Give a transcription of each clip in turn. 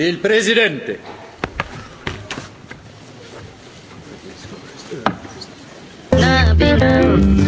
Il Presidente. Love you.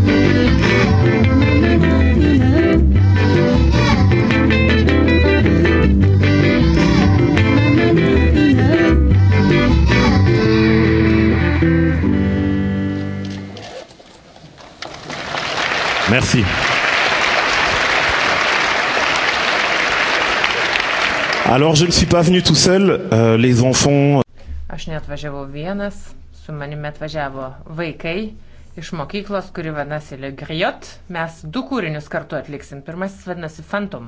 Alors, je ne suis pas venu tout seul, euh, les enfants. Euh, Aš neatvažiavau vienas, su manimi atvažiavo vaikai iš mokyklos, kuri vadinasi Le Griot. Mes du kūrinius kartu atliksim. Pirmasis vadinasi Phantom.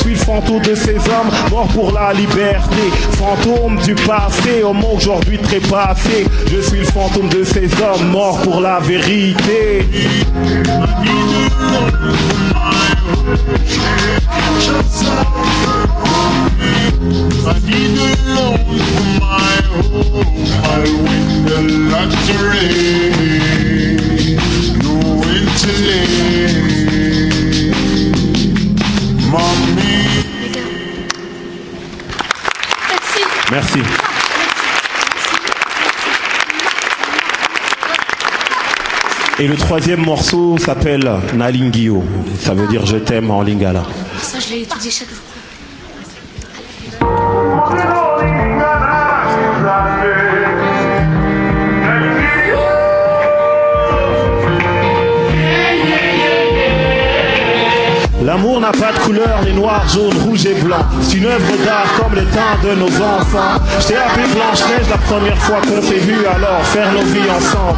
suis le fantôme de ces hommes morts pour la liberté. Fantôme du passé, homme aujourd'hui trépassé. Je suis le fantôme de ces hommes morts pour la vérité. I need a loan from my home. I win the lottery. No intellect. Merci. Et le troisième morceau s'appelle Nalingio. Ça veut dire je t'aime en lingala. Ça, je l'ai étudié chaque jour. L'amour n'a pas de couleur, ni noir, jaune, rouge et blanc. C'est une œuvre d'art comme les teints de nos enfants. J'étais appelé Blanche-Neige la première fois qu'on s'est vu, alors faire nos vies ensemble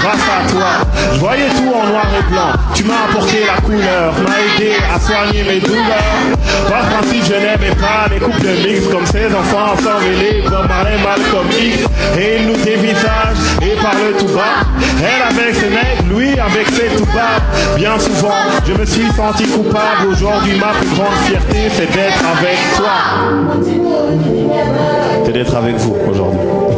Grâce à toi, je voyais tout en noir et blanc. Tu m'as apporté la couleur, m'as aidé à soigner mes douleurs. Par principe, je n'aimais pas les couples de mix comme ces enfants ensorvelés, comme Marin mal comme X. Et il nous dévisage et parle tout bas. Elle avec ses mecs, lui avec ses tout bas. Bien souvent, je me suis senti coupable. Aujourd'hui, ma plus grande fierté, c'est d'être avec toi. C'est d'être avec vous aujourd'hui.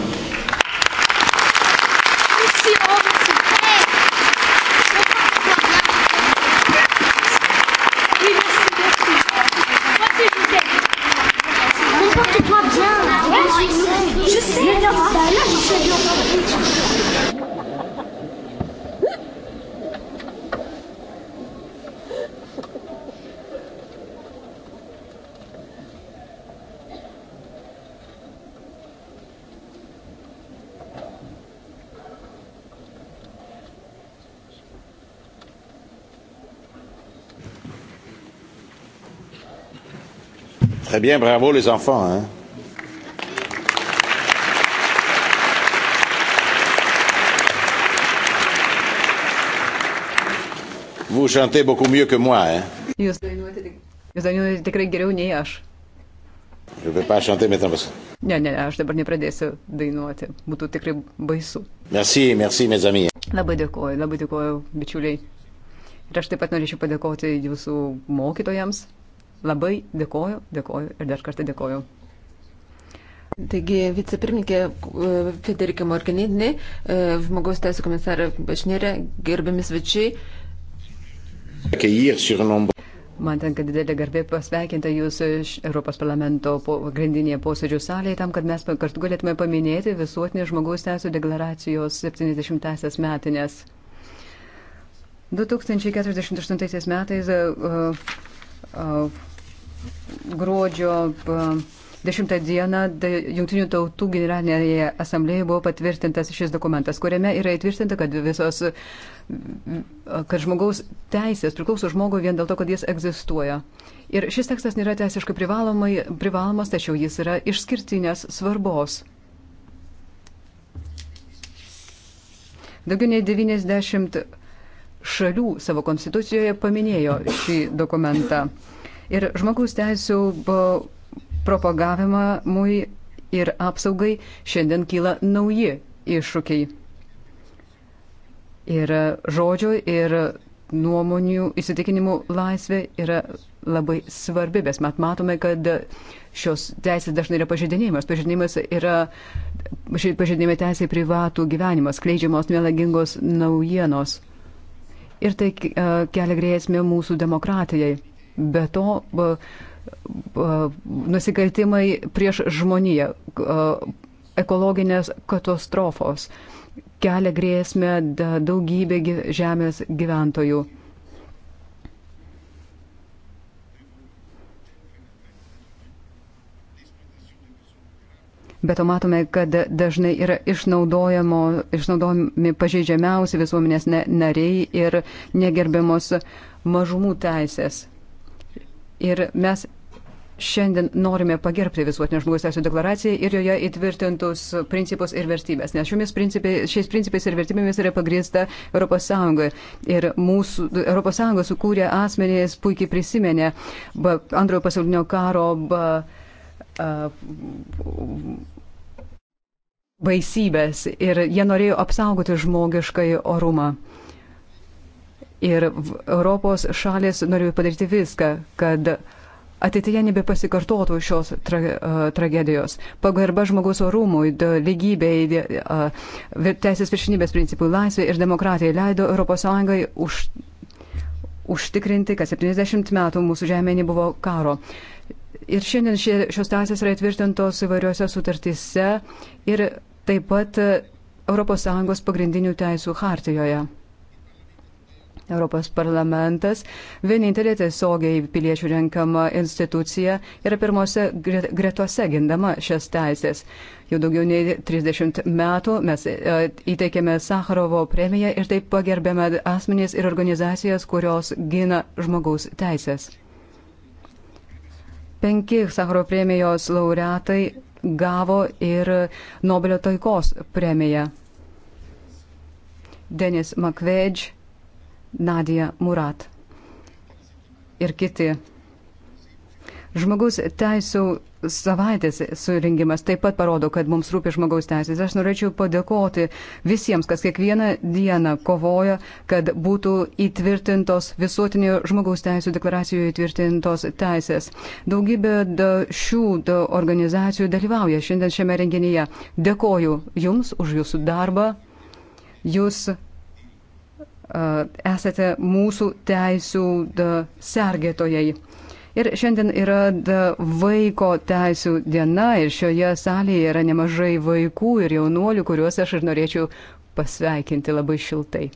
bien, bravo les enfants. Hein? Vous chantez beaucoup mieux que moi. Hein? Jūs dainuojate, jūs dainuojate tikrai geriau nei aš. Je vais pas chanter maintenant parce que. Ne, ne, aš dabar nepradėsiu dainuoti. Būtų tikrai baisu. Merci, merci, mes amis. Labai dėkuoju, labai dėkuoju, bičiuliai. Ir aš taip pat norėčiau padėkoti jūsų mokytojams, Labai dėkoju, dėkoju ir dar kartą dėkoju. Taigi, vicepirmininkė e, Federikė Morganidinė, e, žmogaus teisų komisarė Bašnirė, gerbiami svečiai. Man tenka didelė garbė pasveikinti Jūs Europos parlamento pagrindinėje posėdžių salėje tam, kad mes kartu galėtume paminėti visuotinės žmogaus teisų deklaracijos 70-asias metinės. 2048 metais uh, uh, gruodžio 10 dieną Junktinių tautų generalinėje asamblėje buvo patvirtintas šis dokumentas, kuriame yra įtvirtinta, kad visos, kad žmogaus teisės priklauso žmogui vien dėl to, kad jis egzistuoja. Ir šis tekstas nėra teisiškai privalomas, tačiau jis yra išskirtinės svarbos. Daugiau nei 90 šalių savo konstitucijoje paminėjo šį dokumentą ir žmogaus teisų propagavimui ir apsaugai šiandien kyla nauji iššūkiai. Ir žodžio ir nuomonių įsitikinimų laisvė yra labai svarbi, bet mes matome, kad šios teisės dažnai yra pažydinėjimas. Pažydinėjimas yra pažydinėjimai teisė privatų gyvenimas, kleidžiamos melagingos naujienos. Ir tai kelia grėsmė mūsų demokratijai. Be to, nusikaltimai prieš žmoniją, ekologinės katastrofos kelia grėsmę daugybė žemės gyventojų. Bet to matome, kad dažnai yra išnaudojami pažeidžiamiausi visuomenės nariai ir negerbiamos mažumų teisės. Ir mes šiandien norime pagerbti visuotinę žmogaus teisų deklaraciją ir joje įtvirtintus principus ir vertybės, nes šiomis principai, šiais principais ir vertybėmis yra pagrįsta ES. Ir mūsų ES sukūrė asmenys puikiai prisimenė ba, antrojo pasaulinio karo ba, a, baisybės ir jie norėjo apsaugoti žmogiškai orumą. Ir Europos šalės norėjo padaryti viską, kad ateityje nebepasikartotų šios tra tragedijos. Pagarba žmogaus orumui, lygybei, teisės viršinybės principui, laisvė ir demokratija leido ES už, užtikrinti, kad 70 metų mūsų žemė nebuvo karo. Ir šiandien šie, šios teisės yra įtvirtintos įvairiuose sutartyse ir taip pat ES pagrindinių teisų hartijoje. Europos parlamentas, vienintelė tiesiogiai piliečių renkama institucija, yra pirmose gretose gindama šias teisės. Jau daugiau nei 30 metų mes e, įteikėme Sakharovo premiją ir taip pagerbėme asmenys ir organizacijas, kurios gina žmogaus teisės. Penki Sakharovo premijos laureatai gavo ir Nobelio taikos premiją. Denis McVedge, Nadija Murat ir kiti. Žmogaus teisų savaitės surinkimas taip pat parodo, kad mums rūpi žmogaus teisės. Aš norėčiau padėkoti visiems, kas kiekvieną dieną kovoja, kad būtų įtvirtintos visuotinio žmogaus teisų deklaracijoje įtvirtintos teisės. Daugybė da šių da organizacijų dalyvauja šiandien šiame renginyje. Dėkoju Jums už Jūsų darbą. Jūs esate mūsų teisų sergėtojai. Ir šiandien yra vaiko teisų diena ir šioje salėje yra nemažai vaikų ir jaunuolių, kuriuos aš ir norėčiau pasveikinti labai šiltai.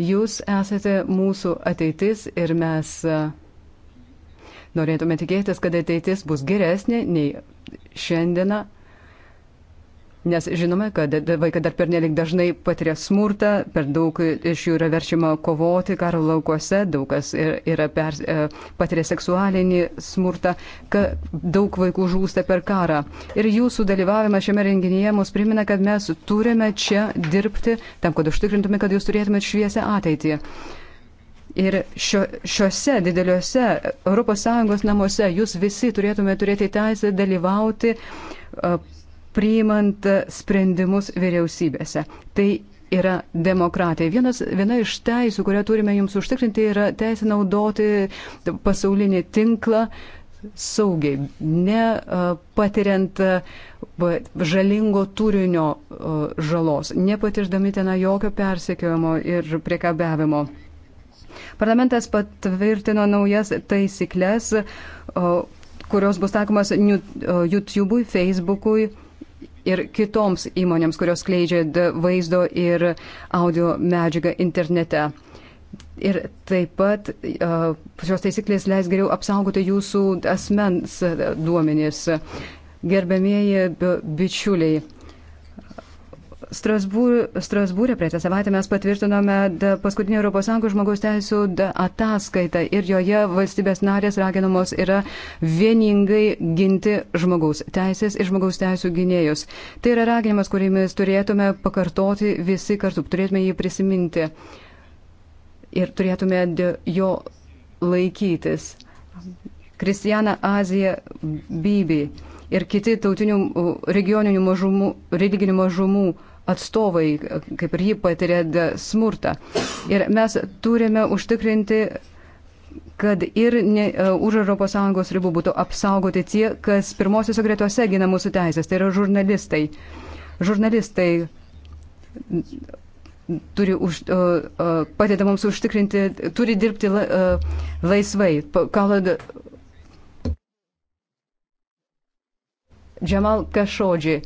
Jūs esate mūsų ateitis ir mes norėtume tikėtis, kad ateitis bus geresnė nei šiandiena nes žinome, kad vaikai dar pernelik dažnai patiria smurtą, per daug iš jų yra veršima kovoti karo laukuose, daug kas yra per, e, patiria seksualinį smurtą, kad daug vaikų žūsta per karą. Ir jūsų dalyvavimas šiame renginyje mus primina, kad mes turime čia dirbti tam, kad užtikrintume, kad jūs turėtumėte šviesę ateitį. Ir šio, šiuose dideliuose ES namuose jūs visi turėtume turėti teisę dalyvauti e, priimant sprendimus vyriausybėse. Tai yra demokratija. Vienas, viena iš teisų, kurią turime jums užtikrinti, yra teisė naudoti pasaulinį tinklą saugiai, nepatiriant žalingo turinio žalos, nepatirdami ten jokio persekiojimo ir priekabiavimo. Parlamentas patvirtino naujas taisyklės, kurios bus taikomas YouTube'ui, Facebook'ui ir kitoms įmonėms, kurios kleidžia vaizdo ir audio medžiagą internete. Ir taip pat šios taisyklės leis geriau apsaugoti jūsų asmens duomenys. Gerbėmieji bičiuliai, Strasbūrė Strasbūr, praeitą savaitę mes patvirtinome paskutinį ES žmogaus teisų ataskaitą ir joje valstybės narės raginamos yra vieningai ginti žmogaus teisės ir žmogaus teisų gynėjus. Tai yra raginimas, kurį mes turėtume pakartoti visi kartu, turėtume jį prisiminti ir turėtume jo laikytis. Kristijana Azija Bibi ir kiti tautinių regioninių mažumų, religinių mažumų atstovai, kaip ir jį patiria smurtą. Ir mes turime užtikrinti, kad ir ne, uh, už ES ribų būtų apsaugoti tie, kas pirmosiuose gretuose gina mūsų teisės, tai yra žurnalistai. Žurnalistai turi už, uh, uh, padeda mums užtikrinti, turi dirbti la, uh, laisvai. Kalad Džemal Kašodžiai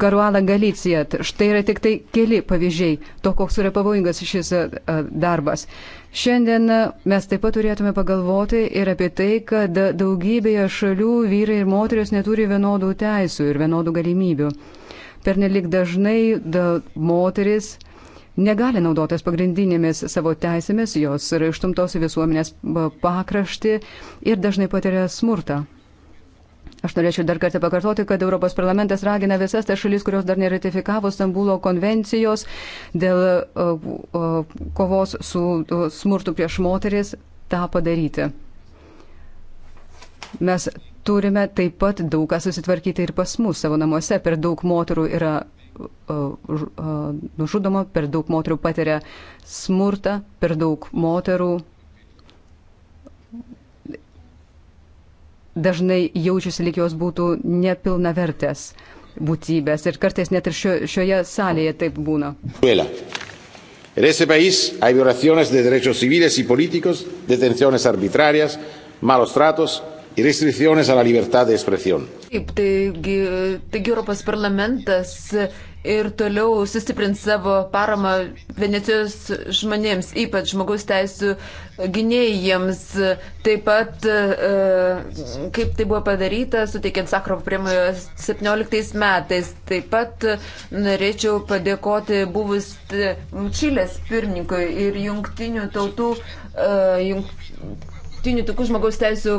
Karuana Galicija. Štai yra tik tai keli pavyzdžiai to, koks yra pavojingas šis e, darbas. Šiandien e, mes taip pat turėtume pagalvoti ir apie tai, kad daugybėje šalių vyrai ir moteris neturi vienodų teisų ir vienodų galimybių. Pernelik dažnai da, moteris negali naudotis pagrindinėmis savo teisėmis, jos yra ištumtos į visuomenės e, pakrašti ir dažnai patiria smurtą. Aš norėčiau dar kartą pakartoti, kad Europos parlamentas ragina visas tas šalis, kurios dar neratifikavo Stambulo konvencijos dėl uh, uh, kovos su uh, smurtu prieš moteris, tą padaryti. Mes turime taip pat daug ką susitvarkyti ir pas mus savo namuose. Per daug moterų yra nužudoma, per daug moterų patiria smurtą, per daug moterų dažnai jaučiasi, lyg jos būtų nepilna vertės būtybės. Ir kartais net ir šio, šioje salėje taip būna. Venezuela. En ese país hay violaciones de derechos civiles y políticos, detenciones arbitrarias, malos tratos y restricciones a la libertad de expresión. Taip, taigi, taigi Europos parlamentas ir toliau sustiprins savo paramą Venecijos žmonėms, ypač žmogaus teisų gynėjams. Taip pat, e, kaip tai buvo padaryta, suteikiant Sakrovo premiją 17 metais. Taip pat norėčiau padėkoti buvus Čilės pirmininkui ir jungtinių tautų e, jung, jungtinių tokių žmogaus teisų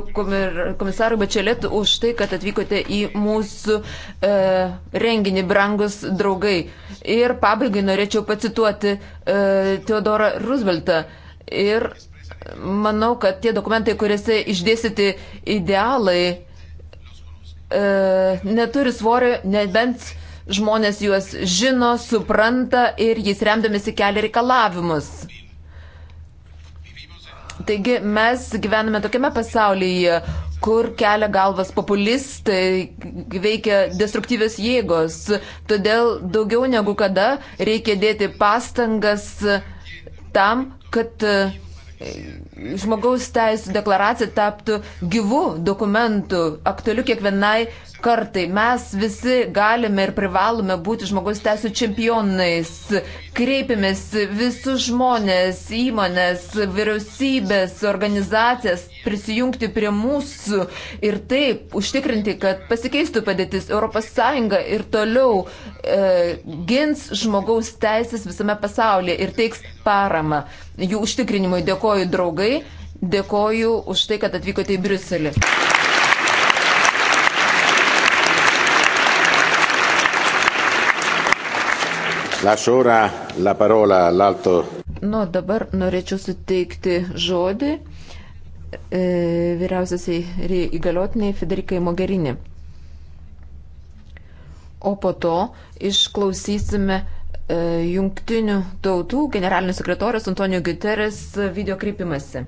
komisarų Bačelėtų už tai, kad atvykote į mūsų e, renginį, brangus draugai. Ir pabaigai norėčiau pacituoti e, Teodorą Rooseveltą. Ir manau, kad tie dokumentai, kuriuose išdėstyti idealai, e, neturi svorio, nebent žmonės juos žino, supranta ir jais remdamėsi kelia reikalavimus. Taigi mes gyvename tokiame pasaulyje, kur kelia galvas populistai, veikia destruktyvios jėgos. Todėl daugiau negu kada reikia dėti pastangas tam, kad žmogaus teisų deklaracija taptų gyvų dokumentų, aktualių kiekvienai kartai. Mes visi galime ir privalome būti žmogaus teisų čempionais. Kreipiamės visus žmonės, įmonės, vyriausybės, organizacijas prisijungti prie mūsų ir taip užtikrinti, kad pasikeistų padėtis. ES ir toliau e, gins žmogaus teisės visame pasaulyje ir teiks paramą jų užtikrinimui. Dėkoju draugai, dėkoju už tai, kad atvykote į Briuselį. Lascio ora la parola all'alto. No, nu, dabar norėčiau suteikti žodį E, vyriausiasiai įgaliotiniai Federikai Mogherini. O po to išklausysime e, jungtinių tautų generalinis sekretorius Antonijo Guterres video kreipimasi.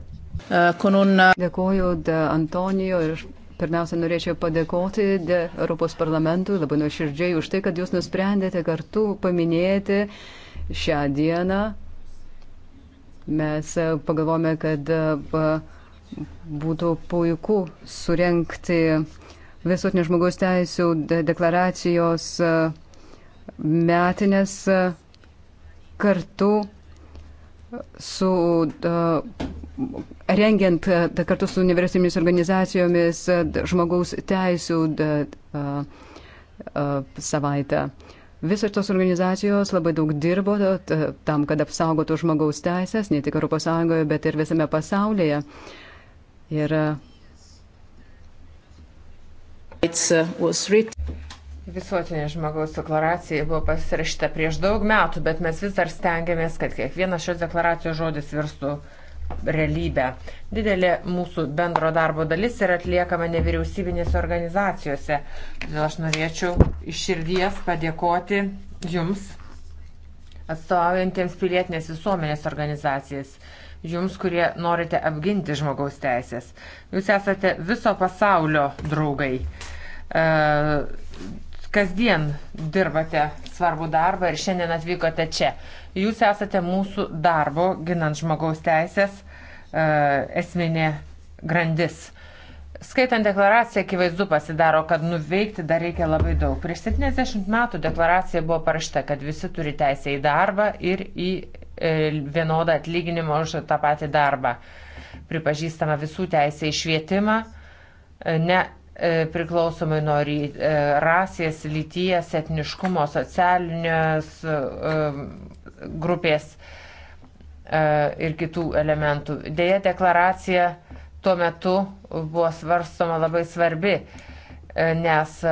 E, Dėkuoju Antonijo ir pirmiausia norėčiau padėkoti Europos parlamentui labai nuoširdžiai už tai, kad jūs nusprendėte kartu paminėti šią dieną. Mes pagalvome, kad uh, Būtų puiku surenkti visuotinės žmogaus teisų deklaracijos e, metinės e, kartu su e, rengiant kartu su universitėmis organizacijomis žmogaus teisų savaitę. Visos tos organizacijos labai daug dirbo tam, kad apsaugotų žmogaus teisės, ne tik ES, bet ir visame pasaulyje. Uh, yra. E, e, Visuotinė žmogaus deklaracija buvo pasirašyta prieš daug metų, bet mes vis dar stengiamės, kad kiekvienas šios deklaracijos žodis virstų realybę. Didelė mūsų bendro darbo dalis yra atliekama nevyriausybinėse organizacijose. Todėl aš norėčiau iš širdies padėkoti Jums, atstovaujantiems pilietinės visuomenės organizacijas jums, kurie norite apginti žmogaus teisės. Jūs esate viso pasaulio draugai. E, kasdien dirbate svarbų darbą ir šiandien atvykote čia. Jūs esate mūsų darbo, ginant žmogaus teisės, e, esminė grandis. Skaitant deklaraciją, akivaizdu pasidaro, kad nuveikti dar reikia labai daug. Prieš 70 metų deklaracija buvo parašta, kad visi turi teisę į darbą ir į E, vienodą atlyginimą už tą patį darbą. Pripažįstama visų teisė į švietimą, e, ne e, priklausomai nuo rasės, lyties, etniškumo, socialinės grupės ir kitų elementų. Deja, deklaracija tuo metu buvo svarstoma labai svarbi E, nes e,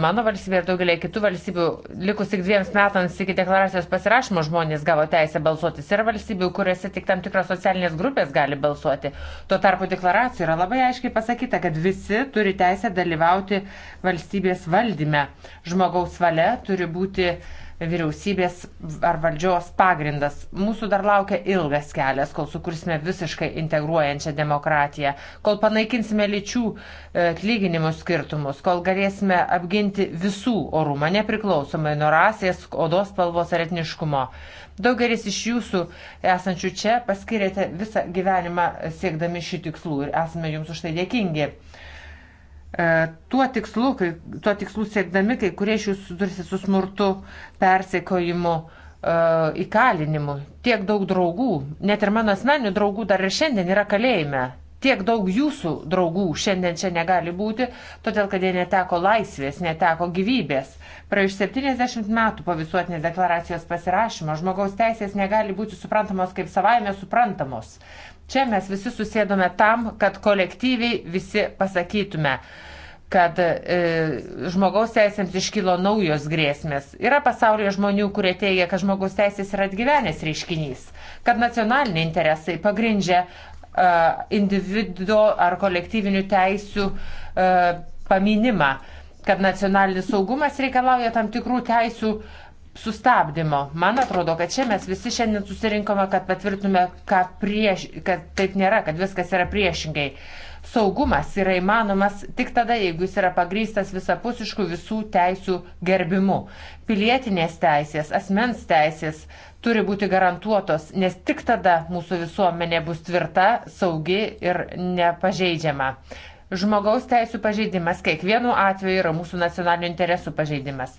mano valstybė ir daugelį kitų valstybių likus tik dviems metams iki deklaracijos pasirašymo žmonės gavo teisę balsuoti. Yra valstybių, kuriuose tik tam tikros socialinės grupės gali balsuoti. Tuo tarpu deklaracijoje yra labai aiškiai pasakyta, kad visi turi teisę dalyvauti valstybės valdyme. Žmogaus valia turi būti uh, vyriausybės ar valdžios pagrindas. Mūsų dar laukia ilgas kelias, kol sukursime visiškai integruojančią demokratiją, kol panaikinsime lyčių e, atlyginimų skirtumus, kol galėsime apginti visų orumą, nepriklausomai nuo rasės, odos spalvos ar etniškumo. Daugelis iš jūsų esančių čia paskirėte visą gyvenimą siekdami šių tikslų ir esame jums už tai dėkingi. E, tuo tikslu, kai, tuo tikslu siekdami, kai kurie iš jų sudursi su smurtu, persekiojimu, e, įkalinimu. Tiek daug draugų, net ir mano asmeninių draugų dar ir šiandien yra kalėjime. Tiek daug jūsų draugų šiandien čia negali būti, todėl kad jie neteko laisvės, neteko gyvybės. Praėjus 70 metų po visuotinės deklaracijos pasirašymo žmogaus teisės negali būti suprantamos kaip savaime suprantamos. Čia mes visi susėdome tam, kad kolektyviai visi pasakytume, kad e, žmogaus teisėms iškilo naujos grėsmės. Yra pasaulyje žmonių, kurie teigia, kad žmogaus teisės yra atgyvenęs reiškinys, kad nacionaliniai interesai pagrindžia e, individuo ar kolektyvinių teisių e, paminimą, kad nacionalinis saugumas reikalauja tam tikrų teisių e, sustabdymo. Man atrodo, kad čia mes visi šiandien susirinkome, kad patvirtume, kad, prieš, kad taip nėra, kad viskas yra priešingai. Saugumas yra įmanomas tik tada, jeigu jis yra pagrystas visapusišku visų teisių gerbimu. Pilietinės teisės, asmens teisės turi būti garantuotos, nes tik tada mūsų visuomenė bus tvirta, saugi ir nepažeidžiama. Žmogaus teisų pažeidimas kiekvienu atveju yra mūsų nacionalinių interesų pažeidimas.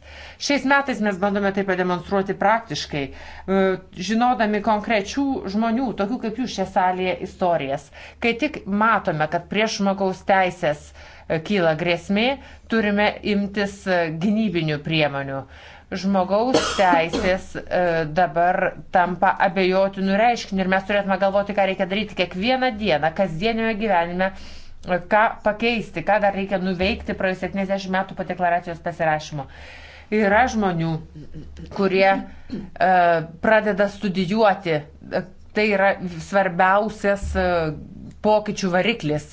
Šiais metais mes bandome tai pademonstruoti praktiškai, e, žinodami konkrečių žmonių, tokių kaip jūs šią salėje, istorijas. Kai tik matome, kad prieš žmogaus teisės e, kyla grėsmė, turime imtis e, gynybinių priemonių žmogaus teisės dabar tampa abejotinų reiškinių ir mes turėtume galvoti, ką reikia daryti kiekvieną dieną, kasdienioje gyvenime, ką pakeisti, ką dar reikia nuveikti praėjus 70 metų po deklaracijos pasirašymo. Yra žmonių, kurie e, pradeda studijuoti. Tai yra svarbiausias e, pokyčių variklis.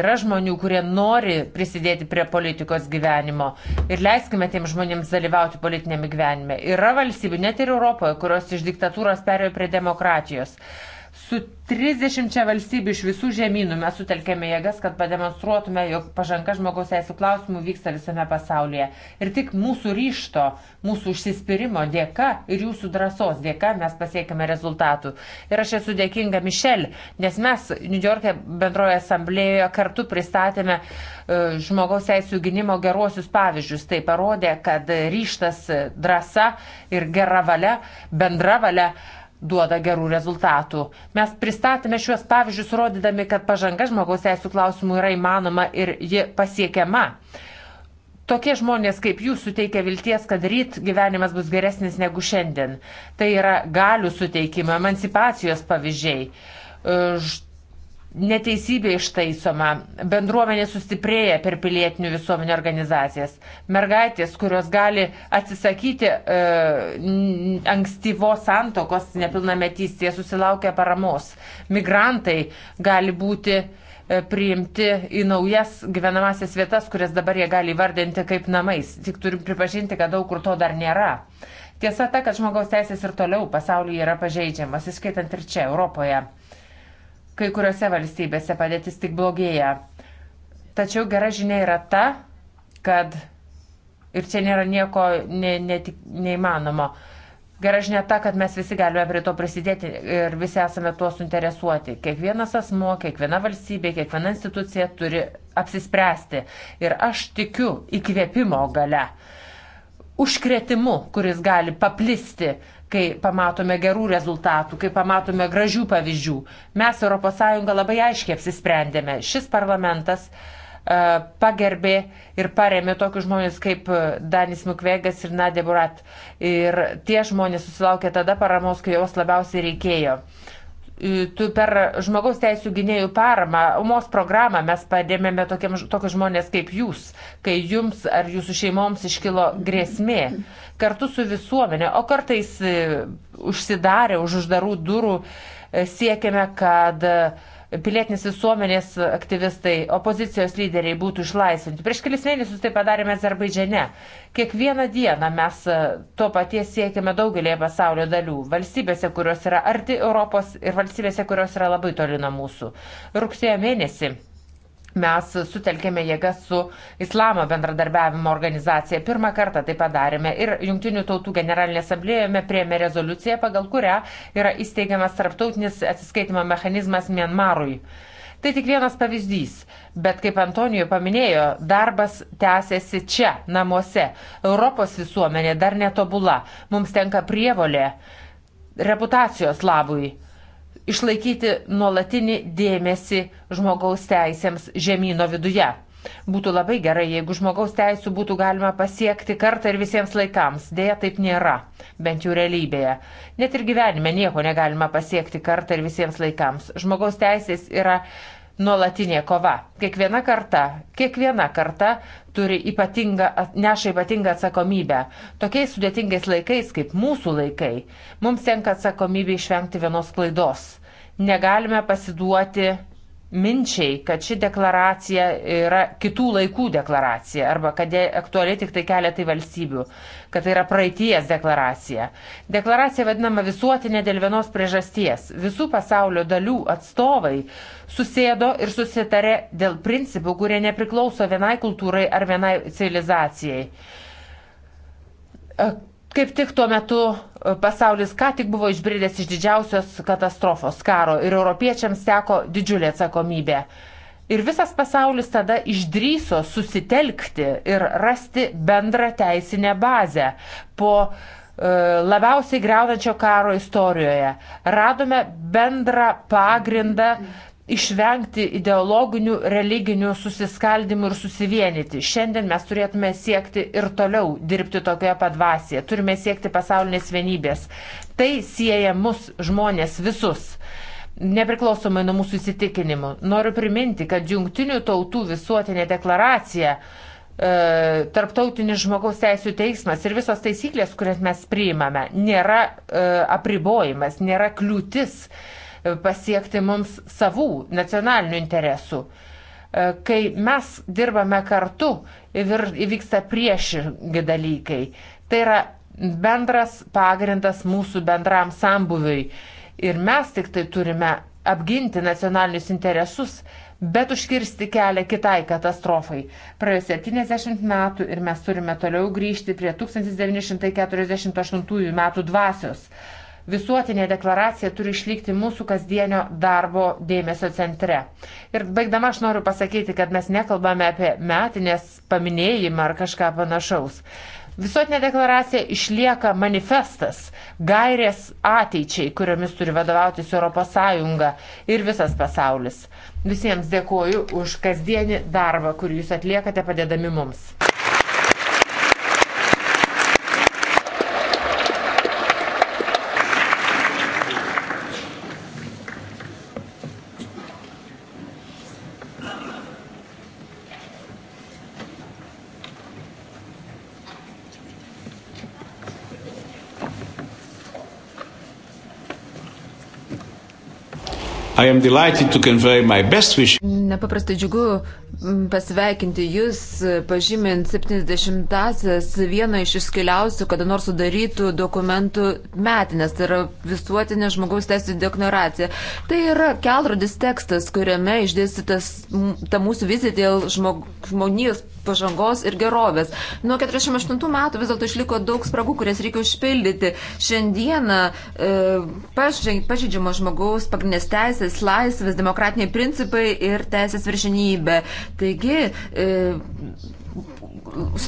Yra žmonių, kurie nori prisidėti prie politikos gyvenimo ir leiskime tiem žmonėms dalyvauti politinėme gyvenime. Yra valstybių, net ir Europoje, kurios iš diktatūros perėjo prie demokratijos. Uh, Su 30 valstybių iš visų žemynų mes sutelkėme jėgas, kad pademonstruotume, jog pažanga žmogaus teisų klausimų vyksta visame pasaulyje. Ir tik mūsų ryšto, mūsų užsispyrimo dėka ir jūsų drąsos dėka mes pasiekime rezultatų. Ir aš esu dėkinga Mišel, nes mes New York'e bendroje asamblėjoje kartu pristatėme e, žmogaus teisų gynimo geruosius pavyzdžius. Tai parodė, kad ryštas, drąsa ir gera valia, bendra valia duoda gerų rezultatų. Mes pristatėme šiuos pavyzdžius, rodydami, kad pažanga žmogaus teisų klausimų yra įmanoma ir ji pasiekiama. Tokie žmonės kaip jūs suteikia vilties, kad ryt gyvenimas bus geresnis negu šiandien. Tai yra galių suteikimo, emancipacijos pavyzdžiai neteisybė ištaisoma, bendruomenė sustiprėja per pilietinių visuomenių organizacijas. Mergaitės, kurios gali atsisakyti e, ankstyvos santokos nepilnametystėje, susilaukia paramos. Migrantai gali būti e, priimti į naujas gyvenamasias vietas, kurias dabar jie gali vardinti kaip namais. Tik turim pripažinti, kad daug kur to dar nėra. Tiesa ta, kad žmogaus teisės ir toliau pasaulyje yra pažeidžiamas, įskaitant ir čia, Europoje Kai kuriuose valstybėse padėtis tik blogėja. Tačiau gera žinia yra ta, kad ir čia nėra nieko ne, ne, neįmanomo. Gera žinia ta, kad mes visi galime prie to prisidėti ir visi esame tuo suinteresuoti. Kiekvienas asmo, kiekviena valstybė, kiekviena institucija turi apsispręsti. Ir aš tikiu įkvėpimo gale, užkretimu, kuris gali paplisti kai pamatome gerų rezultatų, kai pamatome gražių pavyzdžių. Mes ES labai aiškiai apsisprendėme. Šis parlamentas e, pagerbė ir paremė tokius žmonės kaip e, Danis Mukvegas ir Nadė Burat. Ir tie žmonės susilaukė tada paramos, kai jos labiausiai reikėjo. Uh, tu per žmogaus teisų gynėjų paramą, umos programą mes padėmėme tokiam, tokius žmonės kaip jūs, kai jums ar jūsų šeimoms iškilo grėsmė kartu su visuomenė, o kartais e, užsidarę už uždarų durų e, siekiame, kad uh, pilietinės visuomenės aktyvistai, opozicijos lyderiai būtų išlaisvinti. Prieš kelis mėnesius tai padarėme Azerbaidžiane. Kiekvieną dieną mes e, to paties siekiame daugelėje pasaulio dalių - valstybėse, kurios yra arti Europos ir valstybėse, kurios yra labai toli nuo mūsų. Rugsėjo mėnesį mes sutelkėme jėgas su Islamo bendradarbiavimo organizacija. Pirmą kartą tai padarėme ir Junktinių tautų generalinė asamblėjome prieėmė rezoliuciją, pagal kurią yra įsteigiamas tarptautinis atsiskaitimo mechanizmas Mienmarui. Tai tik vienas pavyzdys, bet kaip Antonijų paminėjo, darbas tęsiasi čia, namuose. Europos visuomenė dar netobula, mums tenka prievolė reputacijos labui išlaikyti nuolatinį dėmesį žmogaus teisėms žemynų viduje. Būtų labai gerai, jeigu žmogaus teisų būtų galima pasiekti kartą ir visiems laikams. Deja, taip nėra, bent jau realybėje. Net ir gyvenime nieko negalima pasiekti kartą ir visiems laikams. Žmogaus teisės yra nuolatinė kova. Kiekviena karta, kiekviena karta turi ypatingą, neša ypatingą atsakomybę. Tokiais sudėtingais laikais, kaip mūsų laikai, mums tenka atsakomybė išvengti vienos klaidos. Negalime pasiduoti minčiai, kad ši deklaracija yra kitų laikų deklaracija arba kad aktuali tik tai keletai valstybių, kad tai yra praeities deklaracija. Deklaracija vadinama visuotinė dėl vienos priežasties. Visų pasaulio dalių atstovai susėdo ir susitarė dėl principų, kurie nepriklauso vienai kultūrai ar vienai civilizacijai Kaip tik tuo metu e, pasaulis ką tik buvo išbridęs iš didžiausios katastrofos karo ir europiečiams teko didžiulė atsakomybė. Ir visas pasaulis tada išdryso susitelkti ir rasti bendrą teisinę bazę po e, labiausiai greunančio karo istorijoje. Radome bendrą pagrindą išvengti ideologinių, religinių susiskaldimų ir susivienyti. Šiandien mes turėtume siekti ir toliau dirbti tokioje padvasėje. Turime siekti pasaulinės vienybės. Tai sieja mus žmonės visus. Nepriklausomai nuo mūsų įsitikinimų. Noriu priminti, kad Junktinių tautų visuotinė deklaracija e, Tarptautinis žmogaus teisų teismas ir visos taisyklės, kurias mes priimame, nėra e, apribojimas, nėra kliūtis e, pasiekti mums savų nacionalinių interesų. E, kai mes dirbame kartu, įvyksta priešingi dalykai. Tai yra bendras pagrindas mūsų bendram sambuviui. Ir mes tik tai turime apginti nacionalinius interesus, bet užkirsti kelią kitai katastrofai. Praėjo 70 metų ir mes turime toliau grįžti prie 1948 metų dvasios. Visuotinė deklaracija turi išlikti mūsų kasdienio darbo dėmesio centre. Ir baigdama aš noriu pasakyti, kad mes nekalbame apie metinės paminėjimą ar kažką panašaus. Visuotinė deklaracija išlieka manifestas, gairės ateičiai, kuriomis turi vadovautis ES ir visas pasaulis. Visiems dėkoju už kasdienį darbą, kurį jūs atliekate padėdami mums. Nepaprastai džiugu pasveikinti Jūs, pažymint 70-asias vieną iš iškiliausių, kada nors sudarytų dokumentų metinės, tai yra visuotinė žmogaus teisų deklaracija. Tai yra kelrodis tekstas, kuriame išdėstytas ta mūsų vizija dėl žmog, žmonijos pažangos ir gerovės. Nuo 48 metų vis dėlto išliko daug spragų, kurias reikia užpildyti. Šiandieną e, pažydžiama žmogaus pagrindinės teisės, laisvės, demokratiniai principai ir teisės viršinybė. Taigi, e,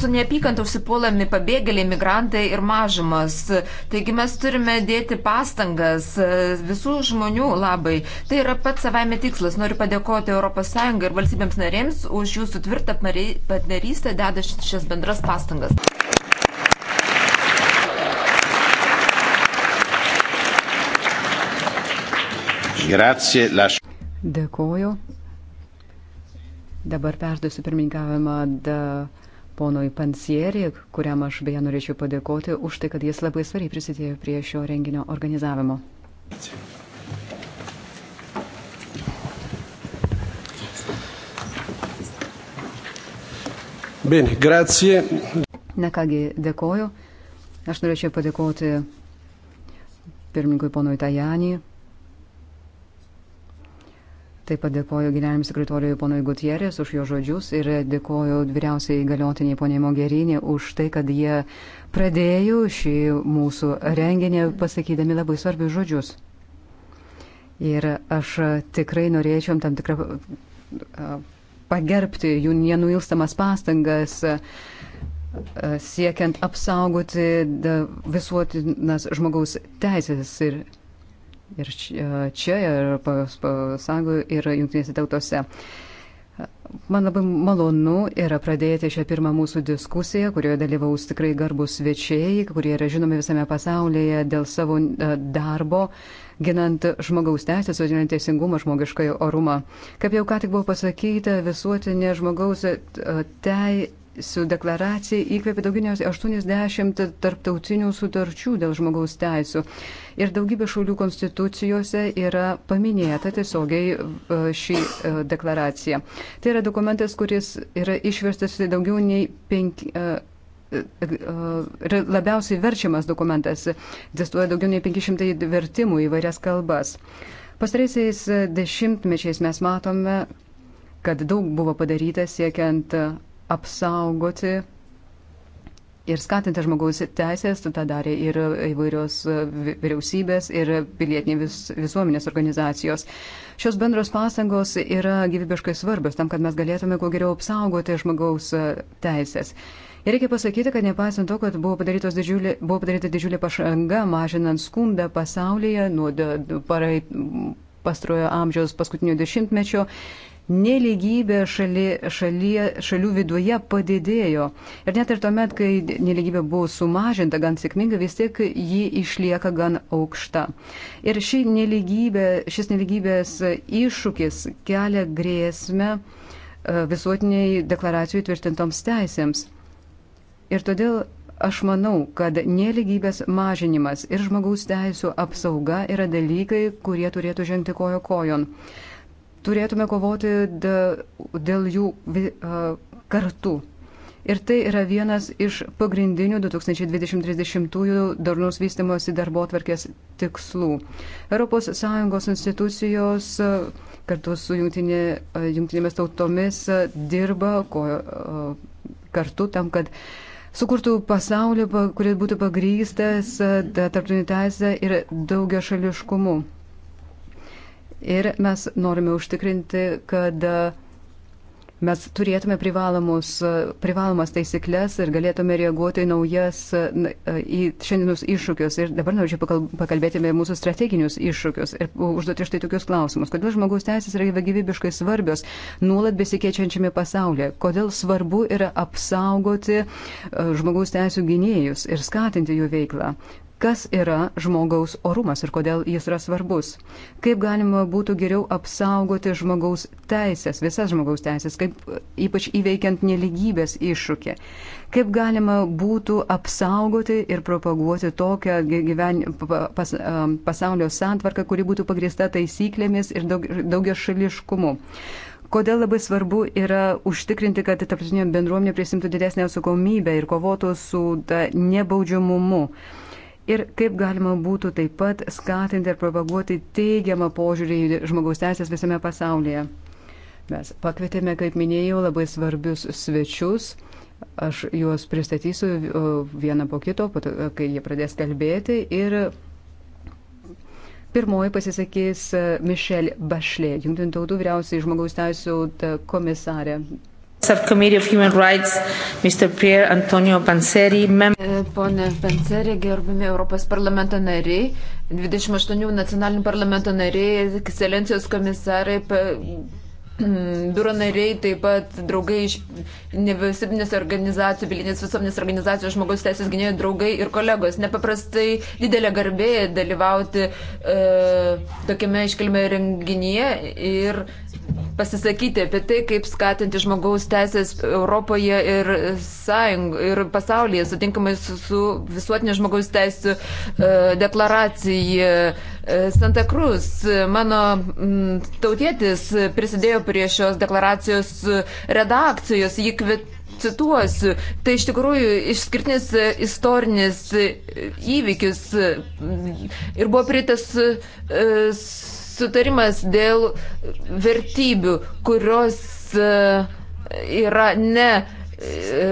su neapykanta užsipuolami pabėgėliai, migrantai ir mažumas. Taigi mes turime dėti pastangas e, visų žmonių labai. Tai yra pats savaime tikslas. Noriu padėkoti ES ir valstybėms narėms už jūsų tvirtą partnerystę, deda šias bendras pastangas. Grazie, la... Dėkoju. Dabar perduosiu pirmininkavimą. Da ponui Pansieri, kuriam aš beje norėčiau padėkoti už tai, kad jis labai svariai prisidėjo prie šio renginio organizavimo. Bene, grazie. Na kągi, dėkoju. Aš norėčiau padėkoti pirmininkui ponui Tajanį, Taip pat dėkoju generaliniam sekretoriui ponui Gutierės už jo žodžius ir dėkoju vyriausiai galiotiniai poniai Mogerinė už tai, kad jie pradėjo šį mūsų renginį pasakydami labai svarbius žodžius. Ir aš tikrai norėčiau tam tikrą pagerbti jų nenuilstamas pastangas siekiant apsaugoti visuotinas žmogaus teisės ir ir e, čia, ir sąjungoje, ir jungtinėse tautose. Man labai malonu yra pradėti šią pirmą mūsų diskusiją, kurioje dalyvaus tikrai garbus svečiai, kurie yra žinomi visame pasaulyje dėl savo e, darbo, ginant žmogaus teisės, vadinant teisingumą, žmogiškai orumą. Kaip jau ką tik buvo pasakyta, visuotinė žmogaus e, tei, su deklaracija įkvėpė daugiau nei 80 tarptautinių sutarčių dėl žmogaus teisų. Ir daugybė šalių konstitucijose yra paminėta tiesiogiai e, šį e, deklaraciją. Tai yra dokumentas, kuris yra išverstas daugiau nei penki. Yra e, labiausiai verčiamas dokumentas, egzistuoja daugiau nei 500 vertimų į vairias kalbas. Pastaraisiais dešimtmečiais mes matome, kad daug buvo padaryta siekiant apsaugoti ir skatinti žmogaus teisės, tą darė ir įvairios e, vyriausybės ir pilietinė vis, visuomenės organizacijos. Šios bendros pastangos yra gyvybiškai svarbios tam, kad mes galėtume kuo geriau apsaugoti žmogaus e, teisės. Ir reikia pasakyti, kad nepaisant to, kad buvo, didžiulė, buvo padaryta didžiulė pažanga, mažinant skundą pasaulyje nuo parai pastarojo amžiaus paskutinio dešimtmečio, Nelygybė šali, šalie, šalių viduje padidėjo. Ir net ir tuomet, kai nelygybė buvo sumažinta gan sėkmingai, vis tiek ji išlieka gan aukšta. Ir ši nelygybė, šis nelygybės iššūkis kelia grėsmę e, visuotiniai deklaracijų tvirtintoms teisėms. Ir todėl Aš manau, kad neligybės mažinimas ir žmogaus teisų apsauga yra dalykai, kurie turėtų žengti kojo kojon turėtume kovoti dėl jų kartu. Ir tai yra vienas iš pagrindinių 2020-2030-ųjų darnaus vystimosi darbo atvarkės tikslų. ES institucijos kartu su jungtinė, jungtinėmis tautomis dirba ko, kartu tam, kad sukurtų pasaulį, kuris būtų pagrystas tarptautinį teisę ir daugia šališkumu. Ir mes norime užtikrinti, kad mes turėtume privalomas taisyklės ir galėtume reaguoti į naujas, į šiandienus iššūkius. Ir dabar norėčiau pakalbėti apie mūsų strateginius iššūkius ir užduoti štai tokius klausimus. Kodėl žmogaus teisės yra gyvybiškai svarbios nuolat besikeičiančiame pasaulyje? Kodėl svarbu yra apsaugoti e, žmogaus teisų gynėjus ir skatinti jų veiklą? kas yra žmogaus orumas ir kodėl jis yra svarbus. Kaip galima būtų geriau apsaugoti žmogaus teisės, visas žmogaus teisės, kaip ypač įveikiant neligybės iššūkį. Kaip galima būtų apsaugoti ir propaguoti tokią gyven, pas, pasaulio santvarką, kuri būtų pagrįsta taisyklėmis ir daug, daugia šališkumu. Kodėl labai svarbu yra užtikrinti, kad tarptautinė bendruomenė prisimtų didesnę atsakomybę ir kovotų su nebaudžiamumu. Uh, ir kaip galima būtų taip pat skatinti ir propaguoti teigiamą požiūrį į žmogaus teisės visame pasaulyje. Mes pakvietėme, kaip minėjau, labai svarbius svečius. Aš juos pristatysiu vieną po kito, kai jie pradės kalbėti. Ir pirmoji pasisakys e, Mišel Bašlė, Junktinių tautų vyriausiai žmogaus teisų komisarė. Subcommittee of Human Rights, Mr. Pierre Antonio Panseri. Mem... E, pone Panseri, gerbimi Europos parlamento nariai, 28 nacionalinių parlamento nariai, ekscelencijos komisarai, mm, biuro nariai, taip pat draugai iš nevyriausybinės organizacijų, bilinės visuomenės organizacijos, žmogaus teisės gynėjų draugai ir kolegos. Nepaprastai didelė garbė dalyvauti e, tokiame iškilme renginyje ir e, pasisakyti apie tai, kaip skatinti žmogaus teisės Europoje ir, sąjung, ir pasaulyje, sutinkamai su, su visuotinė žmogaus teisų e, deklaracija. E, Santa Cruz, mano m, mm, tautietis, prisidėjo prie šios deklaracijos redakcijos, jį kvitė cituosiu, tai iš tikrųjų išskirtinis istorinis įvykis ir buvo pritas e, sutarimas dėl vertybių, kurios e, yra ne e,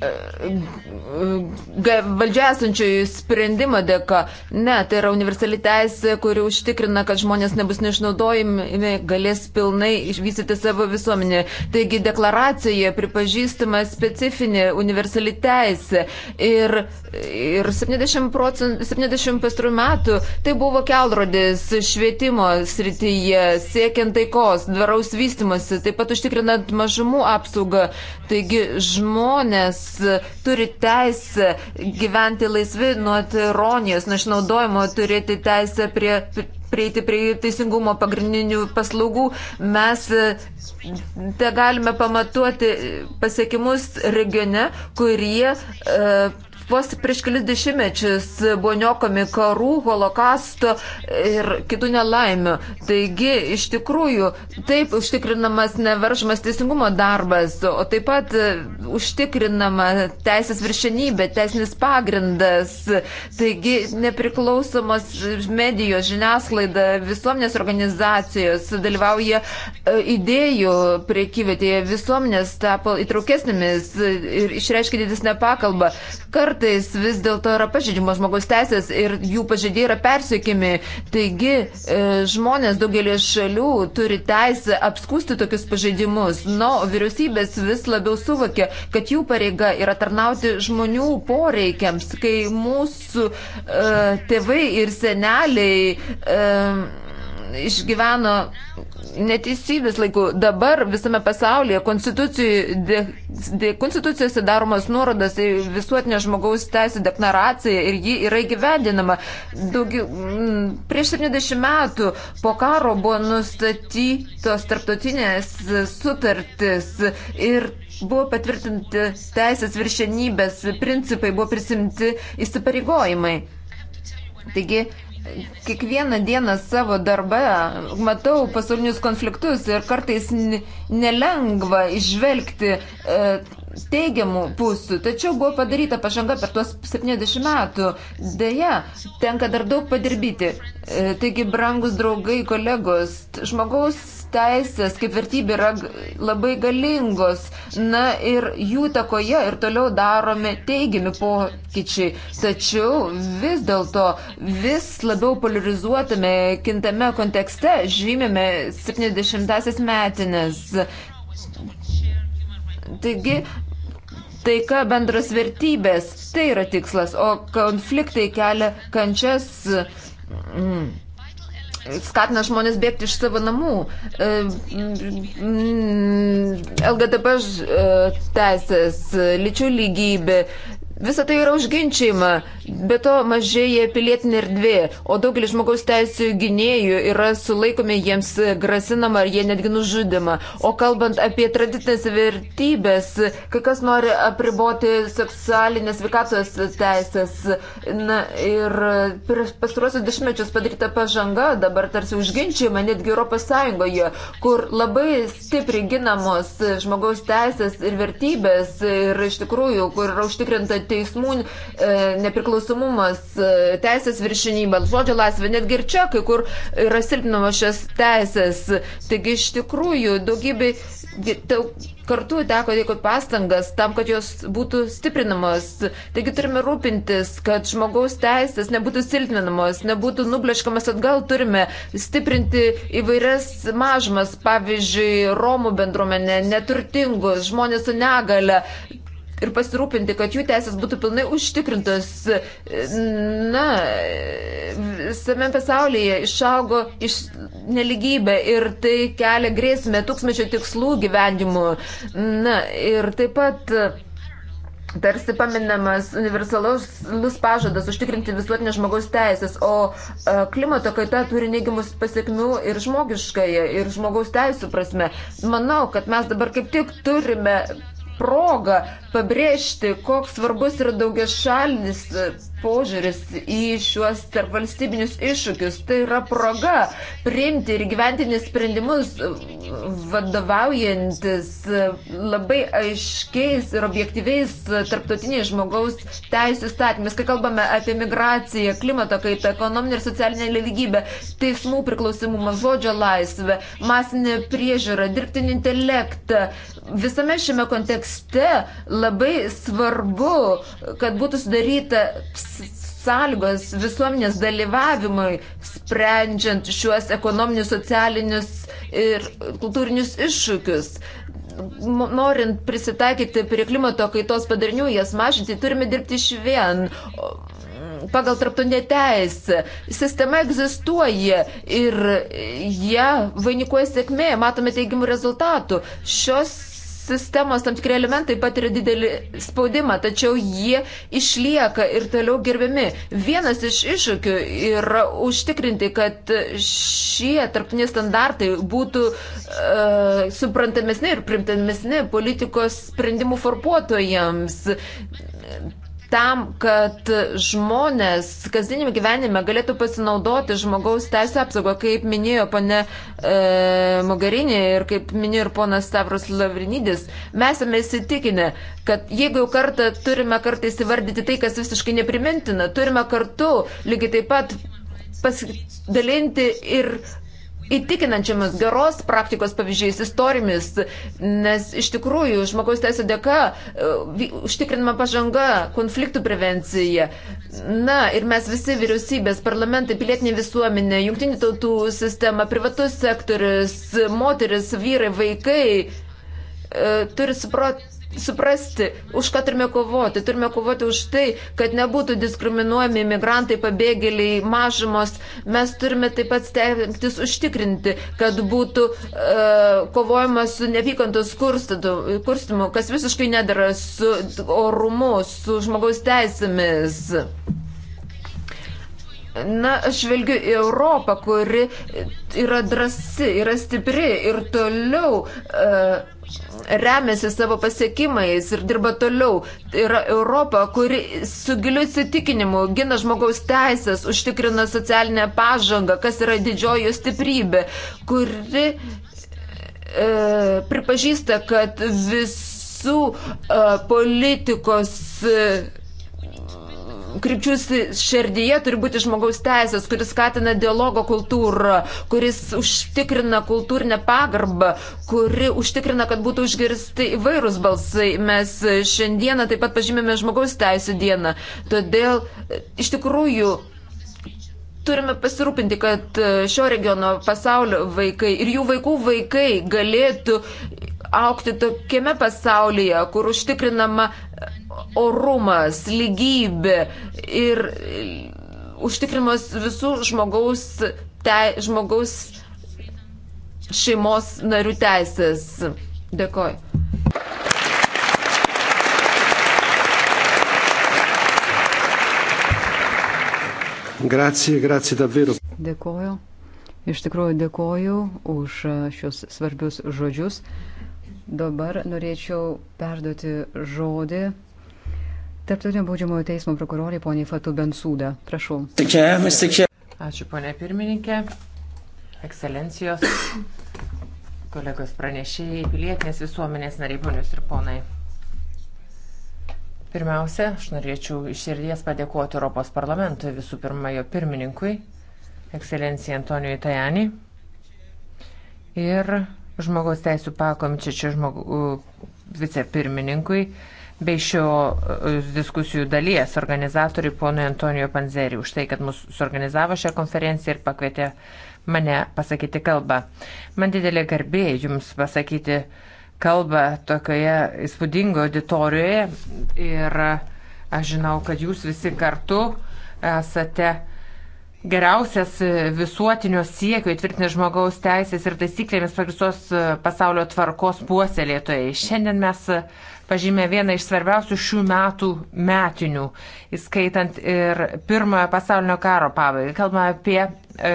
valdžia esančiųjų sprendimo dėka. Ne, tai yra universali teisė, kuri užtikrina, kad žmonės nebus neišnaudojami, galės pilnai išvystyti savo visuomenę. Taigi deklaracijoje pripažįstama specifinė universali teisė. Ir, ir 70, procent, 70 pastarų metų tai buvo kelrodis švietimo srityje, siekiant taikos, dvaraus vystimosi, taip pat užtikrinant mažumų apsaugą. Taigi žmonės turi teisę gyventi laisvi nuo tironijos, nuo išnaudojimo, turėti teisę prie prieiti prie teisingumo pagrindinių paslaugų, mes e, te galime pamatuoti pasiekimus regione, kurie e, vos prieš kelius dešimtmečius buvo niokomi karų, holokausto ir kitų nelaimių. Taigi, iš tikrųjų, taip užtikrinamas nevaržmas teisingumo darbas, o taip pat e, užtikrinama teisės viršenybė, teisinis pagrindas. Taigi, nepriklausomos medijos, žiniasklaida, visuomenės organizacijos dalyvauja e, idėjų priekyvietėje, visuomenės tapo įtraukesnėmis ir išreiškia didesnę pakalbą. Kart kartais vis dėlto yra pažydimos žmogaus teisės ir jų pažydė yra persiekimi. Taigi e, žmonės daugelį šalių turi teisę apskusti tokius pažeidimus. Na, o vyriausybės vis labiau suvokia, kad jų pareiga yra tarnauti žmonių poreikiams, kai mūsų e, tėvai ir seneliai e, išgyveno neteisybės laikų. Dabar visame pasaulyje de, de, konstitucijose daromos nuorodas į visuotinę žmogaus teisų deklaraciją ir ji yra įgyvendinama. Daugiau, mm, prieš 70 metų po karo buvo nustatytos tarptautinės sutartis ir buvo patvirtinti teisės viršenybės principai, buvo prisimti įsipareigojimai. Taigi, kiekvieną dieną savo darbe matau pasaulinius konfliktus ir kartais nelengva išvelgti e, teigiamų pusių. Tačiau buvo padaryta pažanga per tuos 70 metų. Deja, tenka dar daug padirbyti. E, taigi, brangus draugai, kolegos, žmogaus teisės kaip vertybė yra labai galingos. Na ir jų takoje ir toliau daromi teigiami pokyčiai. Tačiau vis dėlto vis labiau polarizuotame, kintame kontekste žymime 70-asias metinės. Taigi, taika bendros vertybės, tai yra tikslas, o konfliktai kelia kančias. Mm skatina žmonės bėgti iš savo namų. E, LGTB e, teisės, lyčių lygybė, Visą tai yra užginčiama, bet to mažėja pilietinė erdvė, o daugelis žmogaus teisų gynėjų yra sulaikomi, jiems grasinama ar jie netgi nužudima. O kalbant apie tradicinės vertybės, kai kas nori apriboti seksualinės sveikatos teisės. Na, ir per pastaruosius dešimtmečius padaryta pažanga dabar tarsi užginčiama netgi Europos Sąjungoje, kur labai stipriai ginamos žmogaus teisės ir vertybės ir iš tikrųjų, kur yra užtikrinta teismų e, nepriklausomumas, e, teisės viršinybė, žodžio laisvė, netgi ir čia, kai kur yra silpinamos šias teisės. Taigi iš tikrųjų daugybė kartu teko dėkoti pastangas tam, kad jos būtų stiprinamos. Taigi turime rūpintis, kad žmogaus teisės nebūtų silpninamos, nebūtų nubleškamas atgal, turime stiprinti įvairias mažmas, pavyzdžiui, Romų bendruomenę, neturtingus, žmonės su negale ir pasirūpinti, kad jų teisės būtų pilnai užtikrintos. Na, visame pasaulyje išaugo iš neligybė ir tai kelia grėsmę tūkstančio tikslų gyvenimų. Na, ir taip pat. Tarsi paminamas universalus pažadas užtikrinti visuotinės žmogaus teisės, o e, klimato kaita turi neigiamus pasiekmių ir žmogiškai, ir žmogaus teisų prasme. Manau, kad mes dabar kaip tik turime proga pabrėžti, koks svarbus yra daugiašalinis požiūris į šiuos tarpvalstybinius iššūkius. Tai yra proga priimti ir gyventinį sprendimus vadovaujantis labai aiškiais ir objektyviais tarptautiniais žmogaus teisų statymis. Kai kalbame apie migraciją, klimato kaitą, ekonominę ir socialinę lygybę, teismų priklausimumą, žodžio laisvę, masinę priežiūrą, dirbtinį intelektą. Visame šiame kontekste labai svarbu, kad būtų sudaryta sąlygos visuomenės dalyvavimui, sprendžiant šiuos ekonominius, socialinius ir kultūrinius iššūkius. Norint prisitaikyti prie klimato kaitos padarinių, jas mažinti, turime dirbti iš vien pagal tarptautinę teisę. Sistema egzistuoja ir ją vainikuoja sėkmė, matome teigiamų rezultatų. Šios sistemos tam tikri elementai patiria didelį spaudimą, tačiau jie išlieka ir toliau gerbiami. Vienas iš iššūkių yra užtikrinti, kad šie tarptiniai standartai būtų e, suprantamesni ir primtamesni politikos sprendimų formuotojams tam, kad žmonės kasdienime gyvenime galėtų pasinaudoti žmogaus teisę apsaugą, kaip minėjo pane e, Mogarinė ir kaip minėjo ir ponas Stavros Lavrinydis, mes esame įsitikinę, kad jeigu jau kartą turime kartais įvardyti tai, kas visiškai neprimintina, turime kartu lygiai taip pat pasidalinti ir įtikinančiamis geros praktikos pavyzdžiais, istorijomis, nes iš tikrųjų žmogaus teisų dėka e, užtikrinama pažanga, konfliktų prevencija. Na ir mes visi vyriausybės, parlamentai, pilietinė visuomenė, jungtinių tautų sistema, privatus sektorius, moteris, vyrai, vaikai e, turi suproti suprasti, už ką turime kovoti. Turime kovoti už tai, kad nebūtų diskriminuojami migrantai, pabėgėliai, mažumos. Mes turime taip pat stengtis užtikrinti, kad būtų e, kovojama su neapykantos kurstimu, kas visiškai nedara su orumu, su žmogaus teisėmis. Na, aš žvelgiu į Europą, kuri yra drasi, yra stipri ir toliau. E, remiasi savo pasiekimais ir dirba toliau. Tai yra Europa, kuri su giliu įsitikinimu gina žmogaus teisės, užtikrina socialinę pažangą, kas yra didžioji stiprybė, kuri e, pripažįsta, kad visų e, politikos. E, krypčių širdyje turi būti žmogaus teisės, kuris skatina dialogo kultūrą, kuris užtikrina kultūrinę pagarbą, kuri užtikrina, kad būtų užgirsti įvairūs balsai. Mes šiandieną taip pat pažymėme žmogaus teisų dieną. Todėl iš tikrųjų turime pasirūpinti, kad šio regiono pasaulio vaikai ir jų vaikų vaikai galėtų aukti tokiame pasaulyje, kur užtikrinama orumas, lygybė ir užtikrimas visų žmogaus, te, žmogaus šeimos narių teisės. Dėkoju. Grazie, grazie davvero. Dėkoju. Iš tikrųjų dėkoju už šios svarbius žodžius. Dabar norėčiau perduoti žodį Tarptautinio baudžiamojo teismo prokurorė poniai Fatu Bensūda. Prašau. Ačiū, ponė pirmininkė, ekscelencijos, kolegos pranešėjai, pilietinės visuomenės nariai, ponios ir ponai. Pirmiausia, aš norėčiau iš širdies padėkoti Europos parlamentui, visų pirma jo pirmininkui, ekscelencijai Antonijui Tajani ir žmogaus teisų pakomitečio žmogu, vicepirmininkui bei šio diskusijų dalies organizatoriui ponui Antonijo Panzerį už tai, kad mus suorganizavo šią konferenciją ir pakvietė mane pasakyti kalbą. Man didelė garbė jums pasakyti kalbą tokioje įspūdingoje auditorijoje ir aš žinau, kad jūs visi kartu esate geriausias e, visuotinio siekio įtvirtinti žmogaus teisės ir taisyklėmis pagristos e, pasaulio tvarkos puoselėtojai. Šiandien mes e, pažymė vieną iš svarbiausių šių metų metinių, įskaitant ir pirmojo pasaulinio karo pabaigą. Kalbame apie e,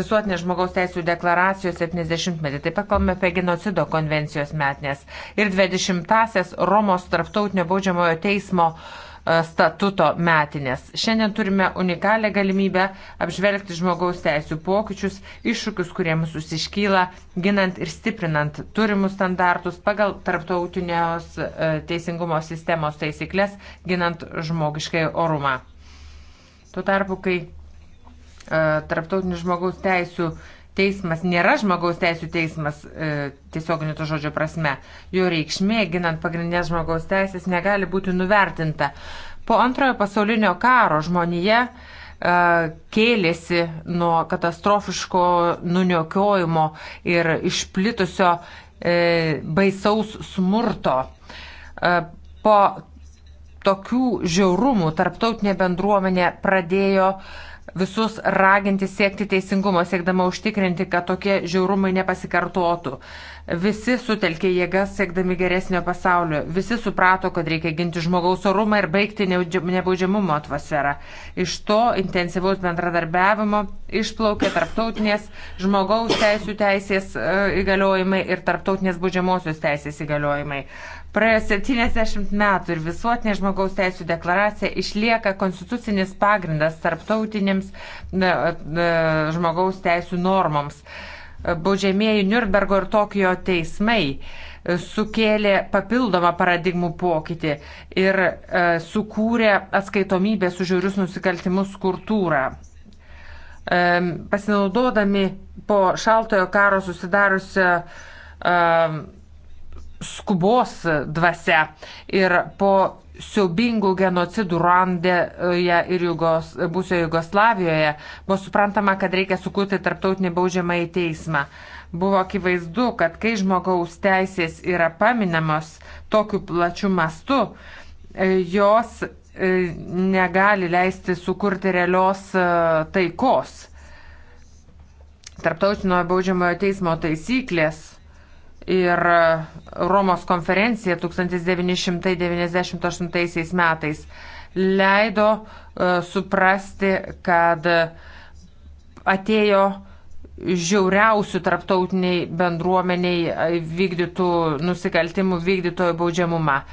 visuotinės žmogaus teisų deklaracijos 70-metį, taip pat kalbame apie genocido konvencijos metinės ir 20-asias Romos tarptautinio baudžiamojo teismo e, E, statuto metinės. Šiandien turime unikalią galimybę apžvelgti žmogaus teisų pokyčius, iššūkius, kurie mūsų iškyla, ginant ir stiprinant turimus standartus pagal tarptautinės e, teisingumo sistemos taisyklės, ginant žmogiškai orumą. Tuo tarpu, kai e, tarptautinių žmogaus teisų uh, teismas nėra žmogaus teisų teismas e, tiesioginiu to žodžio prasme. Jo reikšmė, ginant pagrindinės žmogaus teisės, negali būti nuvertinta. Po antrojo pasaulinio karo žmonija e, kėlėsi nuo katastrofiško nuniokiojimo ir išplitusio e, baisaus smurto. E, po tokių žiaurumų tarptautinė bendruomenė pradėjo e, visus raginti siekti teisingumo, siekdama užtikrinti, kad tokie žiaurumai nepasikartotų. Visi sutelkė jėgas siekdami geresnio pasaulio. Visi suprato, kad reikia ginti žmogaus orumą ir baigti nebaudžiamumo atmosferą. Iš to intensyvaus bendradarbiavimo išplaukė tarptautinės žmogaus teisų teisės e, įgaliojimai ir tarptautinės baudžiamosios teisės įgaliojimai. Praėjo 70 metų ir visuotinė žmogaus teisų deklaracija išlieka konstitucinis pagrindas tarptautinėms žmogaus teisų normoms. Baudžiamieji Nürnbergo ir Tokijo teismai e, sukėlė papildomą paradigmų pokytį ir e, sukūrė atskaitomybės už žiaurius nusikaltimus kultūrą pasinaudodami po šaltojo karo susidariusią skubos dvasia ir po siaubingų genocidų Ruandėje ir Jugos, būsio Jugoslavijoje buvo suprantama, kad reikia sukurti tarptautinį baudžiamąjį teismą. Buvo akivaizdu, kad kai žmogaus teisės yra paminamos tokiu plačiu mastu, e, jos e, negali leisti sukurti realios e, taikos. Tarptautinio baudžiamojo teismo taisyklės ir Romos konferencija 1998 metais leido e, suprasti, kad atėjo žiauriausių tarptautiniai bendruomeniai e, vykdytų nusikaltimų vykdytojų baudžiamumą. E,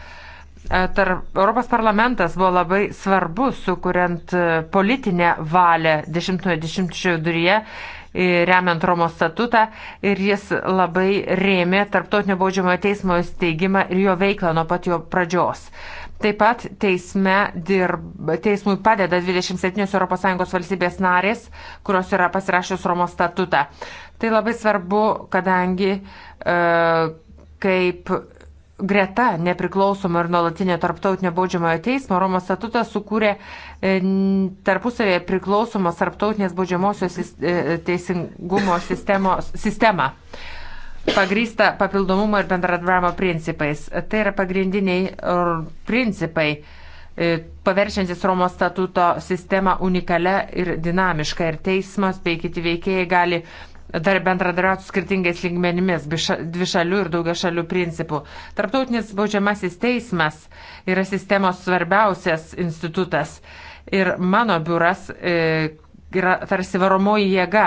Tarp Europos parlamentas buvo labai svarbus, sukuriant politinę valią 10-20 duryje remiant Romos statutą ir jis labai rėmė Tarptautinio baudžiamojo teismo įsteigimą ir jo veiklą nuo pat jo pradžios. Taip pat teisme dirba, teismui padeda 27 ES valstybės narės, kurios yra pasirašius Romos statutą. Tai labai svarbu, kadangi e, kaip greta nepriklausomo ir nuolatinio tarptautinio baudžiamojo teismo Romos statutas sukūrė e, tarpusavėje priklausomos tarptautinės baudžiamosios e, teisingumo sistemos, sistemą pagrįsta papildomumo ir bendradarbiavimo principais. Tai yra pagrindiniai principai e, paverčiantis Romos statuto sistemą unikalią ir dinamišką. Ir teismas bei kiti veikėjai gali dar bendradarbiauti su skirtingais lygmenimis, dvišalių ir daugia šalių principų. Tarptautinis baudžiamasis teismas yra sistemos svarbiausias institutas ir mano biuras e, yra tarsi varomoji jėga.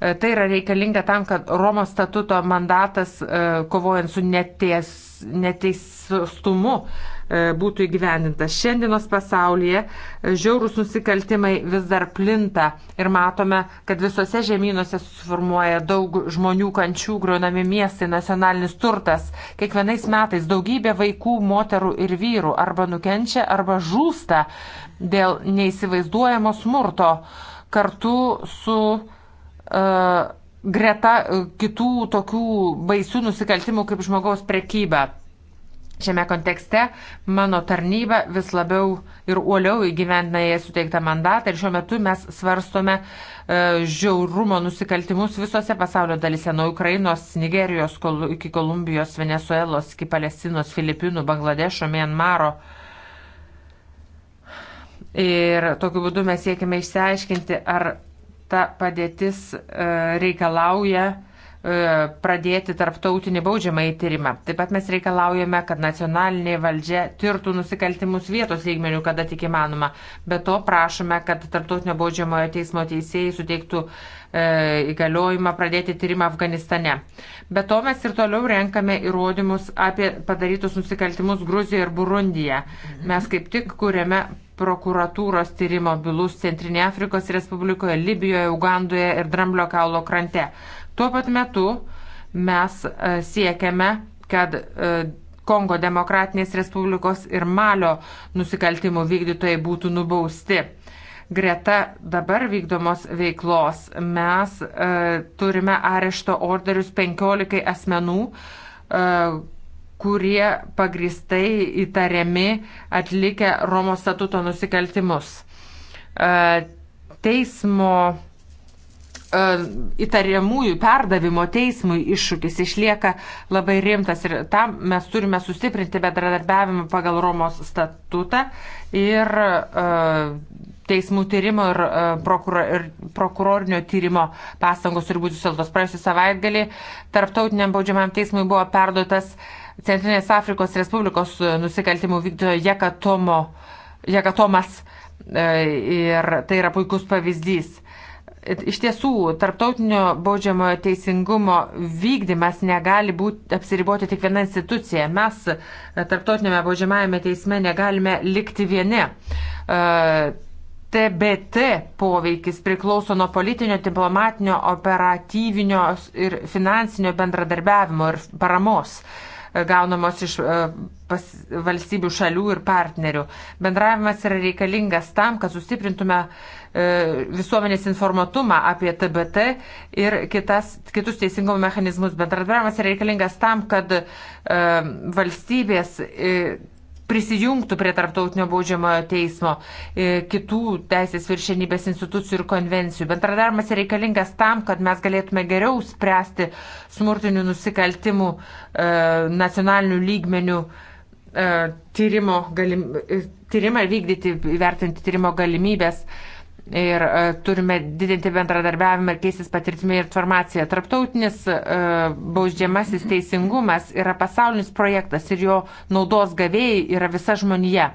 E, tai yra reikalinga tam, kad Romos statuto mandatas e, kovojant su neteis, neteistumu E, būtų įgyvendintas. Šiandienos pasaulyje žiaurūs nusikaltimai vis dar plinta ir matome, kad visose žemynuose susiformuoja daug žmonių kančių, gruonami miestai, nacionalinis turtas. Kiekvienais metais daugybė vaikų, moterų ir vyrų arba nukenčia, arba žūsta dėl neįsivaizduojamo smurto kartu su uh, greta kitų tokių baisių nusikaltimų kaip žmogaus prekyba. Šiame kontekste mano tarnyba vis labiau ir uoliau įgyvendina jai suteiktą mandatą ir šiuo metu mes svarstome e, žiaurumo nusikaltimus visose pasaulio dalise, nuo Ukrainos, Nigerijos kol, iki Kolumbijos, Venezuelos, iki Palestinos, Filipinų, Bangladešo, Mienmaro. Ir tokiu būdu mes siekime išsiaiškinti, ar ta padėtis e, reikalauja E, pradėti tarptautinį baudžiamą įtyrimą. Taip pat mes reikalaujame, kad nacionalinė valdžia tirtų nusikaltimus vietos lygmenių, kada tik įmanoma. Be to prašome, kad tarptautinio baudžiamojo teismo teisėjai suteiktų e, įgaliojimą pradėti tyrimą Afganistane. Be to mes ir toliau renkame įrodymus apie padarytus nusikaltimus Gruzijoje ir Burundyje. Mes kaip tik kūrėme prokuratūros tyrimo bylus Centrinė Afrikos Respublikoje, Libijoje, Ugandoje ir Dramblio kaulo krante. Tuo pat metu mes e, siekiame, kad e, Kongo Demokratinės Respublikos ir Malio nusikaltimų vykdytojai būtų nubausti. Greta dabar vykdomos veiklos mes e, turime arešto orderius 15 asmenų, e, kurie pagristai įtariami atlikę Romos statuto nusikaltimus. E, teismo E, įtariamųjų perdavimo teismui iššūkis išlieka labai rimtas ir tam mes turime sustiprinti bedradarbiavimą pagal Romos statutą ir e, teismų tyrimo ir, e, prokuro, ir prokurorinio tyrimo pastangos turi būti susiltos. Praėjusią savaitgalį tarptautiniam baudžiamam teismui buvo perduotas Centrinės Afrikos Respublikos nusikaltimų vykdytojo Jekatomas Jeka ir tai yra puikus pavyzdys Iš tiesų, tarptautinio baudžiamojo teisingumo vykdymas negali būti apsiriboti tik viena institucija. Mes e, tarptautinėme baudžiamajame teisme negalime likti vieni. TBT e, poveikis priklauso nuo politinio, diplomatinio, operatyvinio ir finansinio bendradarbiavimo ir paramos e, gaunamos iš pas, valstybių šalių ir partnerių. Bendravimas yra reikalingas tam, kad sustiprintume uh, E, visuomenės informatumą apie TBT ir kitas, kitus teisingumo mechanizmus. Bendradarbiavimas yra reikalingas tam, kad e, valstybės e, prisijungtų prie tarptautinio baudžiamojo teismo, kitų teisės viršenybės institucijų ir konvencijų. Bendradarbiavimas reikalingas tam, kad mes galėtume geriau spręsti smurtinių nusikaltimų nacionalinių lygmenių tyrimo galim, tyrimą vykdyti, įvertinti tyrimo galimybės. Uh, ir e, turime didinti bendradarbiavimą ir keistis patirtimi ir informacija. Tarptautinis e, baudžiamasis teisingumas yra pasaulinis projektas ir jo naudos gavėjai yra visa žmonija.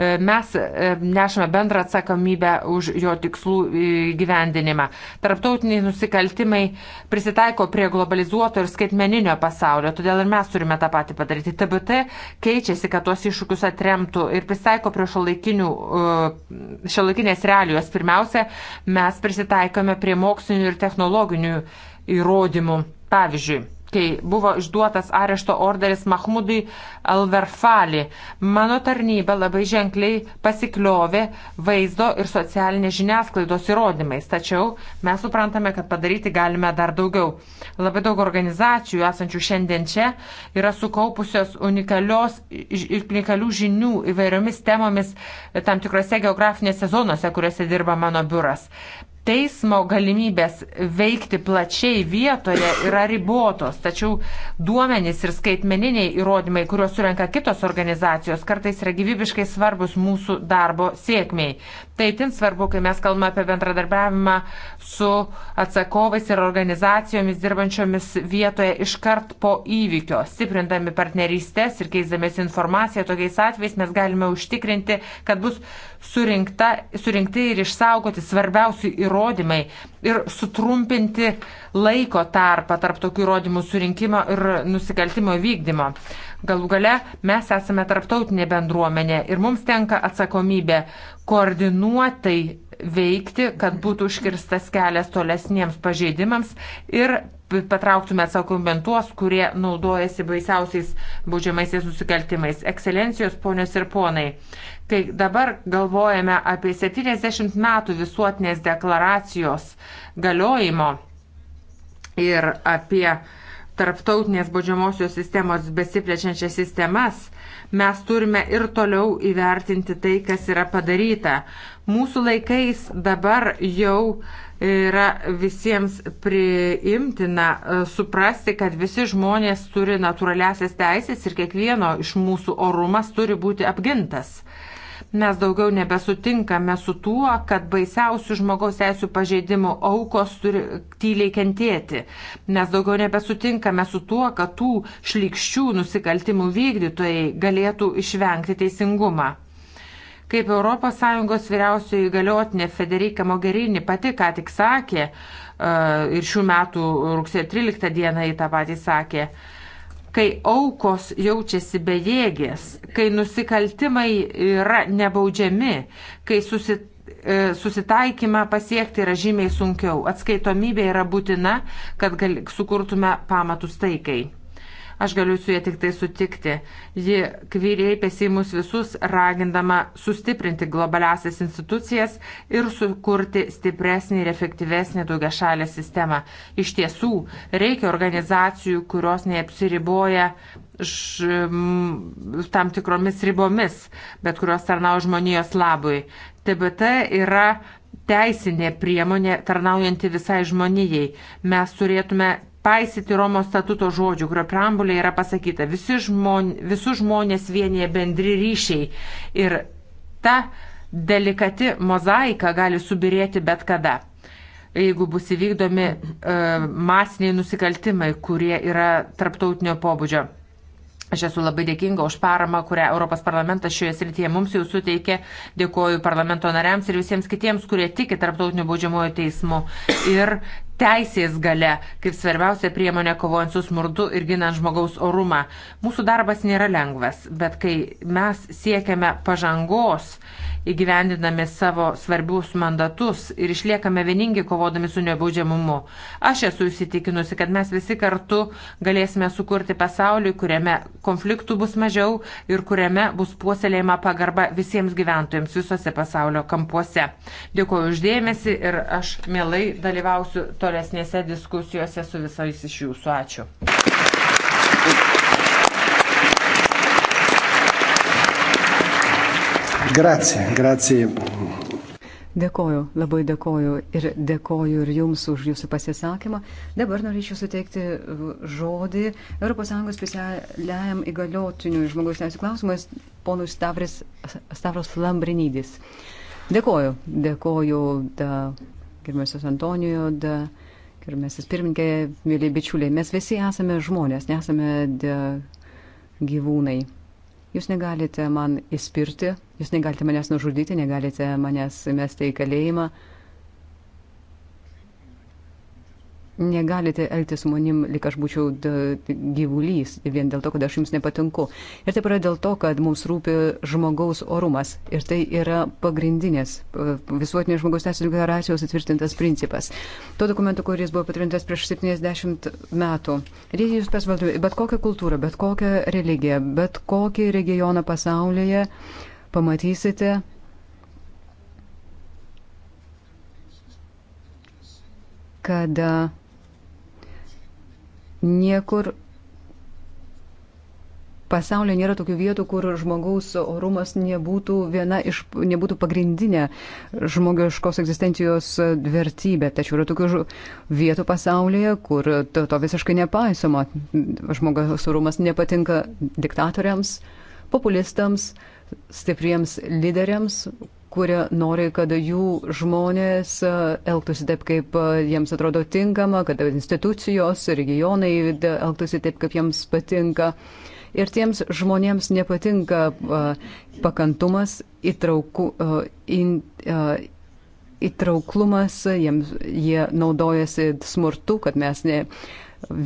Mes e, nešame bendrą atsakomybę už jo tikslų e, gyvendinimą. Tarptautiniai nusikaltimai prisitaiko prie globalizuoto ir skaitmeninio pasaulio, todėl ir mes turime tą patį padaryti. TBT keičiasi, kad tuos iššūkius atremtų ir prisitaiko prie šiolaikinės e, realijos. Pirmiausia, mes prisitaikome prie mokslinių ir technologinių įrodymų. Pavyzdžiui, kai buvo išduotas arešto orderis Mahmudui Alverfali. Mano tarnyba labai ženkliai pasikliovė vaizdo ir socialinės žiniasklaidos įrodymais, tačiau mes suprantame, kad padaryti galime dar daugiau. Labai daug organizacijų esančių šiandien čia yra sukaupusios unikalių žinių įvairiomis temomis tam tikrose geografinėse zonose, kuriuose dirba mano biuras teismo galimybės veikti plačiai vietoje yra ribotos, tačiau duomenys ir skaitmeniniai įrodymai, kuriuos surenka kitos organizacijos, kartais yra gyvybiškai svarbus mūsų darbo sėkmiai. Tai itin svarbu, kai mes kalbame apie bendradarbiavimą su atsakovais ir organizacijomis dirbančiomis vietoje iškart po įvykio. Stiprindami partnerystės ir keisdamės informaciją, tokiais atvejais mes galime užtikrinti, kad bus surinkta, surinkti ir išsaugoti svarbiausi įrodymai ir sutrumpinti laiko tarpą tarp tokių įrodymų surinkimo ir nusikaltimo vykdymo. Galų gale mes esame tarptautinė bendruomenė ir mums tenka atsakomybė koordinuotai veikti, kad būtų užkirstas kelias tolesniems pažeidimams ir patrauktume atsakomybėn tuos, kurie naudojasi baisiausiais baudžiamaisiais nusikaltimais. Ekscelencijos, ponios ir ponai, kai dabar galvojame apie 70 metų visuotinės deklaracijos galiojimo ir apie uh, tarptautinės baudžiamosios sistemos besiplečiančias sistemas, mes turime ir toliau įvertinti tai, kas yra padaryta. Mūsų laikais dabar jau yra visiems priimtina e, suprasti, kad visi žmonės turi natūraliasias teisės ir kiekvieno iš mūsų orumas turi būti apgintas. Mes daugiau nebesutinkame su tuo, kad baisiausių žmogaus teisų pažeidimų aukos turi tyliai kentėti. Mes daugiau nebesutinkame su tuo, kad tų šlikščių nusikaltimų vykdytojai galėtų išvengti teisingumą. Kaip ES vyriausioji galiotinė Federika Mogherini pati ką tik sakė, e, ir šių metų rugsėjo 13 dieną į tą patį sakė, kai aukos jaučiasi bejėgės, kai nusikaltimai yra nebaudžiami, kai susitikimai e, susitaikymą pasiekti yra žymiai sunkiau. Atskaitomybė yra būtina, kad gal, sukurtume pamatus taikai. Aš galiu su jie tik tai sutikti. Ji kvyreipėsi į mus visus, ragindama sustiprinti globaliasias institucijas ir sukurti stipresnį ir efektyvesnį daugia šalę sistemą. Iš tiesų, reikia organizacijų, kurios neapsiriboja ž, m, tam tikromis ribomis, bet kurios tarnauja žmonijos labui. TBT yra teisinė priemonė tarnaujanti visai žmonijai. Mes turėtume paisyti Romos statuto žodžių, kurio preambulė yra pasakyta, visi žmon, visus žmonės vienyje bendri ryšiai ir ta delikati mozaika gali subirėti bet kada. Jeigu bus įvykdomi e, masiniai nusikaltimai, kurie yra tarptautinio pobūdžio. Aš esu labai dėkinga už paramą, kurią Europos parlamentas šioje srityje mums jau suteikė. Dėkoju parlamento nariams ir visiems kitiems, kurie tiki tarptautiniu baudžiamojo teismu ir teisės gale kaip svarbiausia priemonė kovojant su smurtu ir ginant žmogaus orumą. Mūsų darbas nėra lengvas, bet kai mes siekiame pažangos, įgyvendinami savo svarbius mandatus ir išliekame vieningi kovodami su nebaudžiamumu, aš esu įsitikinusi, kad mes visi kartu galėsime sukurti pasaulį, kuriame konfliktų bus mažiau ir kuriame bus puoselėjama pagarba visiems gyventojams visose pasaulio kampuose. Dėkuoju uždėmesi ir aš mielai dalyvausiu toliau tolesnėse diskusijose su visais iš jūsų. Ačiū. Grazie, grazie. Dėkoju, labai dėkoju ir dėkoju ir jums už jūsų pasisakymą. Dabar norėčiau suteikti žodį ES specialiajam įgaliotiniu žmogaus teisų klausimais ponui Stavris, Stavros Lambrinydis. Dėkoju, dėkoju, gerbiamasis Antonijo, dėkoju. Pirmasis pirmininkė, mėly bičiuliai, mes visi esame žmonės, nesame e, gyvūnai. Jūs negalite man įspirti, jūs negalite manęs nužudyti, negalite manęs mesti į kalėjimą. negalite elgtis su manim, lik aš būčiau gyvulys, vien dėl to, kad aš jums nepatinku. Ir taip yra dėl to, kad mums rūpi žmogaus orumas. Ir tai yra pagrindinis visuotinės žmogaus teisės deklaracijos atvirtintas principas. To dokumento, kuris buvo patvirtintas prieš 70 metų. Ir jis jūs pasvaldo bet kokią kultūrą, bet kokią religiją, bet kokį regioną pasaulyje, pamatysite kad Niekur pasaulyje nėra tokių vietų, kur žmogaus orumas nebūtų, iš, nebūtų pagrindinė žmogiškos egzistencijos vertybė. Tačiau yra tokių vietų pasaulyje, kur to, to visiškai nepaisoma. Žmogaus orumas nepatinka diktatoriams, populistams, stipriems lyderiams, kurie nori, kad jų žmonės e, elgtųsi taip, kaip e, jiems atrodo tinkama, kad institucijos, regionai elgtųsi taip, kaip jiems patinka. Ir tiems žmonėms nepatinka e, pakantumas, įtrauku, in, įtrauklumas, jiems, jie naudojasi smurtu, kad mes ne,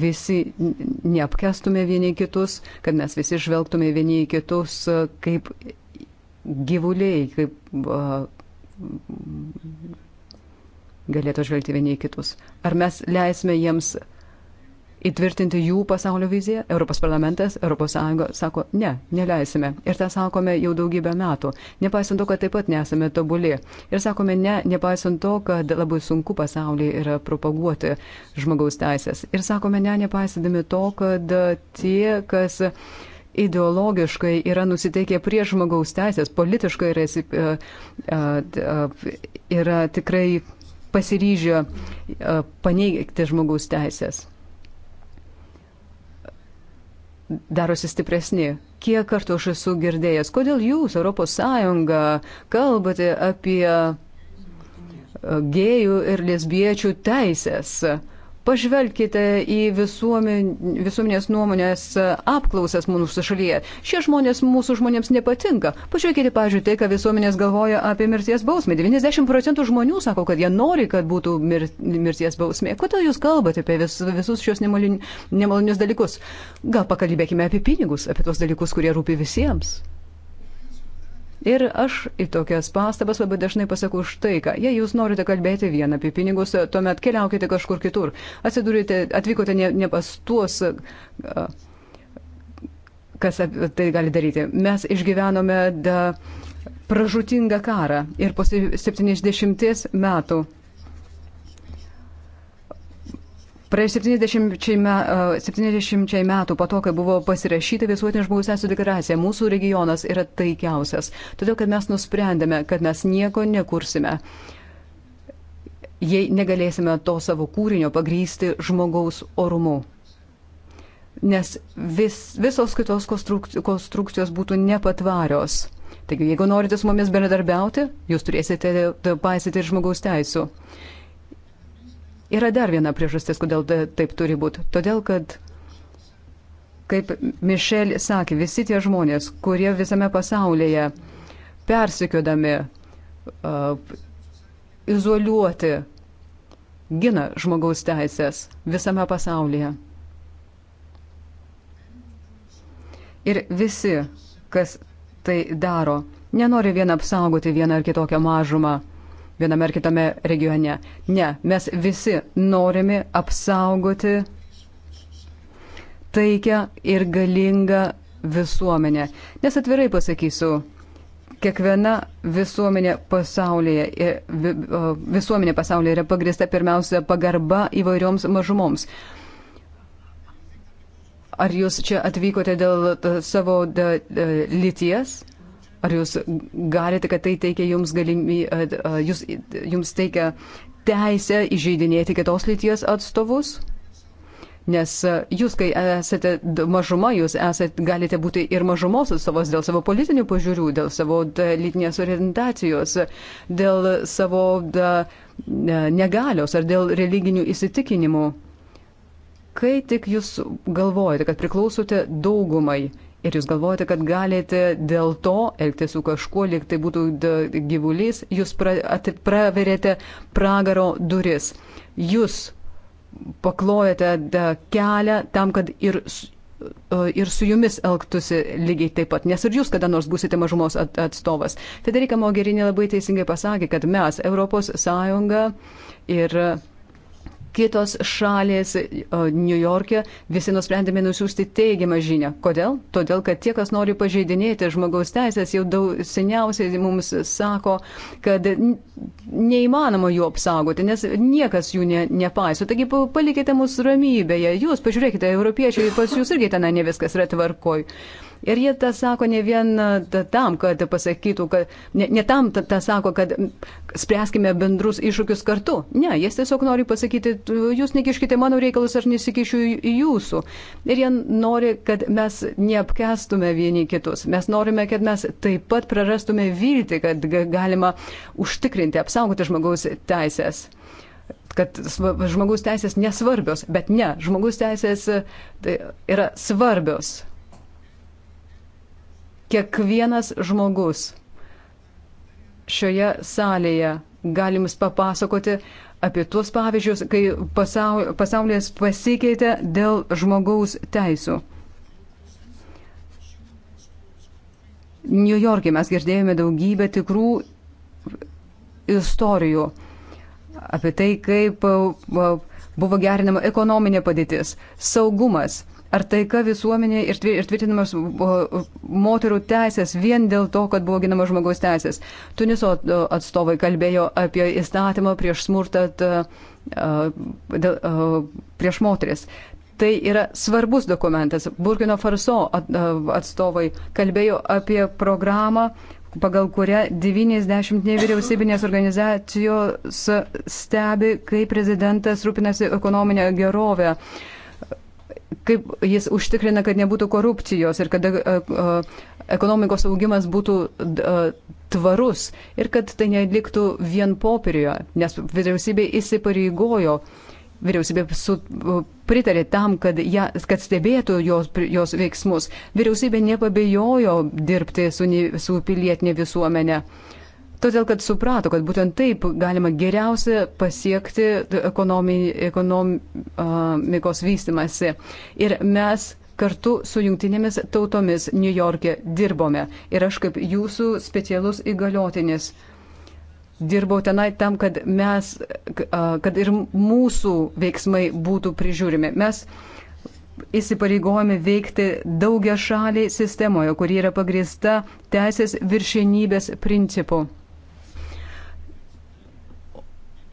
visi neapkestume vieni kitus, kad mes visi žvelgtume vieni kitus kaip gyvuliai, kaip a, galėtų žvelgti vieni į kitus. Ar mes leisime jiems įtvirtinti jų pasaulio viziją? Europos parlamentas, ES sako, ne, neleisime. Ir tą sakome jau daugybę metų. Nepaisant to, kad taip pat nesame tobuli. Ir sakome, ne, nepaisant to, kad labai sunku pasaulyje yra propaguoti žmogaus teisės. Ir sakome, ne, nepaisydami to, kad tie, kas. Uh, ideologiškai yra nusiteikę prieš žmogaus teisės, politiškai yra, e, e, e, yra tikrai pasiryžę paneigti žmogaus teisės. Darosi stipresni. Kiek kartų aš esu girdėjęs, kodėl jūs, ES, kalbate apie gėjų ir lesbiečių teisės? Uh, Pažvelkite į visuomenės nuomonės apklausas mūsų šalyje. Šie žmonės mūsų žmonėms nepatinka. Pažiūrėkite, pažiūrėjau, tai, ką visuomenės galvoja apie mirties bausmę. 90 procentų žmonių sako, kad jie nori, kad būtų mir, mirties bausmė. Kodėl jūs kalbate apie vis, visus šios nemalonius dalykus? Gal pakalbėkime apie pinigus, apie tos dalykus, kurie rūpi visiems. Ir aš į tokias pastabas labai dažnai pasakau štai ką. Jei jūs norite kalbėti vieną apie pinigus, tuomet keliaukite kažkur kitur. Atsidūrite, atvykote ne, ne pas tuos. Uh, kas tai gali daryti. Mes išgyvenome da, pražutingą karą ir po 70 metų Prieš 70, 70 metų po to, kai buvo pasirašyta visuotinė žmogaus teisų deklaracija, mūsų regionas yra taikiausias, todėl kad mes nusprendėme, kad mes nieko nekursime, jei negalėsime to savo kūrinio pagrysti žmogaus orumu. Nes vis, visos kitos konstrukcijos būtų nepatvarios. Taigi, jeigu norite su mumis bendradarbiauti, jūs turėsite paisyti ir žmogaus teisų. Yra dar viena priežastis, kodėl taip turi būti. Todėl, kad, kaip Mišel sakė, visi tie žmonės, kurie visame pasaulyje persikiodami, uh, izoliuoti, gina žmogaus teisės visame pasaulyje. Ir visi, kas tai daro, nenori vien apsaugoti vieną ar kitokią mažumą viename ar kitame regione. Ne, mes visi norime apsaugoti taikę ir galingą visuomenę. Nes atvirai pasakysiu, kiekviena visuomenė pasaulyje, e, visuomenė pasaulyje yra pagrista pirmiausia pagarba įvairioms mažumoms. Ar jūs čia atvykote dėl e, savo lyties? Ar jūs galite, kad tai teikia jums galimybę, jūs, jums teikia teisę įžeidinėti kitos lyties atstovus? Nes jūs, kai esate mažuma, jūs esate, galite būti ir mažumos atstovas dėl savo politinių pažiūrių, dėl savo lytinės orientacijos, dėl savo da, negalios ar dėl religinių įsitikinimų. Kai tik jūs galvojate, kad priklausote daugumai, ir jūs galvojate, kad galite dėl to elgtis su kažkuo, lyg tai būtų gyvulys, jūs pra, praverėte pragaro duris. Jūs paklojate kelią tam, kad ir, ir su jumis elgtųsi lygiai taip pat, nes ir jūs kada nors būsite mažumos at, atstovas. Federika Mogerinė labai teisingai pasakė, kad mes, Europos Sąjunga ir. Ir kitos šalės New York'e, visi nusprendėme nusiųsti teigiamą žinią. Kodėl? Todėl, kad tie, kas nori pažeidinėti žmogaus teisės, jau daug seniausiai mums sako, kad neįmanoma jų apsaugoti, nes niekas jų ne, nepaiso. Taigi palikite mus ramybėje. Jūs pažiūrėkite, europiečiai, pas jūs irgi ten ne viskas yra tvarkoj. Ir jie tą sako ne vien e, tam, kad pasakytų, kad ne, ne tam tą sako, kad spręskime bendrus iššūkius kartu. Ne, jie tiesiog nori pasakyti, jūs nekiškite mano reikalus, aš nesikišiu į jūsų. Ir jie nori, kad mes neapkestume vieni kitus. Mes norime, kad mes taip pat prarastume viltį, kad galima užtikrinti, apsaugoti žmogaus teisės kad žmogaus teisės nesvarbios, bet ne, žmogaus teisės e, tai yra svarbios. Kiekvienas žmogus šioje salėje gali jums papasakoti apie tuos pavyzdžius, kai pasaulis pasikeitė dėl žmogaus teisų. New York'e mes girdėjome daugybę tikrų istorijų apie tai, kaip buvo gerinama ekonominė padėtis, saugumas. Ar taika visuomenė ir tvirtinamas moterų teisės vien dėl to, kad buvo ginamas žmogaus teisės. Tuniso atstovai kalbėjo apie įstatymą prieš smurtą prieš moteris. Tai yra svarbus dokumentas. Burkino Farso atstovai kalbėjo apie programą, pagal kurią 90 nevyriausybinės organizacijos stebi, kaip prezidentas rūpinasi ekonominę gerovę. Uh, kaip jis užtikrina, kad nebūtų korupcijos ir kad e, e, ekonomikos augimas būtų e, tvarus ir kad tai neliktų vien popierioje, nes vyriausybė įsipareigojo. Vyriausybė su, pritarė tam, kad, ja, kad stebėtų jos, jos veiksmus. Vyriausybė nepabėjojo dirbti su, su pilietinė visuomenė. Uh, Todėl, kad suprato, kad būtent taip galima geriausia pasiekti ekonomikos vystimasi. Ir mes kartu su jungtinėmis tautomis New York'e dirbome. Ir aš kaip jūsų specialus įgaliotinis dirbau tenai tam, kad, mes, kad ir mūsų veiksmai būtų prižiūrimi. Mes įsipareigojame veikti daugia šaliai sistemoje, kuri yra pagrįsta teisės viršienybės principu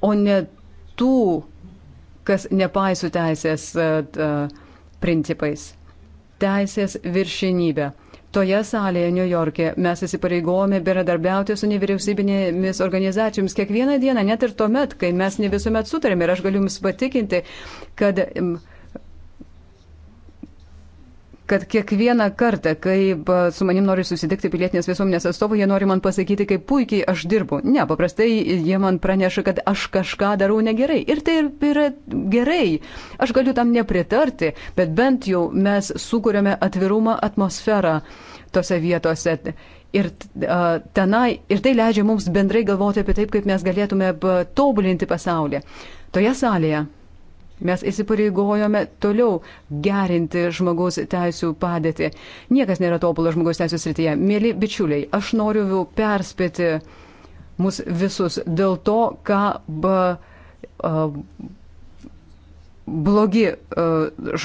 o ne tų, kas nepaisų teisės e, e, principais. Teisės viršinybė. Toje salėje New York'e mes įsipareigojome bendradarbiauti su nevyriausybinėmis organizacijomis kiekvieną dieną, net ir tuomet, kai mes ne visuomet sutarėme. Ir aš galiu Jums patikinti, kad m, kad kiekvieną kartą, kai e, su manim nori susitikti pilietinės visuomenės atstovų, jie nori man pasakyti, kaip puikiai aš dirbu. Ne, paprastai jie man praneša, kad aš kažką darau negerai. Ir tai yra gerai. Aš galiu tam nepritarti, bet bent jau mes sukūrėme atvirumą atmosferą tose vietose. Ir, uh, tenai, ir tai leidžia mums bendrai galvoti apie taip, kaip mes galėtume e, tobulinti pasaulį. Toje salėje Mes įsipareigojome toliau gerinti žmogaus teisų padėtį. Niekas nėra tobulas žmogaus teisų srityje. Mėly bičiuliai, aš noriu perspėti mus visus dėl to, ką ba, a, blogi a,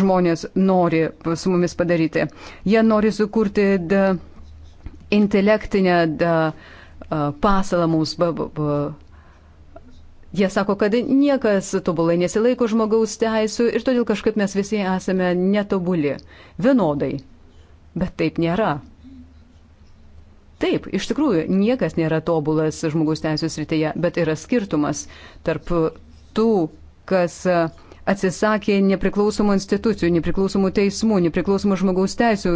žmonės nori su mumis padaryti. Jie nori sukurti da, intelektinę da, a, pasalą mums. Ba, ba, ba, Jie sako, kad niekas tobulai nesilaiko žmogaus teisų ir todėl kažkaip mes visi esame netobuli, vienodai. Bet taip nėra. Taip, iš tikrųjų, niekas nėra tobulas žmogaus teisų srityje, bet yra skirtumas tarp tų, kas atsisakė nepriklausomų institucijų, nepriklausomų teismų, nepriklausomų žmogaus teisų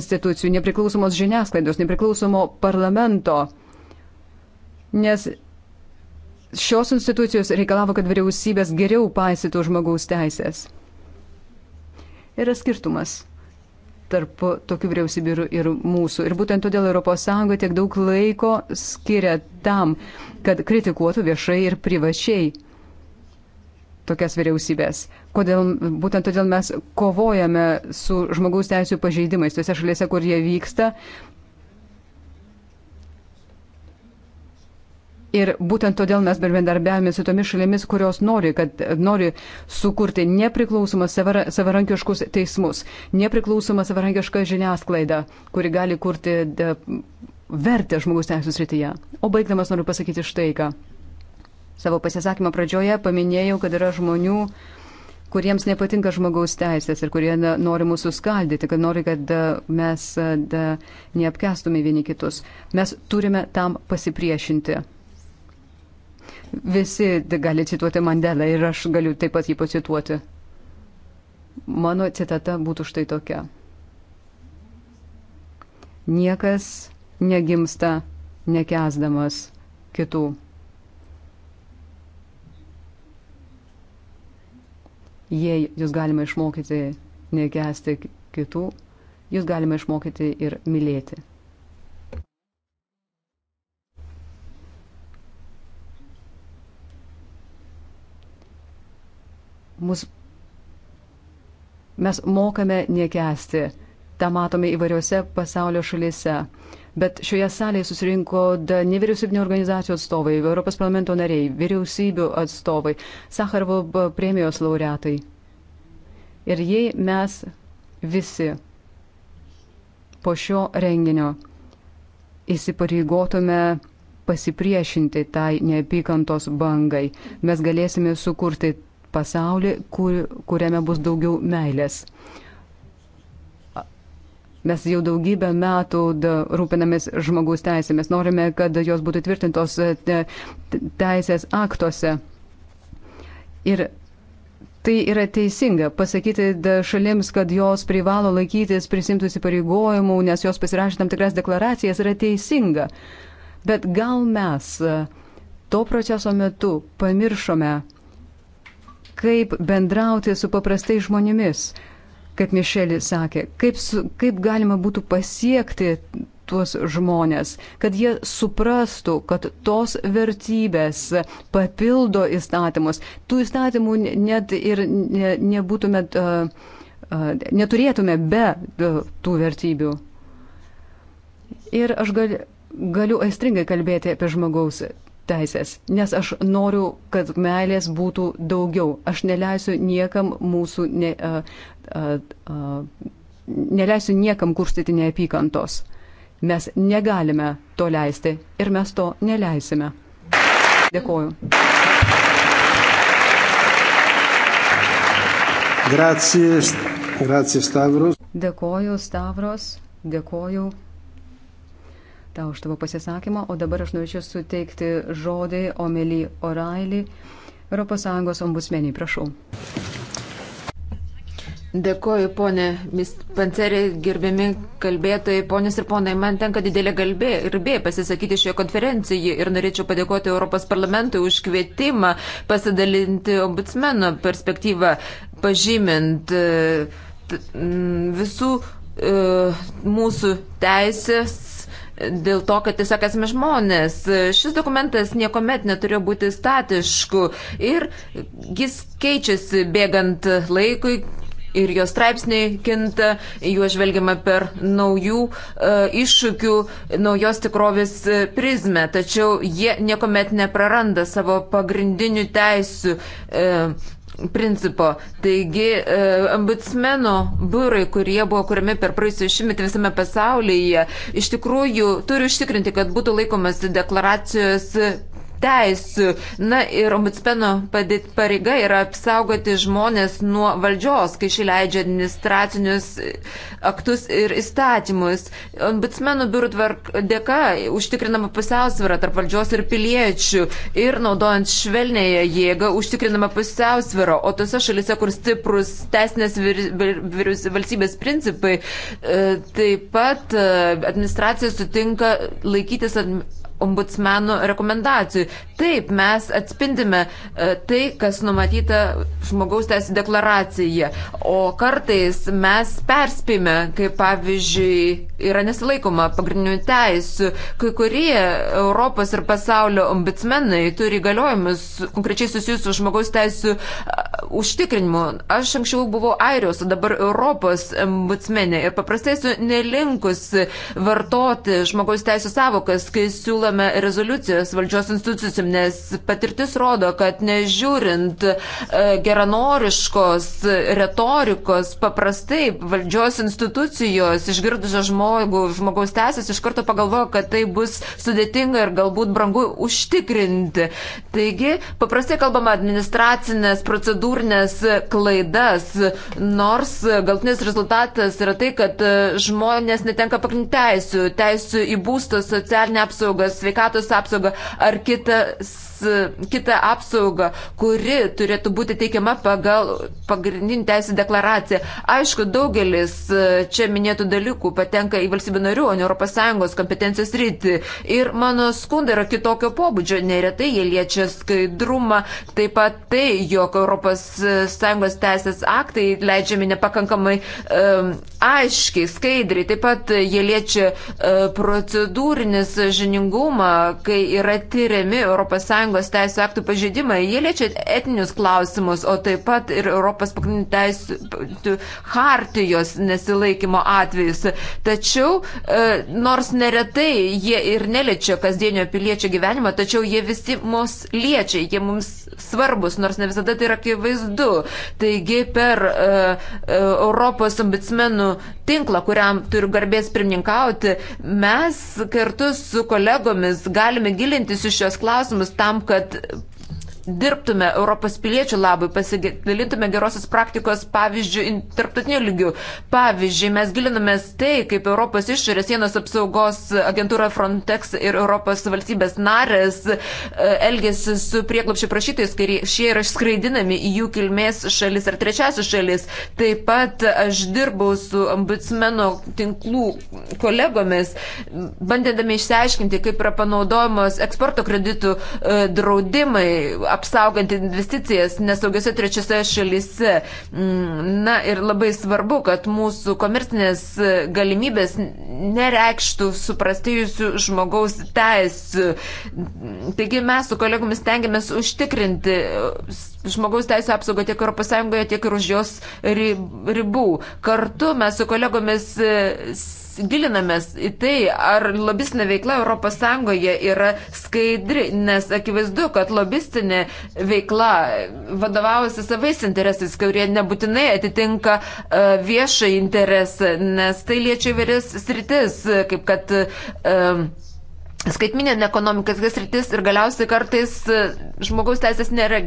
institucijų, nepriklausomos žiniasklaidos, nepriklausomo parlamento. Nes šios institucijos reikalavo, kad vyriausybės geriau paisytų žmogaus teisės. Yra skirtumas tarp tokių vyriausybių ir, ir mūsų. Ir būtent todėl ES tiek daug laiko skiria tam, kad kritikuotų viešai ir privačiai tokias vyriausybės. Kodėl, būtent todėl mes kovojame su žmogaus teisų pažeidimais tose šalyse, kur jie vyksta, Ir būtent todėl mes bendradarbiavame su tomis šalimis, kurios nori, kad nori sukurti nepriklausomas savara, savarankiškus teismus, nepriklausomą savarankišką žiniasklaidą, kuri gali kurti de, vertę žmogus teisų srityje. O baigdamas noriu pasakyti štai ką. Savo pasisakymą pradžioje paminėjau, kad yra žmonių, kuriems nepatinka žmogaus teisės ir kurie nori mūsų skaldyti, kad nori, kad e, mes e, neapkestume vieni kitus. Mes turime tam pasipriešinti. Visi gali cituoti Mandelą ir aš galiu taip pat jį pacituoti. Mano citata būtų štai tokia. Niekas negimsta nekesdamas kitų. Jei jūs galima išmokyti nekesti kitų, jūs galima išmokyti ir mylėti. Mes mokame nekesti. Ta matome įvairiose pasaulio šalyse. Bet šioje salėje susirinko nevyriausybinio organizacijų atstovai, Europos parlamento nariai, vyriausybių atstovai, Sakarvo premijos laureatai. Ir jei mes visi po šio renginio įsipareigotume pasipriešinti tai neapykantos bangai, mes galėsime sukurti pasaulį, kur, kuriame bus daugiau meilės. Mes jau daugybę metų rūpinamės žmogaus teisėmis, norime, kad jos būtų tvirtintos e, teisės aktuose. Ir tai yra teisinga pasakyti šalims, kad jos privalo laikytis prisimtų įsipareigojimų, nes jos pasirašė tam tikras deklaracijas, yra teisinga. Bet gal mes e, to proceso metu pamiršome kaip bendrauti su paprastai žmonėmis, kaip Mišelis sakė, kaip, su, kaip galima būtų pasiekti tuos žmonės, kad jie suprastų, kad tos vertybės papildo įstatymus. Tų įstatymų net ir ne, nebūtume, uh, uh, neturėtume be uh, tų vertybių. Ir aš gal, galiu aistringai kalbėti apie žmogaus teisės, nes aš noriu, kad meilės būtų daugiau. Aš neleisiu niekam mūsų, ne, a, a, a, neleisiu niekam kurstyti neapykantos. Mes negalime to leisti ir mes to neleisime. Dėkoju. Grazie, grazie Stavros. Dėkoju Stavros, dėkoju tau už tavo pasisakymą, o dabar aš norėčiau suteikti žodį Omely Orailį, ES ombusmeniai, prašau. Dėkoju, ponė Pancerė, gerbiami kalbėtojai, ponės ir ponai, man tenka didelė galbė ir bė pasisakyti šioje konferencijoje ir norėčiau padėkoti Europos parlamentui už kvietimą pasidalinti ombudsmeno perspektyvą, pažymint e, visų e, mūsų teisės dėl to, kad tiesiog esame žmonės. Šis dokumentas niekuomet neturėjo būti statišku ir jis keičiasi bėgant laikui. Ir jo straipsniai kinta, juo žvelgiama per naujų e, iššūkių, naujos tikrovės e, prizmę, tačiau jie niekuomet nepraranda savo pagrindinių teisių. E, principo. Taigi, e, ambicmeno biurai, kurie buvo kuriami per praėjusią šimtmetį visame pasaulyje, iš tikrųjų turi užtikrinti, kad būtų laikomasi deklaracijos teisių. Na ir ombudsmeno pareiga yra apsaugoti žmonės nuo valdžios, kai šį leidžia administracinius e, aktus ir įstatymus. Ombudsmenų biurų tvark dėka užtikrinama pusiausvėra tarp valdžios ir piliečių ir naudojant švelnėje jėgą užtikrinama pusiausvėra, o tose šalise, kur stiprus teisinės vir, vir, vir, valstybės principai, e, taip pat e, administracija sutinka laikytis ombudsmenų rekomendacijų. Taip, mes atspindime e, tai, kas numatyta žmogaus teisų deklaracijoje, o kartais mes perspime, kaip pavyzdžiui, yra nesilaikoma pagrindinių teisų. Kai kurie Europos ir pasaulio ombudsmenai turi galiojimus konkrečiai susijusius su žmogaus teisų e, užtikrinimu. Aš anksčiau buvau Airijos, o dabar Europos ombudsmenė ir paprastai esu nelinkus vartoti žmogaus teisų savokas, kai siūlo duodame rezoliucijos valdžios institucijom, nes patirtis rodo, kad nežiūrint e, geranoriškos retorikos, paprastai valdžios institucijos išgirdusios žmogų, žmogaus teisės iš karto pagalvoja, kad tai bus sudėtinga ir galbūt brangu užtikrinti. Taigi, paprastai kalbama administracinės, procedūrinės klaidas, nors galtinis rezultatas yra tai, kad žmonės netenka pagrindinių teisų, teisų į būstą, socialinę apsaugą, sveikatos apsaugą ar kitas, kitą apsaugą, kuri turėtų būti teikiama pagal pagrindinį teisų deklaraciją. Aišku, daugelis e, čia minėtų dalykų patenka į valstybių narių, o ne ES kompetencijos rytį. Ir mano skundai yra kitokio pobūdžio. Neretai jie liečia skaidrumą, taip pat tai, jog ES teisės aktai leidžiami nepakankamai um, aiškiai, skaidriai. Taip pat jie liečia uh, procedūrinis žiningumas skaidrumą, kai yra tyriami ES teisų aktų pažeidimai. Jie liečia etinius klausimus, o taip pat ir ES pagrindinių teisų hartijos nesilaikymo atvejus. Tačiau, e, nors neretai jie ir neliečia kasdienio piliečio gyvenimo, tačiau jie visi mus liečia, jie mums svarbus, nors ne visada tai yra akivaizdu. Taigi per uh, Europos ombudsmenų tinklą, kuriam turiu garbės pirmininkauti, mes kartu su kolegomis kolegomis galime gilintis į šios klausimus tam, kad dirbtume Europos piliečių labai, pasidalintume gerosios praktikos pavyzdžių tarptautinių lygių. Pavyzdžiui, mes gilinamės tai, kaip Europos išorės sienos apsaugos agentūra Frontex ir Europos valstybės narės e, elgesi su prieklopšio prašytais, kai šie yra skraidinami į jų kilmės šalis ar trečiasis šalis. Taip pat aš dirbau su ombudsmeno tinklų kolegomis, bandėdami išsiaiškinti, kaip yra panaudojamos eksporto kreditų e, draudimai apsaugant investicijas nesaugiose trečiose šalyse. Mm, na ir labai svarbu, kad mūsų komercinės galimybės nereikštų suprastėjusių žmogaus teisų. Taigi mes su kolegomis tengiamės užtikrinti žmogaus teisų apsaugą tiek ES, tiek ir už jos ribų. Kartu mes su kolegomis gilinamės į tai, ar lobistinė veikla ES yra skaidri, nes akivaizdu, kad lobistinė veikla vadovaujasi savais interesais, kurie nebūtinai atitinka e, viešai interesą, nes tai liečia įvairias sritis, kaip kad um, skaitminė ekonomika, kas rytis ir galiausiai kartais e, žmogaus teisės nėra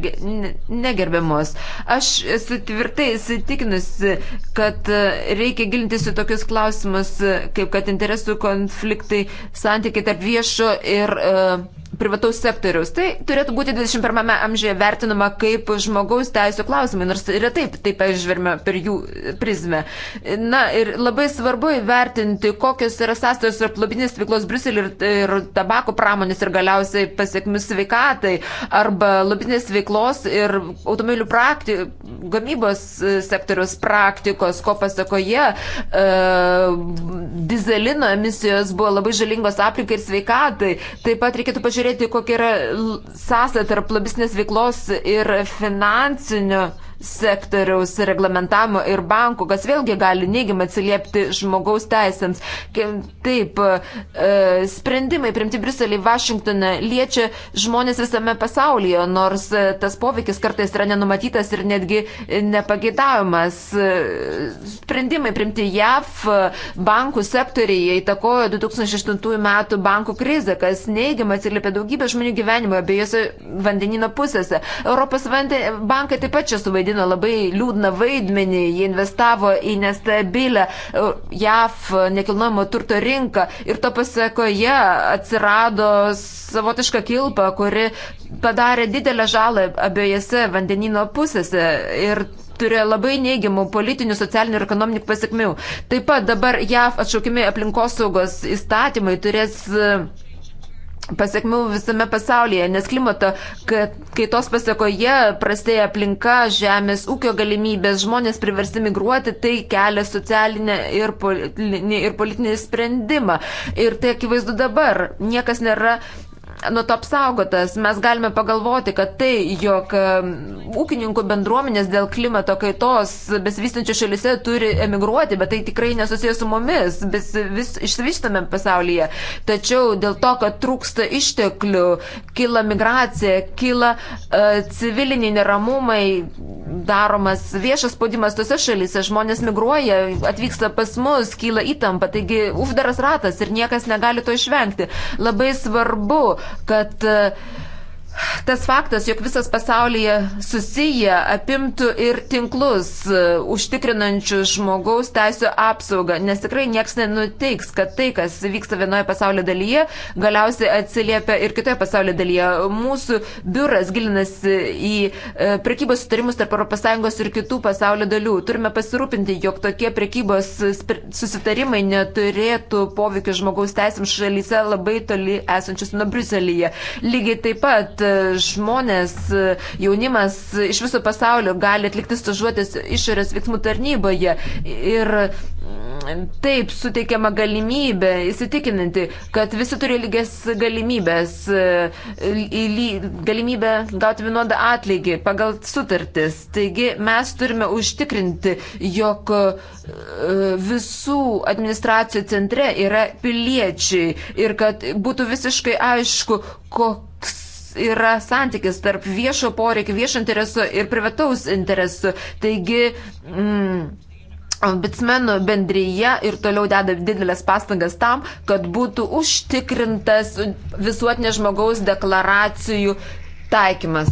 negerbiamos. Aš esu tvirtai įsitikinusi, kad e, reikia gilintis į tokius klausimus, e, kaip kad interesų konfliktai, santykiai tarp viešo ir uh, privataus sektoriaus. Tai turėtų būti 21 amžiuje vertinama kaip žmogaus teisų klausimai, nors ir taip, taip pažvelgime per jų prizmę. Na ir labai svarbu įvertinti, kokios yra sąstojos ir plobinės veiklos Bruselį ir, ir tabako pramonės ir galiausiai pasiekmių sveikatai arba lobinės veiklos ir automobilių prakti, gamybos e, sektoriaus praktikos, ko pasakoje e, dizelino emisijos buvo labai žalingos aplinkai ir sveikatai. Taip pat reikėtų pažiūrėti žiūrėti, kokia yra sąsaja tarp lobistinės veiklos ir finansinio sektoriaus reglamentavimo ir bankų, kas vėlgi gali neigiamai atsiliepti žmogaus teisėms. Taip, e, sprendimai primti Briuselį, Vašingtoną liečia žmonės visame pasaulyje, nors e, tas poveikis kartais yra nenumatytas ir netgi nepageidavimas. E, sprendimai primti JAV bankų sektoriai įtakojo 2008 metų bankų krizę, kas neigiamai atsiliepė daugybę žmonių gyvenimo abiejose vandenino pusėse. Europos bankai taip pat čia suvaidino suvaidino labai liūdną vaidmenį, jie investavo į nestabilę e, JAF nekilnojamo turto rinką ir to pasiekoje atsirado savotiška kilpa, kuri padarė didelę žalą abiejose vandenino pusėse ir turėjo labai neigiamų politinių, socialinių ir ekonominių pasiekmių. Taip pat dabar JAF atšaukimi aplinkosaugos įstatymai turės e, pasiekmių visame pasaulyje, nes klimato kaitos pasiekoje prastėja aplinka, žemės ūkio galimybės, žmonės priversti migruoti, tai kelia socialinę ir, poli ir politinį sprendimą. Ir tai akivaizdu dabar. Niekas nėra nuo to apsaugotas. Mes galime pagalvoti, kad tai, jog ūkininkų bendruomenės dėl klimato kaitos besivystančių šalise turi emigruoti, bet tai tikrai nesusijęs su mumis, vis, vis išsivyštame pasaulyje. Tačiau dėl to, kad trūksta išteklių, kyla migracija, kyla uh, civiliniai neramumai, daromas viešas spaudimas tose šalise, žmonės migruoja, atvyksta pas mus, kyla įtampa, taigi uždaras ratas ir niekas negali to išvengti. Labai svarbu kad uh, Tas faktas, jog visas pasaulyje susiję, apimtų ir tinklus e, užtikrinančius žmogaus teisų apsaugą, nes tikrai nieks nenuteiks, kad tai, kas vyksta vienoje pasaulio dalyje, galiausiai atsiliepia ir kitoje pasaulio dalyje. Mūsų biuras gilinasi į e, prekybos sutarimus tarp ES ir kitų pasaulio dalių. Turime pasirūpinti, jog tokie prekybos susitarimai neturėtų poveikio žmogaus teisėms šalyse labai toli esančius nuo Bruselėje. Lygiai taip pat E, žmonės, e, jaunimas iš viso pasaulio gali atlikti stažuotės išorės veiksmų tarnyboje. Ir mm, taip suteikiama galimybė įsitikininti, kad visi turi lygias galimybės, e, galimybę gauti vienodą atlygį pagal sutartis. Taigi mes turime užtikrinti, jog visų administracijų centre yra piliečiai ir kad būtų visiškai aišku, kokia yra santykis tarp viešo poreikio, viešo intereso ir privataus interesų. Taigi, mm, Ombudsmenų bendryje ir toliau deda didelės pastangas tam, kad būtų užtikrintas visuotinės žmogaus deklaracijų taikymas.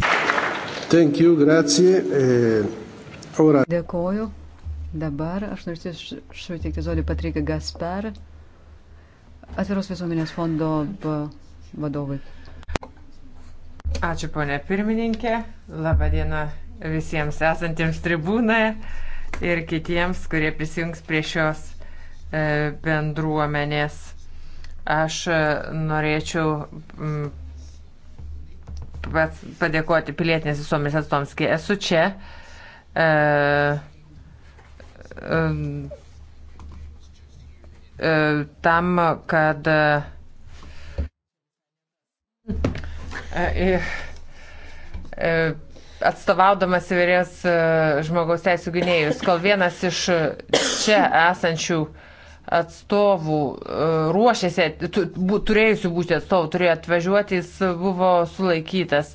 Thank you, grazie. E, ora. Dėkoju. Dabar aš norėčiau suteikti žodį Patrikai Gaspar, atviros visuomenės fondo vadovui. Ačiū, ponė pirmininkė. Labadiena visiems esantiems tribūnoje ir kitiems, kurie prisijungs prie šios e, bendruomenės. Aš e, norėčiau padėkoti pilietinės visuomenės atstovams, kai esu čia. E, tam, kad E, e, e, atstovaudamas įvairias žmogaus teisų gynėjus, kol vienas iš čia esančių atstovų ruošėsi, turėjusių būti atstovų, turėjo atvažiuoti, jis buvo sulaikytas.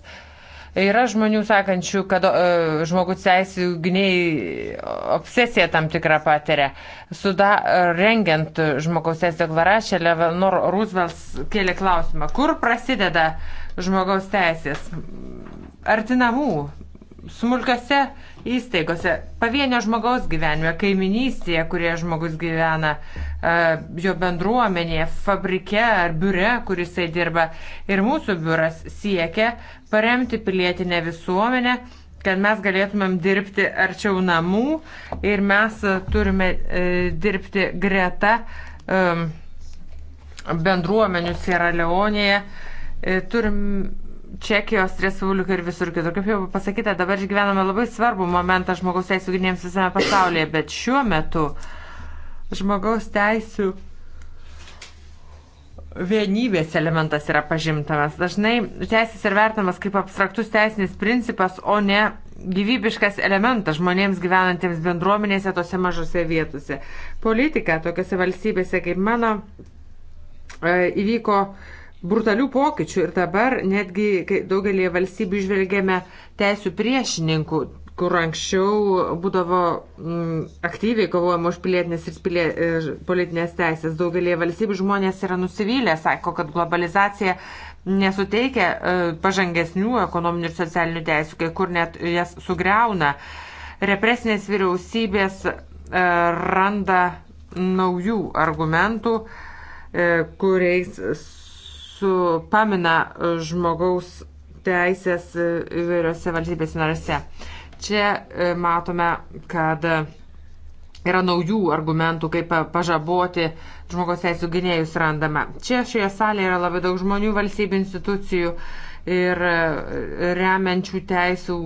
Yra žmonių sakančių, kad uh, žmogus teisų gynėjai obsesiją tam tikrą patiria. Suda, rengiant žmogaus teisų deklaraciją, Levanor Roosevelt kėlė klausimą, kur prasideda uh, žmogaus teisės. Arti namų, smulkiose įstaigose, pavienio žmogaus gyvenime, kaiminystėje, kurie žmogus gyvena, e, jo bendruomenėje, fabrike ar biure, kurisai dirba. Ir mūsų biuras siekia paremti pilietinę visuomenę kad mes galėtumėm dirbti arčiau namų ir mes turime e, dirbti greta e, bendruomenių Sierra Leonėje, e, E, turim Čekijos Respubliką ir visur kitur. Kaip jau pasakyta, dabar išgyvename labai svarbų momentą žmogaus teisų gynėjams visame pasaulyje, bet šiuo metu žmogaus teisų vienybės elementas yra pažymtamas. Dažnai teisės yra vertinamas kaip abstraktus teisinis principas, o ne gyvybiškas elementas žmonėms gyvenantiems bendruomenėse tose mažose vietose. Politika tokiose valstybėse kaip mano e, įvyko brutalių pokyčių ir dabar netgi daugelį valstybių žvelgiame teisų priešininkų, kur anksčiau būdavo m, mm, aktyviai kovojama už pilietinės ir pilie, politinės teisės. Daugelį valstybių žmonės yra nusivylę, sako, kad globalizacija nesuteikia e, pažangesnių ekonominių ir socialinių teisų, kai kur net jas sugriauna. Represinės vyriausybės e, randa naujų argumentų, e, kuriais supamina e, žmogaus teisės e, įvairiose valstybėse narėse. Čia e, matome, kad yra naujų argumentų, kaip pažaboti žmogaus teisų gynėjus randama. Čia šioje salėje yra labai daug žmonių, valstybių institucijų ir remiančių teisų,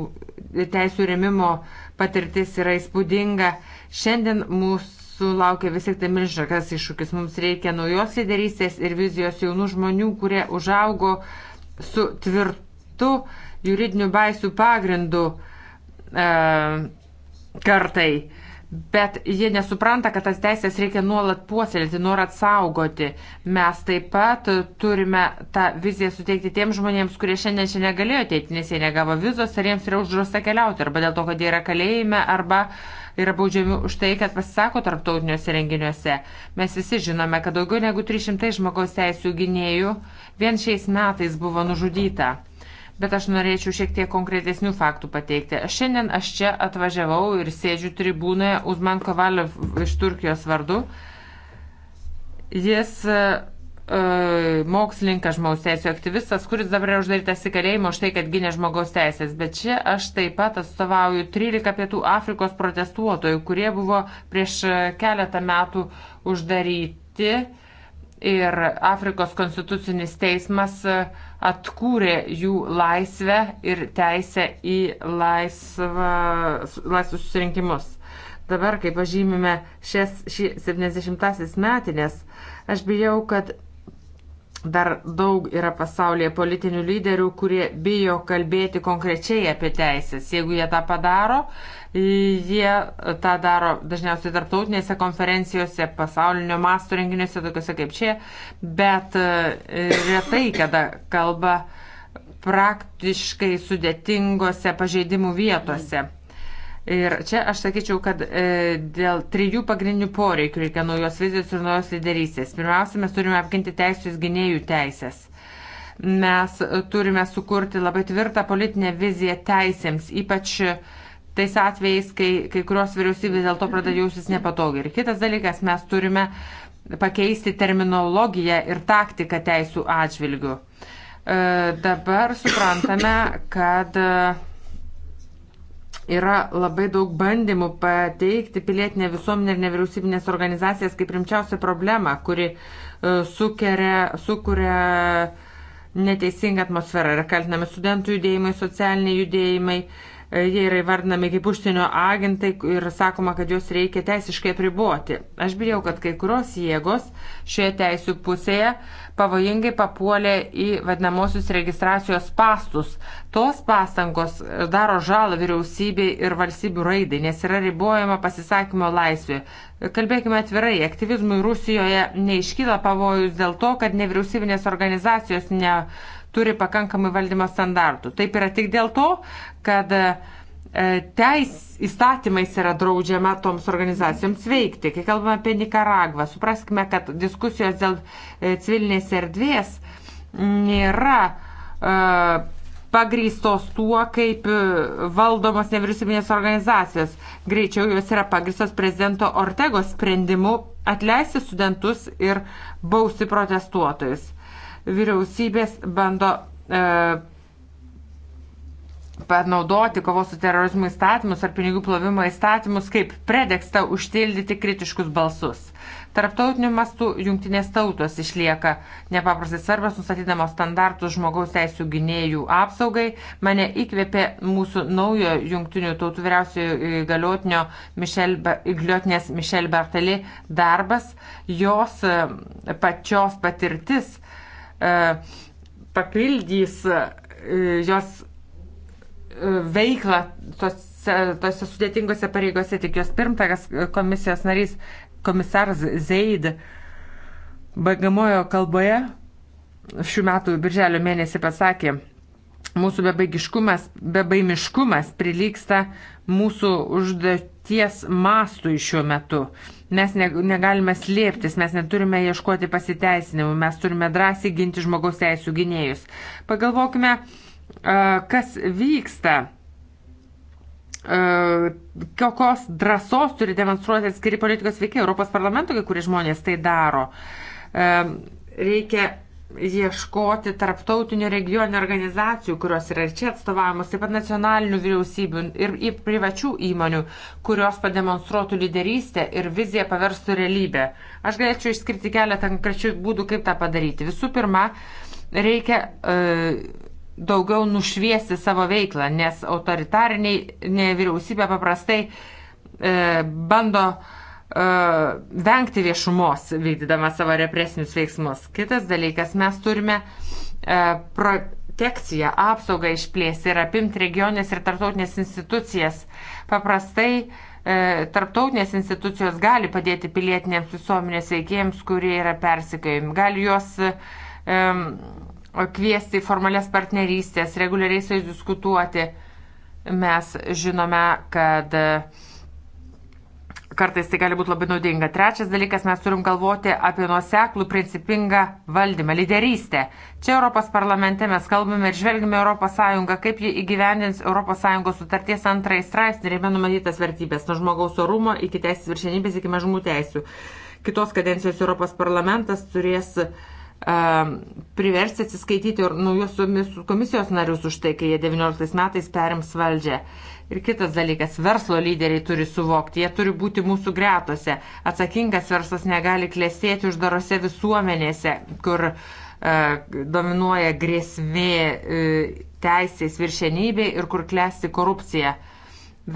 teisų remimo patirtis yra įspūdinga. Šiandien mūs mūsų laukia vis tik tai milžiniškas iššūkis. Mums reikia naujos lyderystės ir vizijos jaunų žmonių, kurie užaugo su tvirtu juridiniu baisų pagrindu e, kartai bet jie nesupranta, kad tas teisės reikia nuolat puoselėti, nuolat saugoti. Mes taip pat turime tą viziją suteikti tiems žmonėms, kurie šiandien čia negalėjo ateiti, nes jie negavo vizos ar jiems yra uždrausta keliauti, arba dėl to, kad jie yra kalėjime, arba yra baudžiami už tai, kad pasisako tarptautiniuose renginiuose. Mes visi žinome, kad daugiau negu 300 žmogaus teisų gynėjų vien šiais metais buvo nužudyta bet aš norėčiau šiek tiek konkretesnių faktų pateikti. Šiandien aš čia atvažiavau ir sėdžiu tribūnoje Uzman Kovaliev iš Turkijos vardu. Jis e, e, mokslininkas, žmogaus teisų aktyvistas, kuris dabar yra uždarytas į kalėjimą už tai, kad gynė žmogaus teisės. Bet čia aš taip pat atstovauju 13 pietų Afrikos protestuotojų, kurie buvo prieš keletą metų uždaryti ir Afrikos konstitucinis teismas e, atkūrė jų laisvę ir teisę į laisvą, laisvus susirinkimus. Dabar, kai pažymime šias, šį 70-asis metinės, aš bijau, kad Dar daug yra pasaulyje politinių lyderių, kurie bijo kalbėti konkrečiai apie teisės. Jeigu jie tą padaro, jie tą daro dažniausiai tarptautinėse konferencijose, pasaulinio masto renginiuose, tokiuose kaip čia, bet e, retai kada kalba praktiškai sudėtingose pažeidimų vietose. Ir čia aš sakyčiau, kad e, dėl trijų pagrindinių poreikių reikia naujos vizijos ir naujos lyderystės. Pirmiausia, mes turime apginti teisės gynėjų teisės. Mes turime sukurti labai tvirtą politinę viziją teisėms, ypač tais atvejais, kai kai kurios vyriausybės dėl to pradeda jausis nepatogiai. Ir kitas dalykas, mes turime pakeisti terminologiją ir taktiką teisų atžvilgių. E, dabar suprantame, kad e, Yra labai daug bandymų pateikti pilietinę visuomenę ir nevyriausybinės organizacijas kaip rimčiausią problemą, kuri e, sukeria, sukuria neteisingą atmosferą. Yra kaltinami studentų judėjimai, socialiniai judėjimai, e, jie yra įvardinami kaip užsienio agentai ir sakoma, kad juos reikia teisiškai apriboti. Aš bijau, kad kai kurios jėgos šioje teisų pusėje pavojingai papuolė į vadinamosius registracijos pastus. Tos pastangos daro žalą vyriausybei ir valstybių raidai, nes yra ribojama pasisakymo laisvė. Kalbėkime atvirai, aktyvizmui Rusijoje neiškyla pavojus dėl to, kad nevyriausybinės organizacijos neturi pakankamai valdymo standartų. Taip yra tik dėl to, kad uh, E, teis įstatymais yra draudžiama toms organizacijoms veikti. Kai kalbame apie Nikaragvą, supraskime, kad diskusijos dėl e, civilinės erdvės nėra uh, e, pagrystos tuo, kaip valdomos nevyriausybinės organizacijos. Greičiau jos yra pagristos prezidento Ortegos sprendimu atleisti studentus ir bausti protestuotojus. Vyriausybės bando uh, panaudoti kovos su terorizmu įstatymus ar pinigų plovimo įstatymus kaip predekstą užtildyti kritiškus balsus. Tarptautiniu mastu jungtinės tautos išlieka nepaprastai svarbios, nustatydamos standartus žmogaus teisų gynėjų apsaugai. Mane įkvėpė mūsų naujo jungtinių tautų vyriausiojo įgaliotinio Michel, įgaliotinės Mišel Bertali darbas, jos e, pačios patirtis e, papildys e, jos veiklą tose, tose sudėtingose pareigose, tik jos pirmtakas e, komisijos narys komisaras Zeid baigamojo kalboje šių metų birželio mėnesį pasakė, mūsų bebaigiškumas, bebaimiškumas prilyksta mūsų užduoties mastui šiuo metu. Mes negalime slėptis, mes neturime ieškoti pasiteisinimų, mes turime drąsiai ginti žmogaus teisų gynėjus. Pagalvokime, uh, kas vyksta, kokios drąsos turi demonstruoti atskiri politikos veikiai, Europos parlamento kai kurie žmonės tai daro. Reikia ieškoti tarptautinių regioninių organizacijų, kurios yra ir čia atstovavimas, taip pat nacionalinių vyriausybių ir, ir privačių įmonių, kurios pademonstruotų lyderystę ir viziją paverstų realybę. Aš galėčiau išskirti keletą konkrečių būdų, kaip tą padaryti. Visų pirma, reikia uh, daugiau nušviesti savo veiklą, nes autoritariniai nevyriausybė paprastai e, bando e, vengti viešumos, vykdydama savo represinius veiksmus. Kitas dalykas, mes turime e, protekciją, apsaugą išplėsti ir apimti regionės ir tartautinės institucijas. Paprastai e, tarptautinės institucijos gali padėti pilietinėms visuomenės veikėjams, kurie yra persikėjami, gali juos e, kviesti į formalės partnerystės, reguliariai su jais diskutuoti. Mes žinome, kad kartais tai gali būti labai naudinga. Trečias dalykas, mes turim galvoti apie nuoseklų, principingą valdymą, lyderystę. Čia Europos parlamente mes kalbame ir žvelgime ES, kaip ji įgyvendins ES sutarties antrąjį straipsnį, jame numatytas vertybės, nuo žmogaus orumo iki teisės viršenybės, iki mažumų teisų. Kitos kadencijos Europos parlamentas turės uh, Ehm, priversti atsiskaityti ir naujusiomis komisijos narius už tai, kai jie 19 metais perims valdžią. Ir kitas dalykas, verslo lyderiai turi suvokti, jie turi būti mūsų gretose. Atsakingas verslas negali klėstėti uždarose visuomenėse, kur e, dominuoja grėsmė e, teisės viršenybė ir kur klesti korupcija.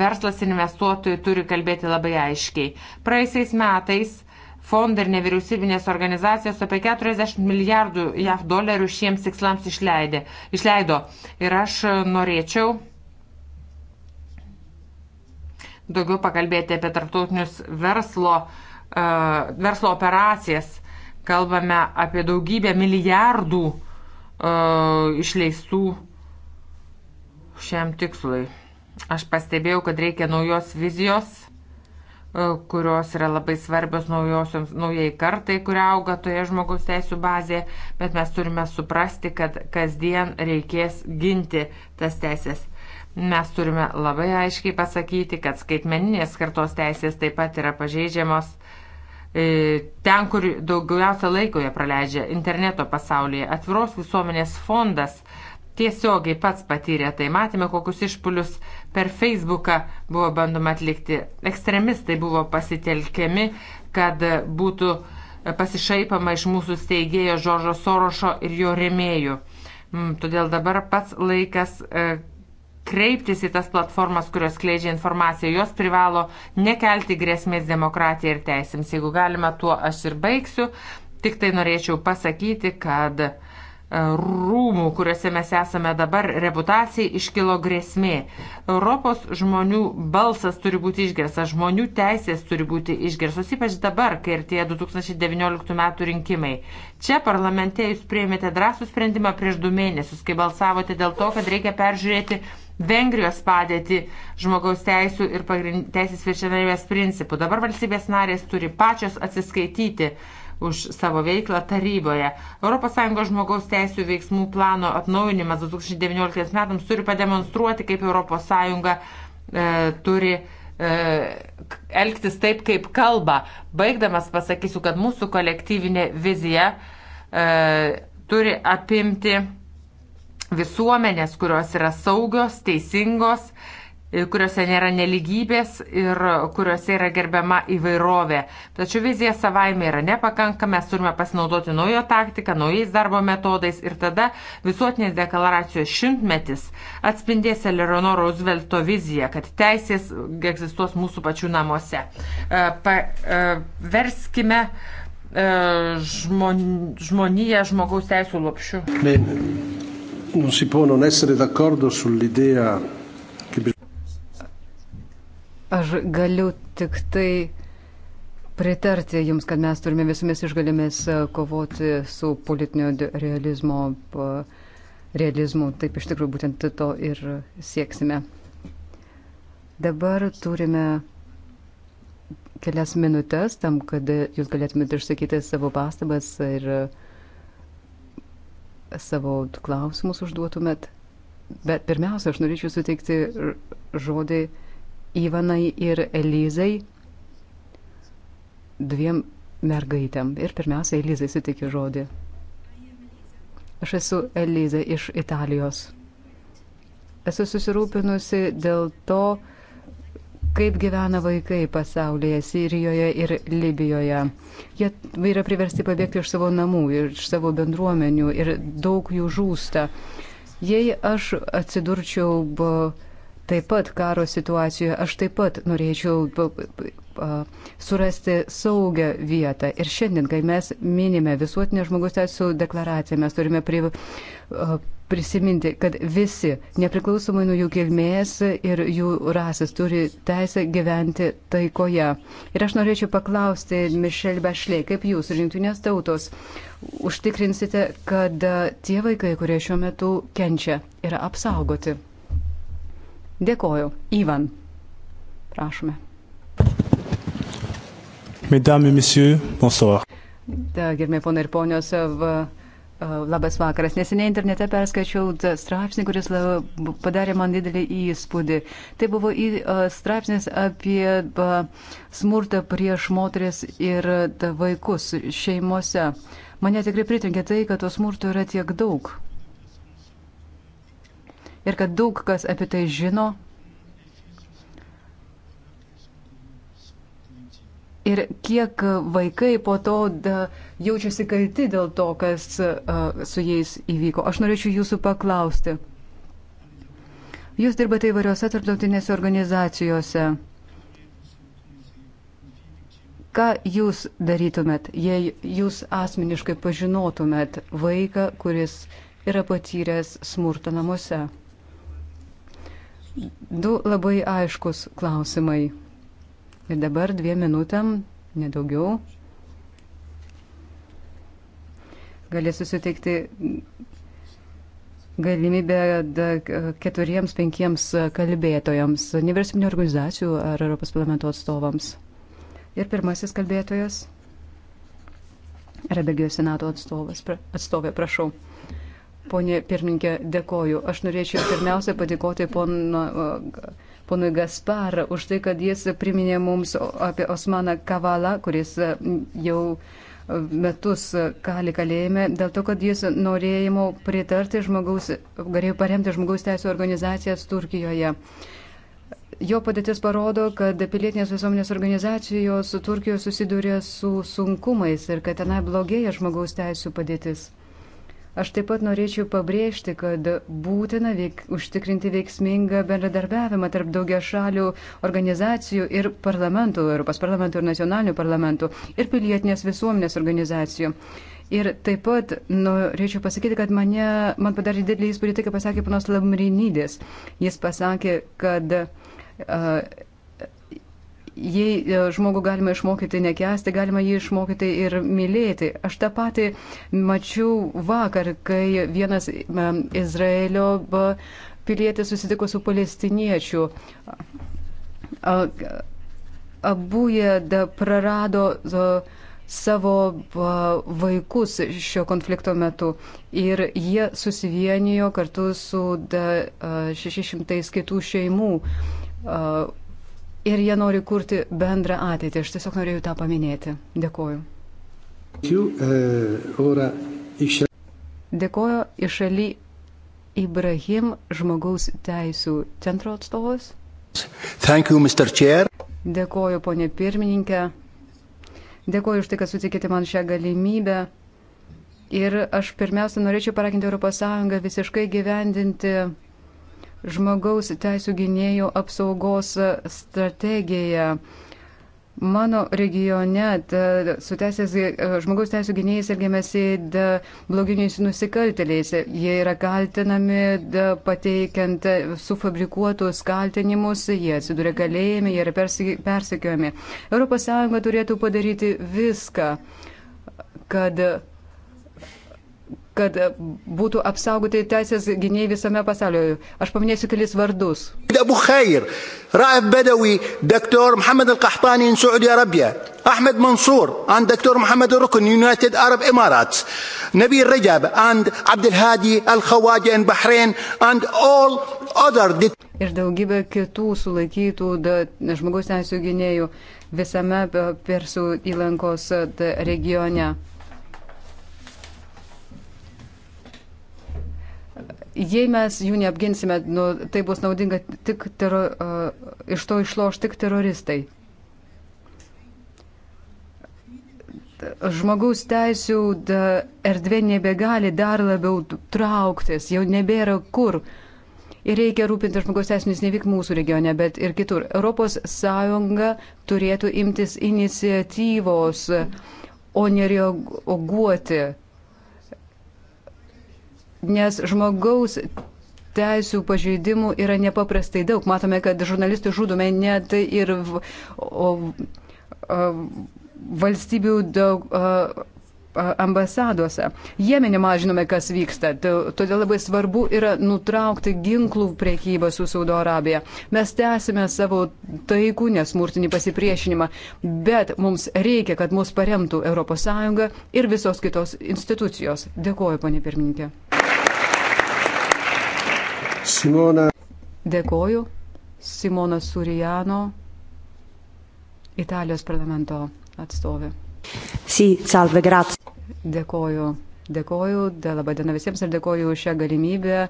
Verslas investuotojai turi kalbėti labai aiškiai. Praeisiais metais fondai ir nevyriausybinės organizacijos apie 40 milijardų JAV dolerių šiems tikslams išleidė, išleido. Ir aš norėčiau daugiau pakalbėti apie tarptautinius verslo, uh, verslo operacijas. Kalbame apie daugybę milijardų uh, išleistų šiam tikslui. Aš pastebėjau, kad reikia naujos vizijos kurios yra labai svarbios naujosioms, naujai kartai, kuria auga toje žmogaus teisų bazėje, bet mes turime suprasti, kad kasdien reikės ginti tas teisės. Mes turime labai aiškiai pasakyti, kad skaitmeninės kartos teisės taip pat yra pažeidžiamos e, ten, kur daugiausia laiko jie praleidžia interneto pasaulyje. Atviros visuomenės fondas tiesiogiai pats patyrė tai. Matėme, kokius išpulius per Facebooką buvo bandoma atlikti. Ekstremistai buvo pasitelkiami, kad būtų pasišaipama iš mūsų steigėjo Žoržo Sorošo ir jo remėjų. Mm, todėl dabar pats laikas e, kreiptis į tas platformas, kurios kleidžia informaciją. Jos privalo nekelti grėsmės demokratijai ir teisėms. Jeigu galima, tuo aš ir baigsiu. Tik tai norėčiau pasakyti, kad uh, rūmų, kuriuose mes esame dabar, reputacijai iškilo grėsmė. Europos žmonių balsas turi būti išgirstas, žmonių teisės turi būti išgirstos, ypač dabar, kai artėja 2019 metų rinkimai. Čia parlamente jūs prieimėte drąsų sprendimą prieš du mėnesius, kai balsavote dėl to, kad reikia peržiūrėti Vengrijos padėtį žmogaus teisų ir teisės viršienarės principų. Dabar valstybės narės turi pačios atsiskaityti už savo veiklą taryboje. ES žmogaus teisų veiksmų plano atnaujinimas 2019 metams turi pademonstruoti, kaip ES e, turi e, elgtis taip, kaip kalba. Baigdamas pasakysiu, kad mūsų kolektyvinė vizija e, turi apimti visuomenės, kurios yra saugios, teisingos, kuriuose nėra neligybės ir kuriuose yra gerbiama įvairovė. Tačiau vizija savaime yra nepakankama, mes turime pasinaudoti naujo taktiką, naujais darbo metodais ir tada visuotinės deklaracijos šimtmetis atspindės Eleonoro Roosevelto viziją, kad teisės egzistuos mūsų pačių namuose. E, Paverskime e, e, žmon, žmoniją žmogaus teisų lopšių. Non si può non essere d'accordo sull'idea Aš galiu tik tai pritarti Jums, kad mes turime visomis išgalėmis e, kovoti su politinio realizmo, realizmu. Taip iš tikrųjų būtent to ir sieksime. Dabar turime kelias minutės tam, kad Jūs galėtumėte išsakyti savo pastabas ir e, savo klausimus užduotumėt. Bet pirmiausia, aš norėčiau suteikti žodį Ivanai ir Elizai, dviem mergaitėm. Ir pirmiausia, Elizai sutikiu žodį. Aš esu Eliza iš Italijos. Esu susirūpinusi dėl to, kaip gyvena vaikai pasaulyje, Sirijoje ir Libijoje. Jie yra priversti pabėgti iš savo namų, iš savo bendruomenių ir daug jų žūsta. Jei aš atsidurčiau taip pat karo situacijoje, aš taip pat norėčiau surasti saugią vietą. Ir šiandien, kai mes minime visuotinę žmogus teisų deklaraciją, mes turime pri, prisiminti, kad visi, nepriklausomai nuo jų kilmės ir jų rasės, turi teisę gyventi taikoje. Ir aš norėčiau paklausti, Mišel Bešlė, kaip jūs ir jungtinės tautos užtikrinsite, kad tie vaikai, kurie šiuo metu kenčia, yra apsaugoti. Mm. Dėkoju. Ivan. Prašome. Mesdames et messieurs, bonsoir. Gerbėjai ponai ir ponios, labas vakaras. Neseniai internete perskaičiau straipsnį, kuris padarė man didelį įspūdį. Tai buvo straipsnis apie smurtą prieš moteris ir vaikus šeimose. Mane tikrai pritinkė tai, kad to smurto yra tiek daug ir kad daug kas apie tai žino. Ir kiek vaikai po to da, jaučiasi kalti dėl to, kas uh, su jais įvyko. Aš norėčiau jūsų paklausti. Jūs dirbate įvairiose tarptautinėse organizacijose. Ką jūs darytumėt, jei jūs asmeniškai pažinotumėt vaiką, kuris yra patyręs smurtą namuose? Du labai aiškus klausimai. Ir dabar dviem minutėm, nedaugiau, galėsiu suteikti galimybę keturiems, penkiems kalbėtojams, nevyriausybinio organizacijų ar Europos parlamento atstovams. Ir pirmasis kalbėtojas yra Belgijos senato atstovas, atstovė, prašau. Pone pirmininkė, dėkoju. Aš norėčiau pirmiausia padėkoti pono, ponui Gaspar už tai, kad jis priminė mums apie Osmaną Kavalą, kuris jau metus kali kalėjime dėl to, kad jis norėjimo pritarti žmogaus, galėjo paremti žmogaus teisų organizacijas Turkijoje. Jo padėtis parodo, kad pilietinės visuomenės organizacijos Turkijoje susiduria su sunkumais ir kad tenai blogėja žmogaus teisų padėtis. Aš taip pat norėčiau pabrėžti, kad būtina veik, užtikrinti veiksmingą bendradarbiavimą tarp daugia šalių organizacijų ir parlamentų, Europos parlamentų ir nacionalinių parlamentų, ir pilietinės visuomenės organizacijų. Ir taip pat norėčiau pasakyti, kad mane, man padarė didelį įspūdį tai, ką pasakė panos Lamrinydės. Jis pasakė, kad uh, jei e, žmogų galima išmokyti nekesti, galima jį išmokyti ir mylėti. Aš tą patį mačiau vakar, kai vienas e, Izraelio pilietis susitiko su palestiniečiu. Abu jie prarado e, savo vaikus šio konflikto metu ir jie susivienijo kartu su 600 kitų šeimų ir jie nori kurti bendrą ateitį. Aš tiesiog norėjau tą paminėti. Dėkoju. Eh, Dėkoju iš šaly Ibrahim žmogaus teisų centro atstovas. Thank you, Mr. Chair. Dėkoju, ponė pirmininkė. Dėkoju už tai, kad sutikėte man šią galimybę. Ir aš pirmiausia norėčiau paraginti ES visiškai gyvendinti žmogaus teisų gynėjų apsaugos strategiją. Mano regione da, su teisės, žmogaus teisų gynėjais elgiamasi bloginiais nusikaltėliais. Jie yra kaltinami da, pateikiant sufabrikuotus kaltinimus, jie atsiduria kalėjime, jie yra persekiojami. ES turėtų padaryti viską, kad kad e, būtų apsaugoti teisės gynėjai visame pasaulyje. Aš paminėsiu kelis vardus. Abu Khair, Raif Bedawi, dr. Mohamed Al-Qahtani, Saudi Arabija, Ahmed Mansour, and dr. Mohamed Rukun, United Arab Emirates, Nabil Rajab, and Abdel Hadi Al-Khawaja in Bahrain, and all other. Ir daugybė kitų sulaikytų žmogaus teisų gynėjų visame Persų įlankos e, regione. Jei mes jų neapginsime, nu, tai bus naudinga tik tero, uh, iš to išloš tik teroristai. Žmogaus teisų erdvė nebegali dar labiau trauktis, jau nebėra kur. Ir reikia rūpinti žmogaus teisėmis ne tik mūsų regione, bet ir kitur. Europos Sąjunga turėtų imtis iniciatyvos, o nereaguoti nes žmogaus teisų pažeidimų yra nepaprastai daug. Matome, kad žurnalistų žudome net ir o, o, valstybių daug. O, ambasadose. Jemenė mažinome, kas vyksta. Todėl labai svarbu yra nutraukti ginklų priekybą su Saudo Arabija. Mes tęsime savo taikų nesmurtinį pasipriešinimą, bet mums reikia, kad mus paremtų ES ir visos kitos institucijos. Dėkuoju, ponė pirmininkė. Simona. Dėkoju. Simona Surijano, Italijos parlamento atstovė. Sì, si, salve, grazie. Dėkoju. Dėkoju, labai diena visiems ir dėkoju už šią galimybę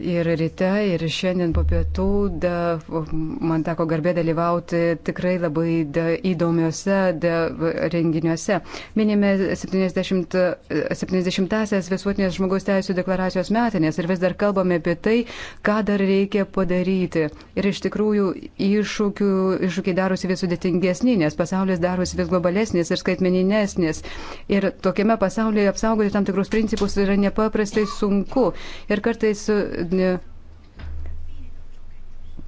Ir ryte, ir šiandien po pietų da, man teko garbė dalyvauti tikrai labai da, įdomiuose da, renginiuose. Minime 70-asias 70 visuotinės žmogaus teisų deklaracijos metinės ir vis dar kalbame apie tai, ką dar reikia padaryti. Ir iš tikrųjų iššūkių, iššūkiai darosi vis sudėtingesni, nes pasaulis darosi vis globalesnis ir skaitmeninesnis. Ir tokiame pasaulyje apsaugoti tam tikrus principus yra nepaprastai sunku. Ir kartais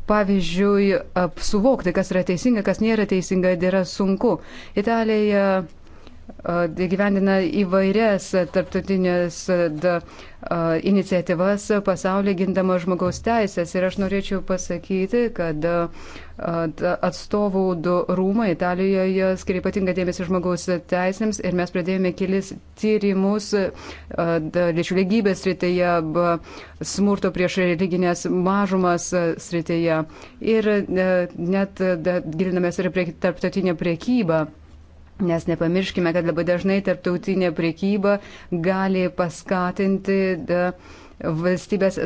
pavyzdžiui, suvokti, kas yra teisinga, kas nėra teisinga, tai yra sunku. Italija gyvendina įvairias tarptautinės iniciatyvas pasaulyje gindama žmogaus teisės. Ir aš norėčiau pasakyti, kad atstovų du rūmai Italijoje skiria ypatingą dėmesį žmogaus teisėms ir mes pradėjome kelis tyrimus lyčių lygybės srityje, smurto prieš religinės mažumas srityje ir e, net gilinamės ir prie tarptautinę priekybą. Nes nepamirškime, kad labai dažnai tarptautinė priekyba gali paskatinti valstybės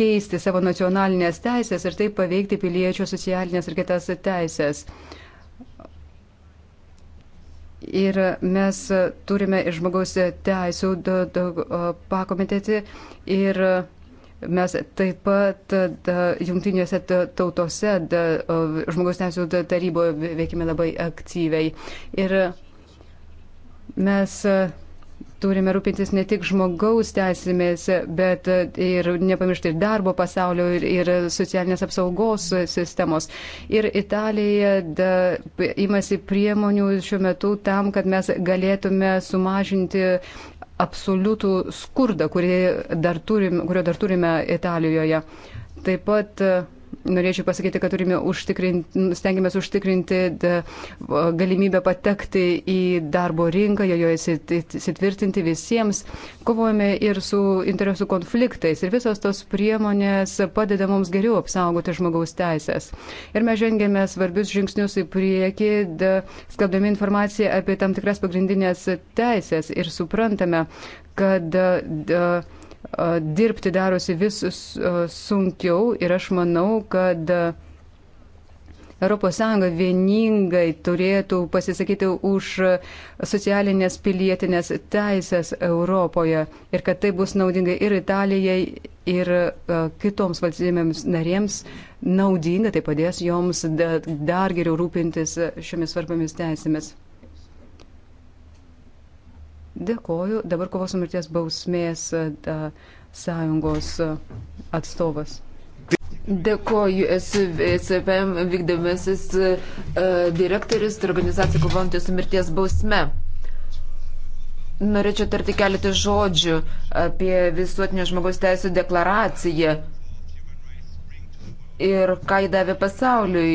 keisti savo nacionalinės teisės ir taip paveikti piliečių socialinės ir kitas teisės. Ir mes turime ir žmogaus teisų pakomitetį ir. Do, do, Mes taip pat jungtinėse tautose da, žmogaus teisų taryboje veikime labai aktyviai. Ir mes turime rūpintis ne tik žmogaus teisėmis, bet ir nepamiršti ir darbo pasaulio, ir, ir socialinės apsaugos sistemos. Ir Italija da, imasi priemonių šiuo metu tam, kad mes galėtume sumažinti absoliutų skurdą, kurį dar turim, kurio dar turime Italijoje. Taip pat norėčiau pasakyti, kad turime užtikrinti, stengiamės užtikrinti galimybę patekti į darbo rinką, joje įsitvirtinti visiems. Kovojame ir su interesų konfliktais ir visos tos priemonės padeda mums geriau apsaugoti žmogaus teisės. Ir mes žengėme svarbius žingsnius į priekį, skalbdami informaciją apie tam tikras pagrindinės teisės ir suprantame, kad da, da, dirbti darosi vis sunkiau ir aš manau, kad ES vieningai turėtų pasisakyti už socialinės pilietinės teisės Europoje ir kad tai bus naudinga ir Italijai, ir kitoms valstybėms narėms naudinga, tai padės joms dar geriau rūpintis šiomis svarbiamis teisėmis. Dėkoju. Dabar kovos su mirties bausmės e, sąjungos e, atstovas. Dėkoju, esu SPM vykdomasis e, direktorius ir organizacija kovojantys su mirties bausme. Norėčiau tarti keletą žodžių apie visuotinio žmogaus teisų deklaraciją ir ką jį davė pasauliui.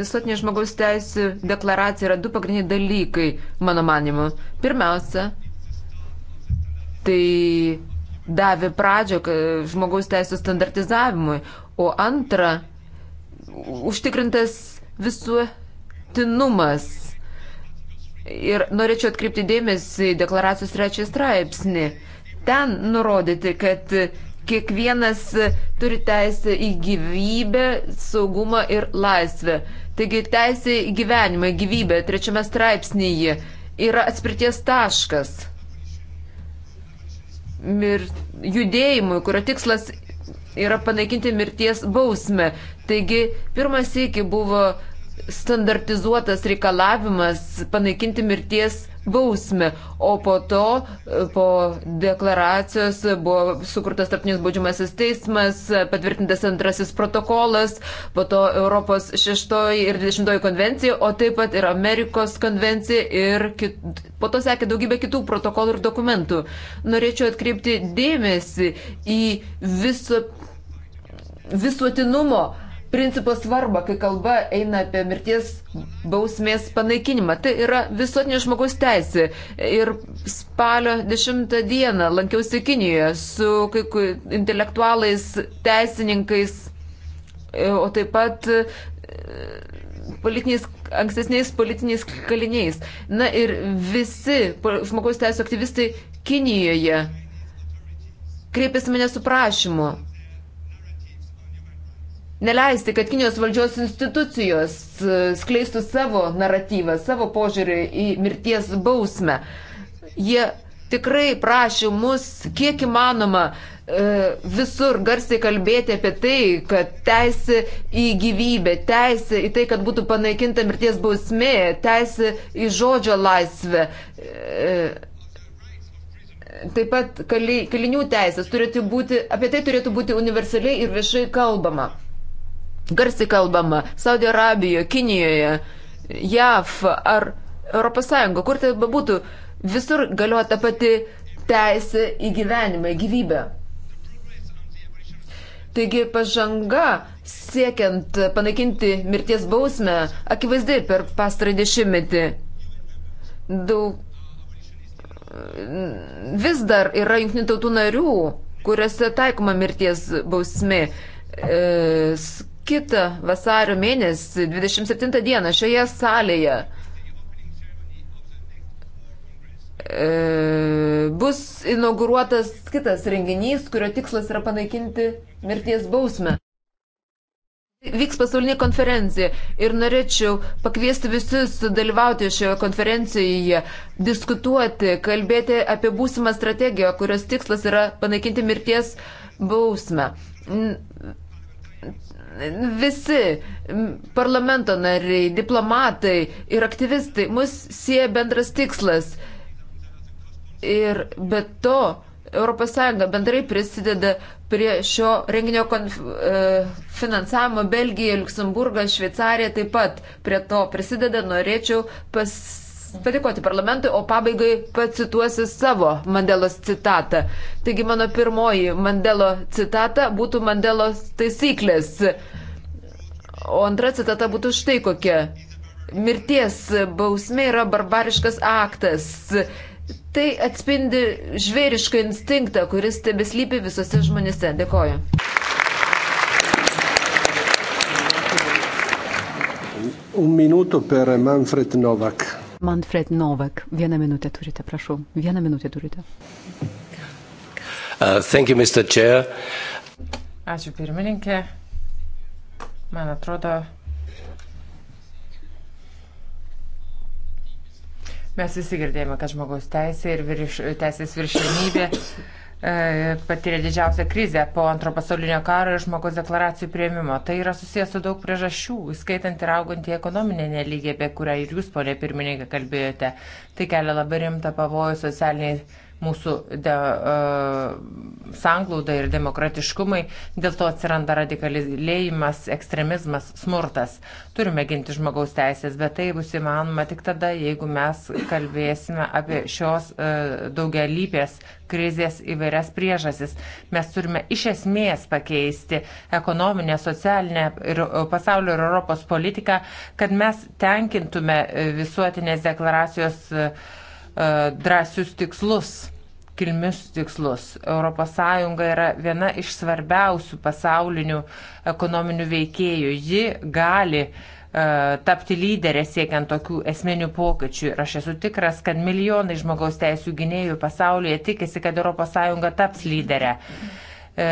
Visuotinė žmogaus teisų deklaracija yra du pagrindiniai dalykai, mano manimu. Pirmiausia, tai davė pradžią žmogaus teisų standartizavimui, o antra, užtikrintas visuotinumas. Ir norėčiau atkreipti dėmesį į deklaracijos trečią straipsnį. Ten nurodyti, kad kiekvienas turi teisę į gyvybę, saugumą ir laisvę. Taigi teisė į gyvenimą, gyvybę trečiame straipsnėje yra atspirties taškas mir, judėjimui, kurio tikslas yra panaikinti mirties bausmę. Taigi, pirmas iki buvo standartizuotas reikalavimas panaikinti mirties bausmę, o po to, po deklaracijos buvo sukurtas tarptinis baudžiamasis teismas, patvirtintas antrasis protokolas, po to Europos 6 ir 20 konvencija, o taip pat ir Amerikos konvencija ir kit... po to sekė daugybė kitų protokolų ir dokumentų. Norėčiau atkreipti dėmesį į viso... visuotinumo principo svarbą, kai kalba eina apie mirties bausmės panaikinimą. Tai yra visuotinė žmogaus teisė. Ir spalio 10 dieną lankiausi Kinijoje su kai kur intelektualais, teisininkais, e, o taip pat e, politiniais, ankstesniais politiniais kaliniais. Na ir visi žmogaus teisų aktyvistai Kinijoje kreipėsi mane su prašymu neleisti, kad Kinijos valdžios institucijos e, skleistų savo naratyvą, savo požiūrį į mirties bausmę. Jie tikrai prašė mus, kiek įmanoma, e, visur garsiai kalbėti apie tai, kad teisė į gyvybę, teisė į tai, kad būtų panaikinta mirties bausmė, teisė į žodžio laisvę. E, taip pat kalinių teisės turėtų būti, apie tai turėtų būti universaliai ir viešai kalbama garsiai kalbama Saudo Arabijoje, Kinijoje, JAV ar ES, kur tai bebūtų, visur galioja ta pati teisė į gyvenimą, į gyvybę. Taigi pažanga siekiant panaikinti mirties bausmę akivaizdai per pastarą dešimtmetį daug vis dar yra jungtinių tautų narių, kuriuose taikoma mirties bausmė. E, kitą vasario mėnesį, 27 dieną, šioje salėje e, bus inauguruotas kitas renginys, kurio tikslas yra panaikinti mirties bausmę. Vyks pasaulinė konferencija ir norėčiau pakviesti visus dalyvauti šioje konferencijoje, diskutuoti, kalbėti apie būsimą strategiją, kurios tikslas yra panaikinti mirties bausmę visi parlamento nariai, diplomatai ir aktyvistai mus sieja bendras tikslas. Ir be to ES bendrai prisideda prie šio renginio e, finansavimo Belgija, Luksemburgas, Šveicarija taip pat prie to prisideda. Norėčiau pas padėkoti parlamentui, o pabaigai pacituosiu savo Mandelos citatą. Taigi mano pirmoji Mandelo citata būtų Mandelos taisyklės, o antra citata būtų štai kokia. Mirties bausmė yra barbariškas aktas. Tai atspindi žvėrišką instinktą, kuris tebeslypi visose žmonėse. Dėkoju. Un minuto per Manfred Novak. Manfred Novak, vieną minutę turite, prašau. Vieną minutę turite. Uh, thank you, Mr. Chair. Ačiū pirmininkė. Man atrodo, mes visi girdėjome, kad žmogaus teisė ir virš, teisės viršenybė E, patyrė didžiausią krizę po antro pasaulinio karo ir žmogaus deklaracijų prieimimo. Tai yra susijęs su daug priežasčių, skaitant ir augantį ekonominę nelygybę, kurią ir jūs, ponė pirmininkė, kalbėjote. Tai kelia labai rimtą pavojų socialiniai mūsų de, uh, sanglauda ir demokratiškumai, dėl to atsiranda radikalėjimas, ekstremizmas, smurtas. Turime ginti žmogaus teisės, bet tai bus įmanoma tik tada, jeigu mes kalbėsime apie šios uh, daugialypės krizės įvairias priežasis. Mes turime iš esmės pakeisti ekonominę, socialinę ir e, pasaulio ir Europos politiką, kad mes tenkintume visuotinės deklaracijos uh, E, drąsius tikslus, kilmius tikslus. ES yra viena iš svarbiausių pasaulinių ekonominių veikėjų. Ji gali e, tapti lyderė siekiant tokių esminių pokyčių. Ir aš esu tikras, kad milijonai žmogaus teisų gynėjų pasaulyje tikisi, kad ES taps lyderė. E,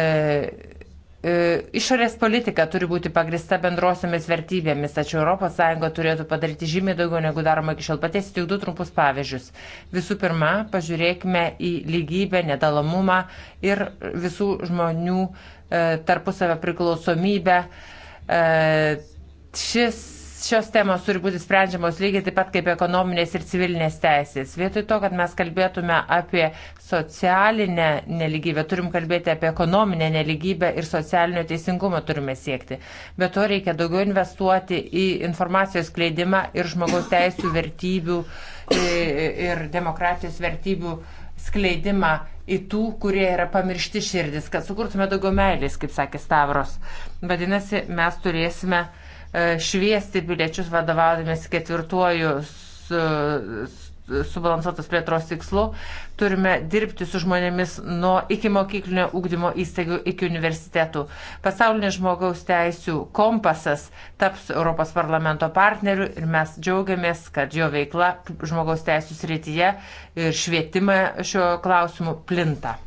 E, išorės politika turi būti pagrista bendrosiomis vertybėmis, tačiau ES turėtų padaryti žymiai daugiau negu daroma iki šiol. Pateiksiu tik du trumpus pavyzdžius. Visų pirma, pažiūrėkime į lygybę, nedalomumą ir visų žmonių e, tarpusavę priklausomybę. E, šis šios temos turi būti sprendžiamos lygiai taip pat kaip ekonominės ir civilinės teisės. Vietoj to, kad mes kalbėtume apie socialinę neligybę, turim kalbėti apie ekonominę neligybę ir socialinio teisingumo turime siekti. Be to reikia daugiau investuoti į informacijos kleidimą ir žmogaus teisų vertybių ir demokratijos vertybių skleidimą į tų, kurie yra pamiršti širdis, kad sukurtume daugiau meilės, kaip sakė Stavros. Vadinasi, mes turėsime E, šviesti piliečius vadovaudomės ketvirtuoju su, subalansuotos plėtros tikslu. Turime dirbti su žmonėmis nuo iki mokyklinio ūkdymo įstaigų iki universitetų. Pasaulinis žmogaus teisų kompasas taps Europos parlamento partneriu ir mes džiaugiamės, kad jo veikla žmogaus teisų srityje ir švietimą šiuo klausimu plinta.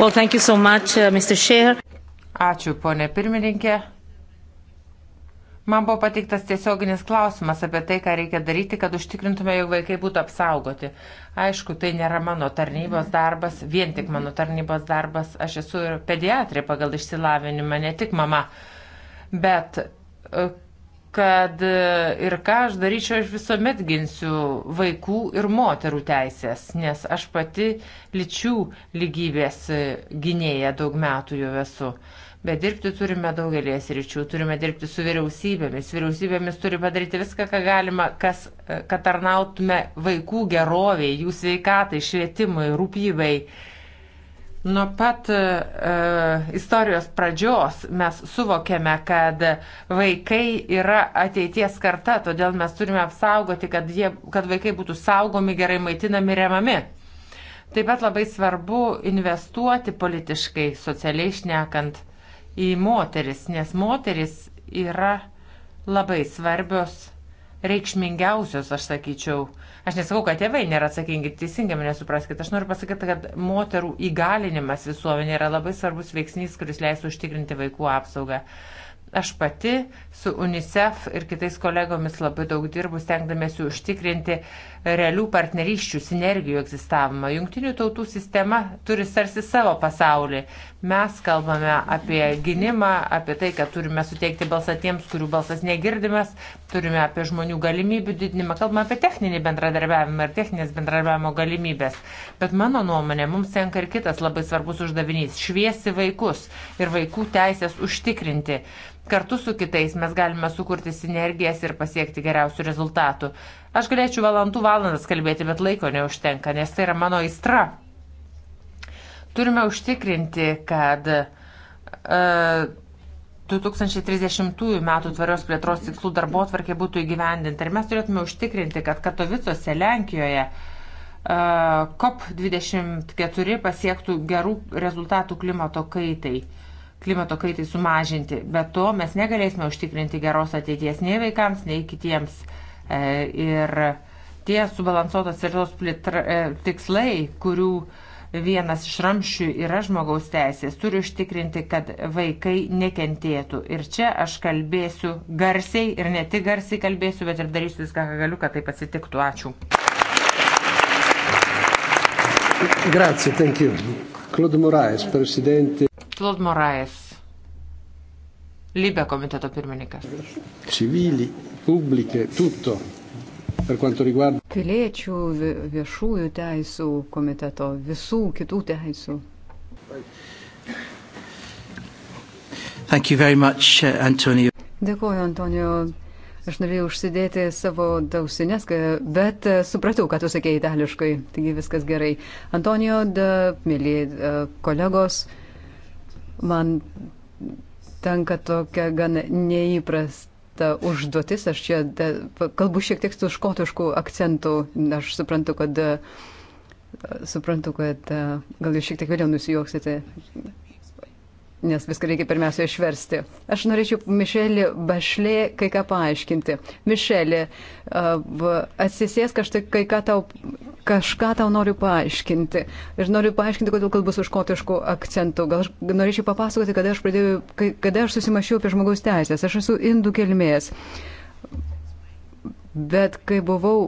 Well, so much, uh, Ačiū, ponė pirmininkė. Man buvo pateiktas tiesioginis klausimas apie tai, ką reikia daryti, kad užtikrintume, jog vaikai būtų apsaugoti. Aišku, tai nėra mano tarnybos darbas, vien tik mano tarnybos darbas. Aš esu ir pediatrė pagal išsilavinimą, ne tik mama. Bet e, kad e, ir ką aš daryčiau, aš visuomet ginsiu vaikų ir moterų teisės, nes aš pati lyčių lygybės e, gynėja daug metų jau esu bet dirbti turime daugelį sričių, turime dirbti su vyriausybėmis. Vyriausybėmis turi padaryti viską, ką galima, kas, e, kad tarnautume vaikų geroviai, jų sveikatai, švietimui, rūpybai. Nuo pat uh, istorijos pradžios mes suvokėme, kad vaikai yra ateities karta, todėl mes turime apsaugoti, kad, jie, kad vaikai būtų saugomi, gerai maitinami, remami. Taip pat labai svarbu investuoti politiškai, socialiai šnekant į moteris, nes moteris yra labai svarbios, reikšmingiausios, aš sakyčiau. Aš nesakau, kad tėvai nėra atsakingi, teisingai mane supraskite. Aš noriu pasakyti, kad moterų įgalinimas visuomenė yra labai svarbus veiksnys, kuris leisų užtikrinti vaikų apsaugą. Aš pati su UNICEF ir kitais kolegomis labai daug dirbu, stengdamėsi užtikrinti realių partnerysčių, sinergijų egzistavimą. Jungtinių tautų sistema turi tarsi savo pasaulį. Mes kalbame apie gynimą, apie tai, kad turime suteikti balsą tiems, kurių balsas negirdimas, turime apie žmonių galimybių didinimą, kalbame apie techninį bendradarbiavimą ir techninės bendradarbiavimo galimybės. Bet mano nuomonė, mums tenka ir kitas labai svarbus uždavinys - šviesti vaikus ir vaikų teisės užtikrinti. Kartu su kitais mes galime sukurti sinergijas ir pasiekti geriausių rezultatų. Aš galėčiau valandų valandas kalbėti, bet laiko neužtenka, nes tai yra mano aistra. Turime užtikrinti, kad e, uh, 2030 metų tvarios plėtros tikslų darbo atvarkė būtų įgyvendinta. Ir mes turėtume užtikrinti, kad Katovicuose, Lenkijoje, uh, e, COP24 pasiektų gerų rezultatų klimato kaitai klimato kaitai sumažinti. Be to mes negalėsime užtikrinti geros ateities nei vaikams, nei kitiems uh, E, ir tie subalansuotos ir tos e, tikslai, kurių vienas iš ramščių yra žmogaus teisės, turi užtikrinti, kad vaikai nekentėtų. Ir čia aš kalbėsiu garsiai ir ne tik garsiai kalbėsiu, bet ir darysiu viską, ką galiu, kad taip atsitiktų. Ačiū. Grazie, thank you. Claude Moraes, presidente. Claude Moraes. Libe komiteto pirmininkas. Civili, publikė, tutto. Riguarda... Piliečių viešųjų teisų komiteto, visų kitų teisų. Much, uh, Antonio. Dėkuoju, Antonijo. Aš norėjau užsidėti savo dausinės, bet uh, supratau, kad tu sakėjai itališkai, taigi viskas gerai. Antonijo, mėly uh, kolegos, man tenka tokia gan neįprasta užduotis. Aš čia de, kalbu šiek tiek su škotišku akcentu. Aš suprantu, kad, suprantu, kad gal jūs šiek tiek vėliau nusijuoksite nes viską reikia pirmiausia išversti. Aš norėčiau Mišelį Bašlė kai ką paaiškinti. Mišelį, atsisės kažtai, kai ką tau, kažką tau noriu paaiškinti. Ir noriu paaiškinti, kodėl kalbu su škotišku akcentu. Gal aš norėčiau papasakoti, kada aš, pradėjau, kada aš susimašiau apie žmogaus teisės. Aš esu indų kilmės. Bet kai buvau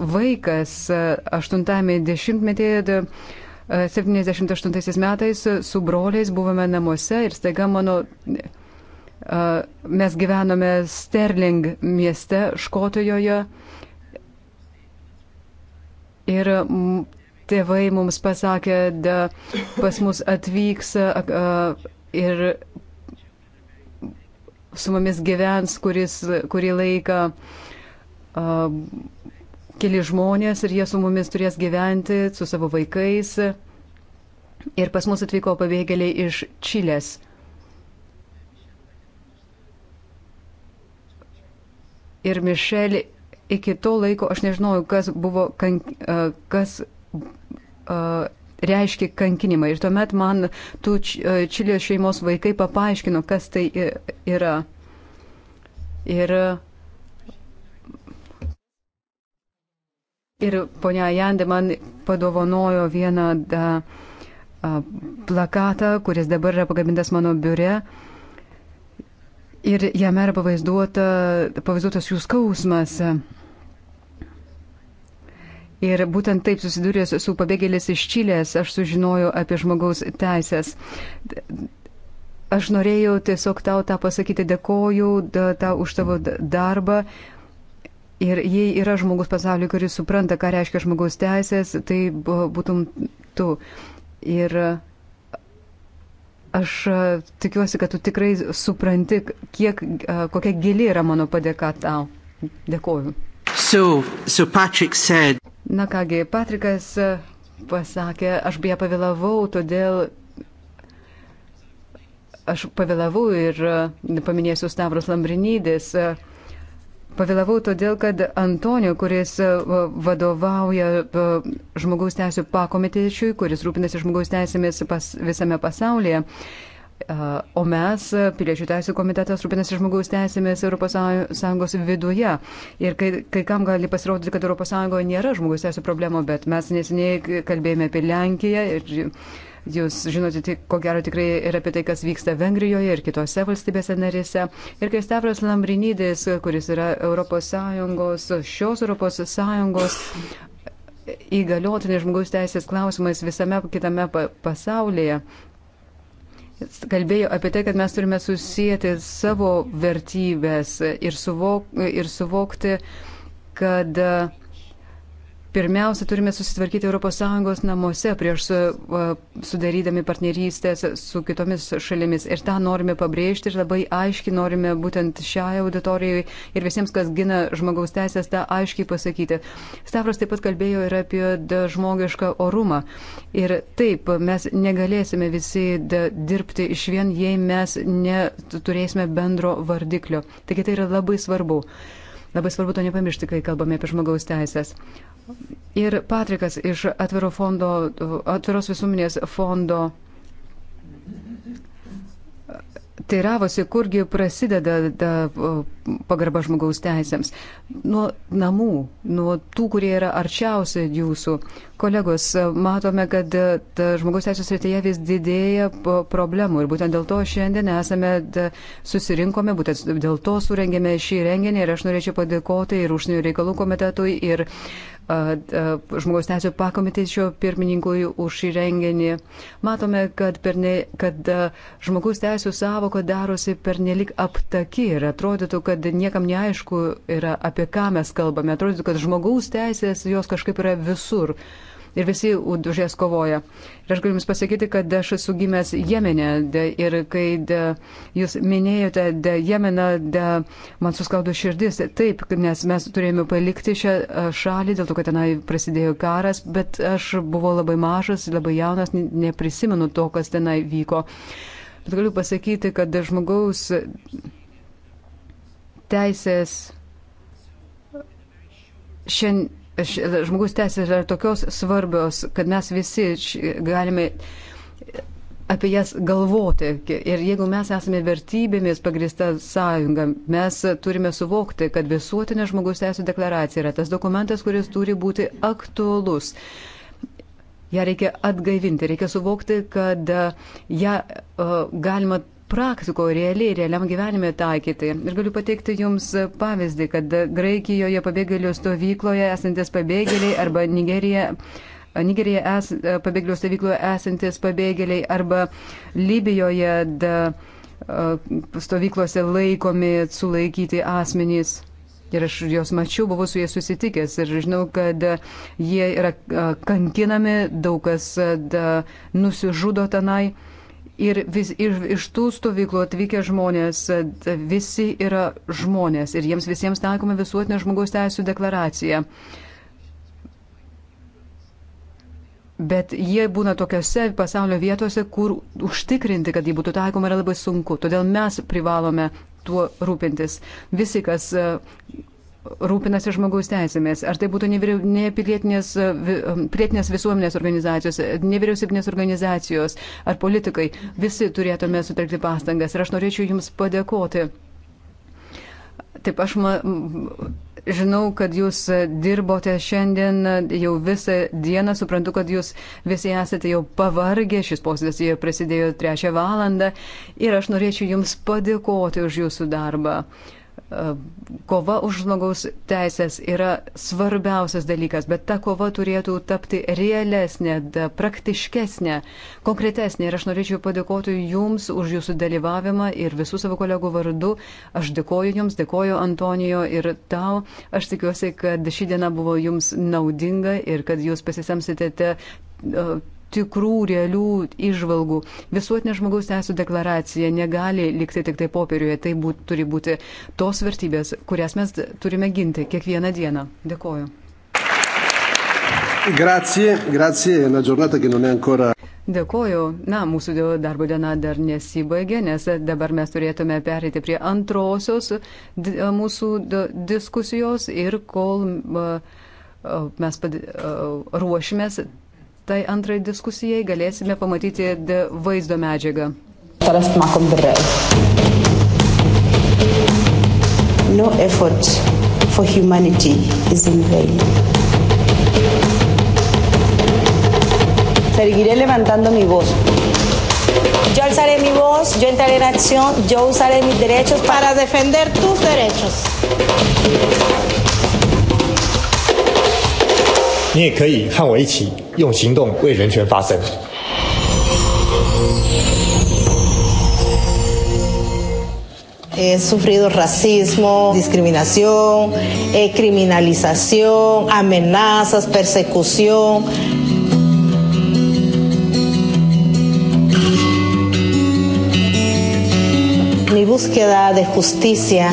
vaikas 80-metėje, 78 metais su broliais buvome namuose ir staiga mano, mes gyvenome Sterling mieste Škotijoje ir tėvai mums pasakė, da, pas mus atvyks ir su mumis gyvens kuris, kurį laiką. Uh, keli žmonės ir jie su mumis turės gyventi, su savo vaikais. Ir pas mus atvyko pabėgėliai iš Čilės. Ir Mišel, iki to laiko aš nežinojau, kas buvo, kank, kas uh, reiškia kankinimai. Ir tuomet man tų Čilės šeimos vaikai papaiškino, kas tai yra. Ir Ir ponia Jandė man padovanojo vieną da, a, plakatą, kuris dabar yra pagamintas mano biure. Ir jame yra pavaizduota, pavaizduotas jų skausmas. Ir būtent taip susidūręs su pabėgėlis iš Čilės, aš sužinojau apie žmogaus teisės. Aš norėjau tiesiog tau tą pasakyti, dėkoju da, tau už tavo darbą. Ir jei yra žmogus pasaulyje, kuris supranta, ką reiškia žmogaus teisės, tai būtum tu. Ir aš tikiuosi, kad tu tikrai supranti, kiek, kokia gili yra mano padėka tau. Dėkoju. So, so Patrick said... Na kągi, Patrikas pasakė, aš beje pavėlavau, todėl aš pavėlavau ir paminėsiu Stavros Lambrinydės. Uh, Pavėlavau todėl, kad Antonio, kuris e, vadovauja e, žmogaus teisų pakomitečiui, kuris rūpinasi žmogaus teisėmis pas, visame pasaulyje, e, o mes, Piliečių teisų komitetas, rūpinasi žmogaus teisėmis ES viduje. Ir kai, kai kam gali pasirodyti, kad ES nėra žmogaus teisų problemo, bet mes nesiniai kalbėjome apie Lenkiją. Ir, Jūs žinote, tik, ko gero tikrai ir apie tai, kas vyksta Vengrijoje ir kitose valstybėse narėse. Ir kai Stavras Lambrinydis, kuris yra ES, šios ES įgaliotinė žmogaus teisės klausimais visame kitame pasaulyje, kalbėjo apie tai, kad mes turime susijęti savo vertybės ir, suvok, ir suvokti, kad uh, Pirmiausia, turime susitvarkyti ES namuose prieš e, sudarydami partnerystės su kitomis šalimis. Ir tą norime pabrėžti ir labai aiškiai norime būtent šiai auditorijai ir visiems, kas gina žmogaus teisės, tą aiškiai pasakyti. Stavros taip pat kalbėjo ir apie žmogišką orumą. Ir taip, mes negalėsime visi dirbti iš vien, jei mes neturėsime bendro vardiklio. Taigi tai yra labai svarbu. Labai svarbu to nepamiršti, kai kalbame apie žmogaus teisės. Ir Patrikas iš atviro fondo, atviros visuomenės fondo teiravosi, kurgi prasideda da, pagarba žmogaus teisėms. Nuo namų, nuo tų, kurie yra arčiausiai jūsų. Kolegos, matome, kad da, e, žmogaus teisės rytyje vis didėja problemų ir būtent dėl to šiandien esame da, susirinkome, būtent dėl to surengėme šį renginį ir aš norėčiau padėkoti ir užsienio reikalų komitetui, ir žmogaus teisų pakomitečio pirmininkui už šį renginį. Matome, kad, ne, kad žmogaus teisų savoka darosi pernelik aptaki ir atrodytų, kad niekam neaišku yra, apie ką mes kalbame. Atrodytų, kad žmogaus teisės jos kažkaip yra visur. Uh, ir visi už jas kovoja. Ir aš galiu Jums pasakyti, kad aš esu gimęs Jemenė ir kai de, Jūs minėjote de, Jemeną, de, man suskaudo širdis. Taip, nes mes turėjome palikti šią šalį, dėl to, kad tenai prasidėjo karas, bet aš buvau labai mažas, labai jaunas, neprisimenu to, kas tenai vyko. Bet galiu pasakyti, kad žmogaus teisės šiandien E, žmogus teisės yra tokios svarbios, kad mes visi galime apie jas galvoti. Ir jeigu mes esame vertybėmis pagrįsta sąjunga, mes turime suvokti, kad visuotinė žmogus teisų deklaracija yra tas dokumentas, kuris turi būti aktuolus. Ja reikia atgaivinti, reikia suvokti, kad e, ją uh, e, galima praktikoje, realiai, realiam gyvenime taikyti. Ir galiu pateikti Jums pavyzdį, kad Graikijoje pabėgėlių stovykloje esantis pabėgėliai arba Nigerija. Nigerija es, pabėgėlių stovykloje esantis pabėgėliai arba Libijoje da, stovyklose laikomi sulaikyti asmenys. Ir aš juos mačiau, buvau su jais susitikęs ir žinau, kad jie yra kankinami, daug kas da, nusižudo tenai. Ir vis, iš, iš tų stovyklų atvykę žmonės visi yra žmonės ir jiems visiems taikoma visuotinė žmogaus teisų deklaracija. Bet jie būna tokiose pasaulio vietose, kur užtikrinti, kad jį būtų taikoma, yra labai sunku. Todėl mes privalome tuo rūpintis. Visi, kas rūpinasi žmogaus teisėmis, ar tai būtų nepilietinės ne e, visuomenės organizacijos, e, nevyriausybinės organizacijos ar politikai, visi turėtume sutelkti pastangas ir aš norėčiau Jums padėkoti. Taip, aš ma, žinau, kad Jūs dirbote šiandien jau visą dieną, suprantu, kad Jūs visi esate jau pavargę, šis posėdis jau prasidėjo trečią valandą ir aš norėčiau Jums padėkoti už Jūsų darbą. Uh, kova už žmogaus teisės yra svarbiausias dalykas, bet ta kova turėtų tapti realesnė, praktiškesnė, konkretesnė. Ir aš norėčiau padėkoti Jums už Jūsų dalyvavimą ir visų savo kolegų vardu. Aš dėkoju Jums, dėkoju Antonijo ir tau. Aš tikiuosi, kad ši diena buvo Jums naudinga ir kad Jūs pasisemsite tikrų, realių išvalgų. Visuotinė žmogaus teisų deklaracija negali likti tik tai popieriuje. Tai būt, turi būti tos vertybės, kurias mes turime ginti kiekvieną dieną. Dėkoju. Grazie, grazie, una giornata che non è ancora. Dėkoju. Na, mūsų darbo diena dar nesibaigė, nes dabar mes turėtume perėti prie antrosios mūsų diskusijos ir kol mes ruošimės tai antrai diskusijai galėsime pamatyti vaizdo medžiagą. No effort for humanity is in vain. Seguiré levantando mi voz. Yo alzaré mi voz, yo entraré en acción, yo usaré mis derechos para defender tus derechos. 你也可以和我一起用行动为人权发声。He sufrido racismo, discriminación, eh, criminalización, amenazas, persecución. Mi búsqueda de justicia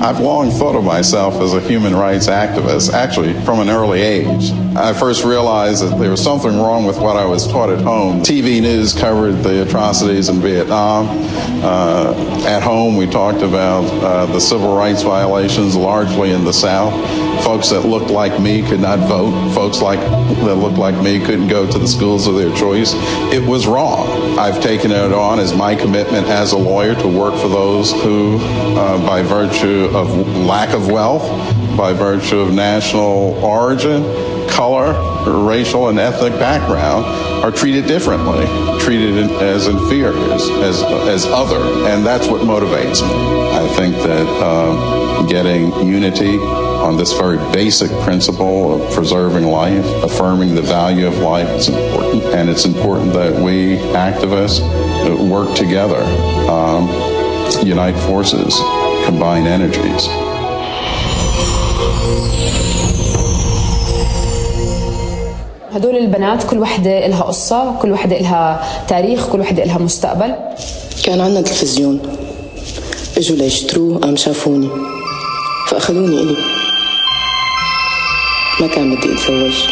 I've long thought of myself as a human rights activist, actually from an early age. I first realized that there was something wrong with what I was taught at home. TV news covered the atrocities in Vietnam. Uh, at home, we talked about uh, the civil rights violations largely in the South. Folks that looked like me could not vote. Folks like that looked like me couldn't go to the schools of their choice. It was wrong. I've taken it on as my commitment as a lawyer to work for those who, uh, by virtue of lack of wealth, by virtue of national origin, color, racial, and ethnic background, are treated differently, treated as inferiors, as, as other. And that's what motivates me. I think that um, getting unity on this very basic principle of preserving life, affirming the value of life is important. And it's important that we activists work together, um, unite forces, combine energies. هدول البنات كل وحدة إلها قصة كل وحدة إلها تاريخ كل وحدة إلها مستقبل كان عندنا تلفزيون إجوا ليشتروه قام شافوني فأخذوني إلي ما كان بدي أتزوج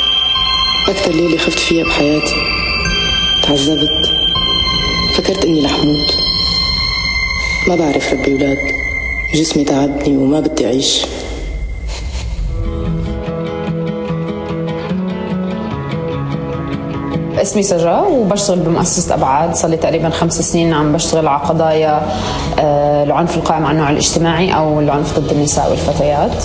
أكثر ليلة خفت فيها بحياتي تعذبت فكرت إني رح موت ما بعرف ربي أولاد جسمي تعبني وما بدي أعيش اسمي سجا وبشتغل بمؤسسة أبعاد صار لي تقريبا خمس سنين عم بشتغل على قضايا العنف القائم على النوع الاجتماعي أو العنف ضد النساء والفتيات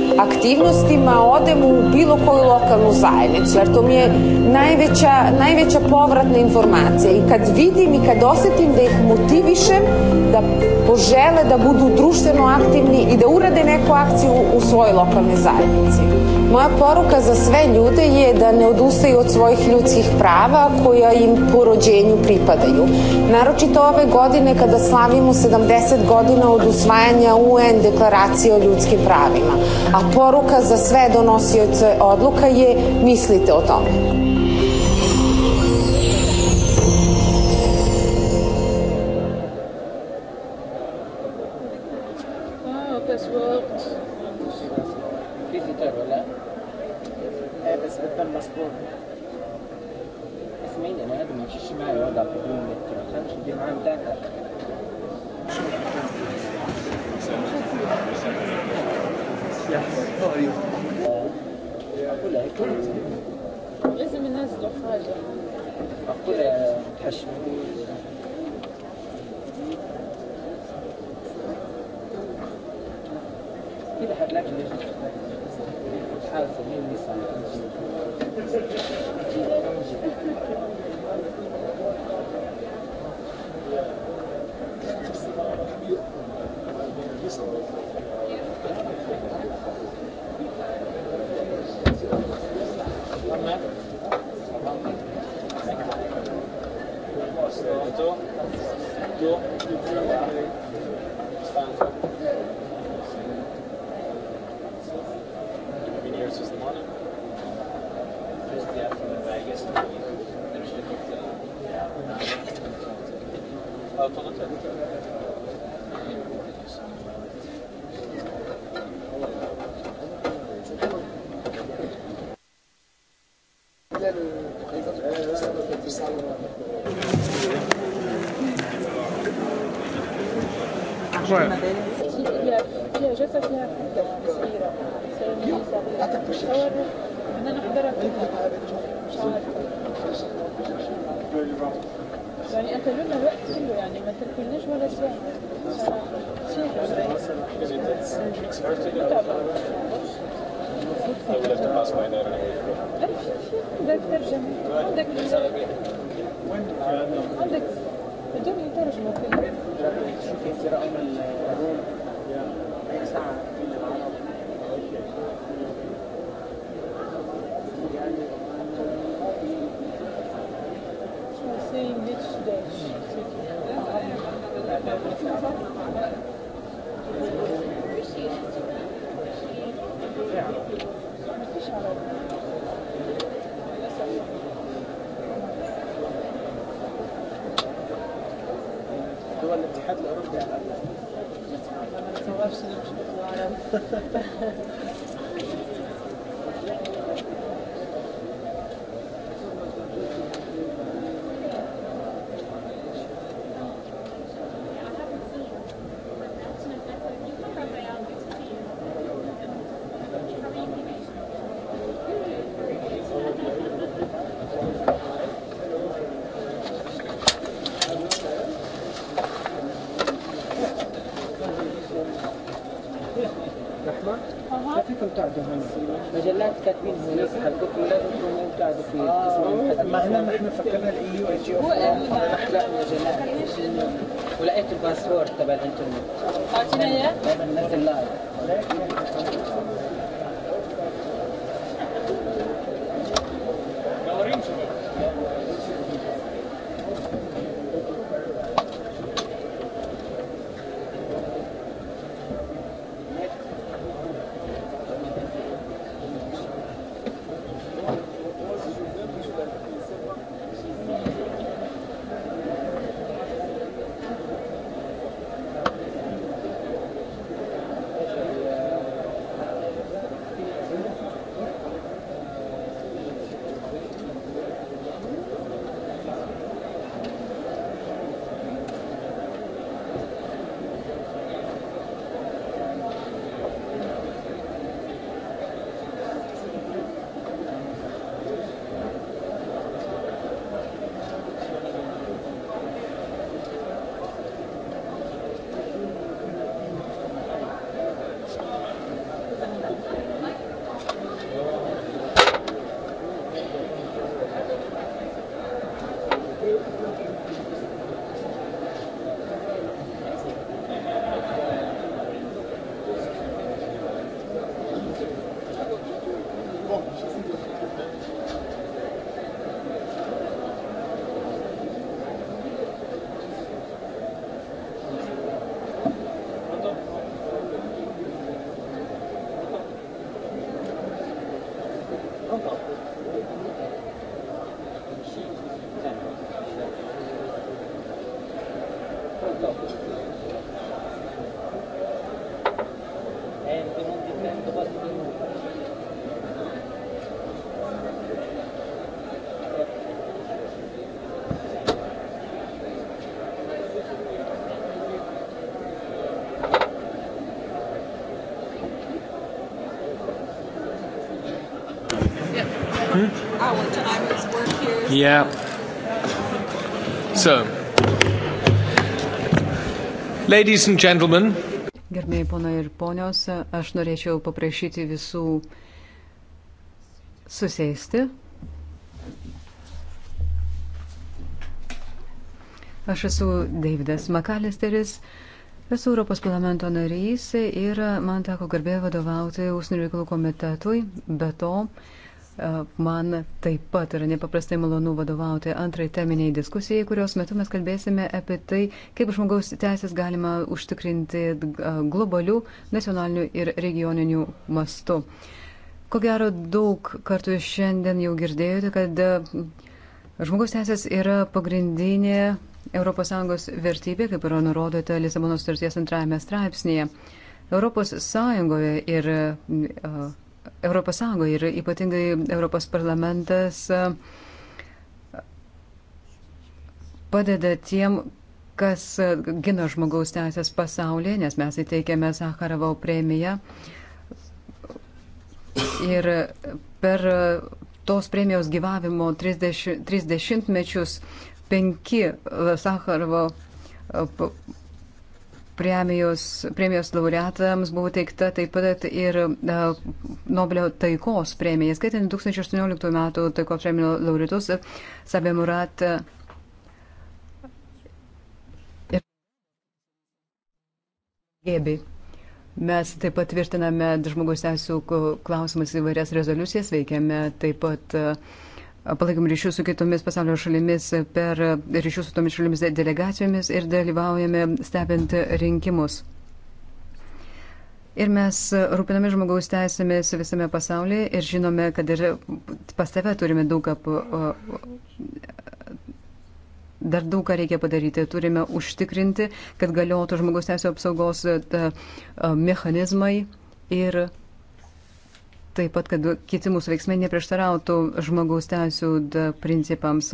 aktivnostima odem u bilo koju lokalnu zajednicu, jer to mi je najveća, najveća povratna informacija. I kad vidim i kad osetim da ih motivišem da požele da budu društveno aktivni i da urade neku akciju u svojoj lokalnoj zajednici. Moja poruka za sve ljude je da ne odustaju od svojih ljudskih prava koja im po rođenju pripadaju. Naročito ove godine kada slavimo 70 godina od usvajanja UN deklaracije o ljudskim pravima. A poruka za sve donosioce odluka je mislite o tome. كنت أعجب عنه مجلات Yeah. So, ladies and gentlemen. Gerbėjai ponai ir ponios, aš norėčiau paprašyti visų susėsti. Aš esu Davidas Makalisteris, esu Europos parlamento narys ir man teko garbė vadovauti Užsienio reikalų komitetui, be to E, man taip pat yra nepaprastai malonu vadovauti antrai teminiai diskusijai, kurios metu mes kalbėsime apie tai, kaip žmogaus teisės galima užtikrinti e, globalių, nacionalinių ir regioninių mastų. Ko gero, daug kartų šiandien jau girdėjote, kad e, žmogaus teisės yra pagrindinė ES vertybė, kaip yra nurodyta Lisabono sutarties antrajame straipsnėje. ES ir Europos Sąjungoje ir ypatingai Europos parlamentas e, padeda tiem, kas e, gina žmogaus teisės pasaulyje, nes mes įteikėme Sakarovo premiją. Ir per tos premijos gyvavimo 30, 30 mečius penki Sakarovo e, premijos, premijos laureatams buvo teikta taip pat ir uh, Nobelio taikos premija, skaitant 2018 m. taikos premijos laureatus Sabė Murat. Ir... E, Gėbi. Mes taip pat tvirtiname žmogaus teisų klausimas įvairias rezoliucijas, veikiame taip pat uh, palaikom ryšius su kitomis pasaulio šalimis per ryšius su tomis šalimis delegacijomis ir dalyvaujame stebint rinkimus. Ir mes rūpiname žmogaus teisėmis visame pasaulyje ir žinome, kad ir pas tave turime daug ką, dar daug ką reikia padaryti. Turime užtikrinti, kad galiotų žmogaus teisų apsaugos mechanizmai ir taip pat, kad kiti mūsų veiksmai neprieštarautų žmogaus teisų principams.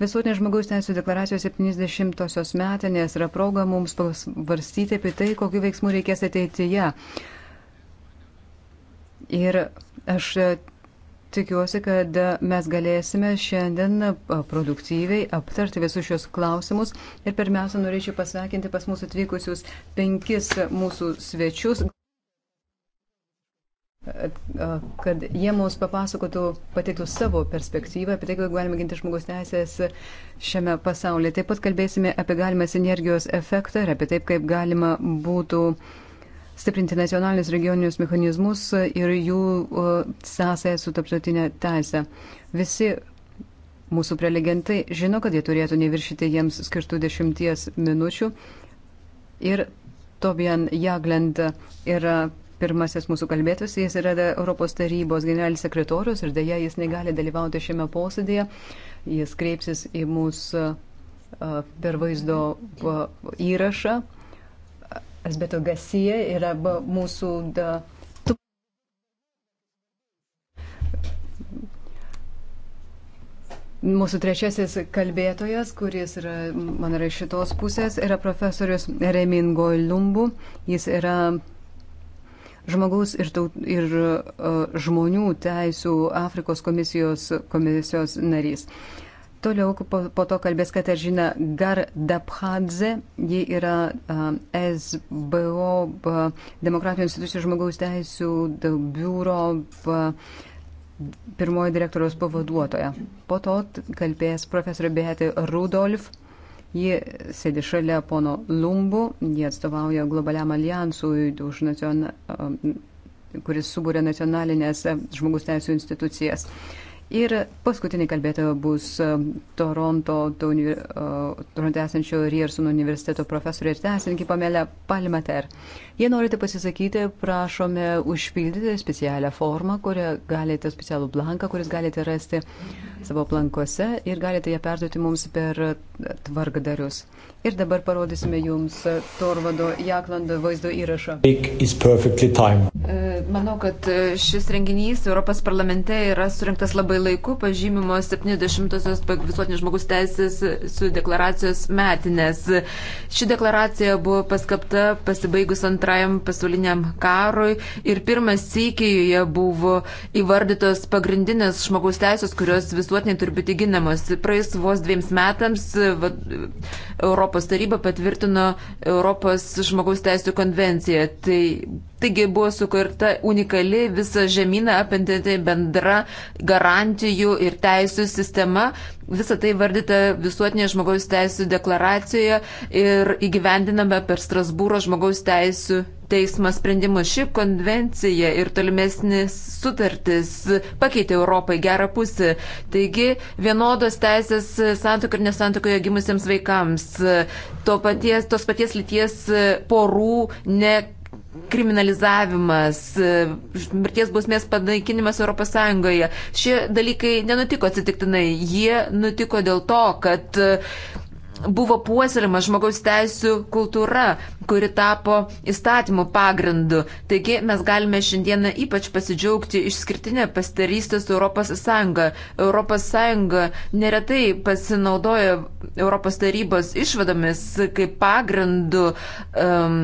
Visuotinės žmogaus teisų deklaracijos 70-osios metinės yra proga mums pasvarstyti apie tai, kokiu veiksmu reikės ateityje. Ir aš e, tikiuosi, kad e, mes galėsime šiandien e, produktyviai aptarti visus šios klausimus. Ir pirmiausia, norėčiau pasveikinti pas mūsų atvykusius penkis mūsų svečius kad jie mums papasakotų, pateiktų savo perspektyvą apie tai, kaip galime ginti žmogus teisės šiame pasaulyje. Taip pat kalbėsime apie galimą sinergijos efektą ir apie taip, kaip galima būtų stiprinti nacionalinius regioninius mechanizmus ir jų sąsąją su taptotinė teisė. Visi mūsų prelegentai žino, kad jie turėtų neviršyti jiems skirtų dešimties minučių. Ir Tobijan Jaglend yra pirmasis mūsų kalbėtas, jis yra Europos tarybos generalinis sekretorius ir dėja jis negali dalyvauti šiame posėdėje. Jis kreipsis į mūsų per vaizdo įrašą. Asbeto Gasija yra mūsų da, Mūsų trečiasis kalbėtojas, kuris yra, man yra iš šitos pusės, yra profesorius Remingo Lumbu. Jis yra žmogaus ir, taut, ir uh, žmonių teisų Afrikos komisijos, komisijos narys. Toliau po, po to kalbės Katežina Gardabhadze, ji yra uh, e, SBO uh, e, Demokratinių institucijų žmogaus teisų biuro uh, pirmoji direktoriaus pavaduotoja. Po to kalbės profesorė Beatė Rudolf. Uh, Ji sėdi šalia pono Lumbu, jie atstovauja globaliam alijansui, nacion... Um, kuris subūrė nacionalinės žmogus teisų institucijas. Ir paskutinį kalbėtoją bus um, Toronto, uh, Toronto esančio Rierson universiteto profesorė ir teisininkė Pamela Palmater. Uh, Jei norite pasisakyti, prašome užpildyti specialią formą, kurią galite, specialų blanką, kuris galite rasti savo plankose ir galite ją perduoti mums per tvarkdarius. Ir dabar parodysime jums Torvado Jaklando vaizdo įrašą. E, manau, kad e, šis renginys Europos parlamente yra surinktas labai laiku, pažymimos 70-osios visuotinės žmogus teisės su deklaracijos metinės. Ši deklaracija buvo paskapta pasibaigus antrą antrajam pasauliniam karui ir pirmas sėkiai joje buvo įvardytos pagrindinės žmogaus teisės, kurios visuotinai turi būti ginamos. Praeis vos dviems metams va, Europos taryba patvirtino Europos žmogaus teisų konvenciją. Tai Taigi buvo sukurta unikali visą žemyną apimtinti bendra garantijų ir teisų sistema. Visą tai vardyta visuotinė žmogaus teisų deklaracijoje ir įgyvendiname per Strasbūro žmogaus teisų teismo sprendimus. Ši konvencija ir tolimesnis sutartis pakeitė Europai gerą pusę. Taigi vienodos teisės santokai ir nesantokoje gimusiems vaikams, to paties, tos paties lyties porų ne kriminalizavimas, mirties bausmės panaikinimas ES. Šie dalykai nenutiko atsitiktinai, jie nutiko dėl to, kad e, buvo puoselima žmogaus teisų kultūra, kuri tapo įstatymų pagrindu. Taigi mes galime šiandieną ypač pasidžiaugti išskirtinę pastarystę su ES. ES neretai pasinaudoja ES tarybos išvadomis kaip pagrindu um,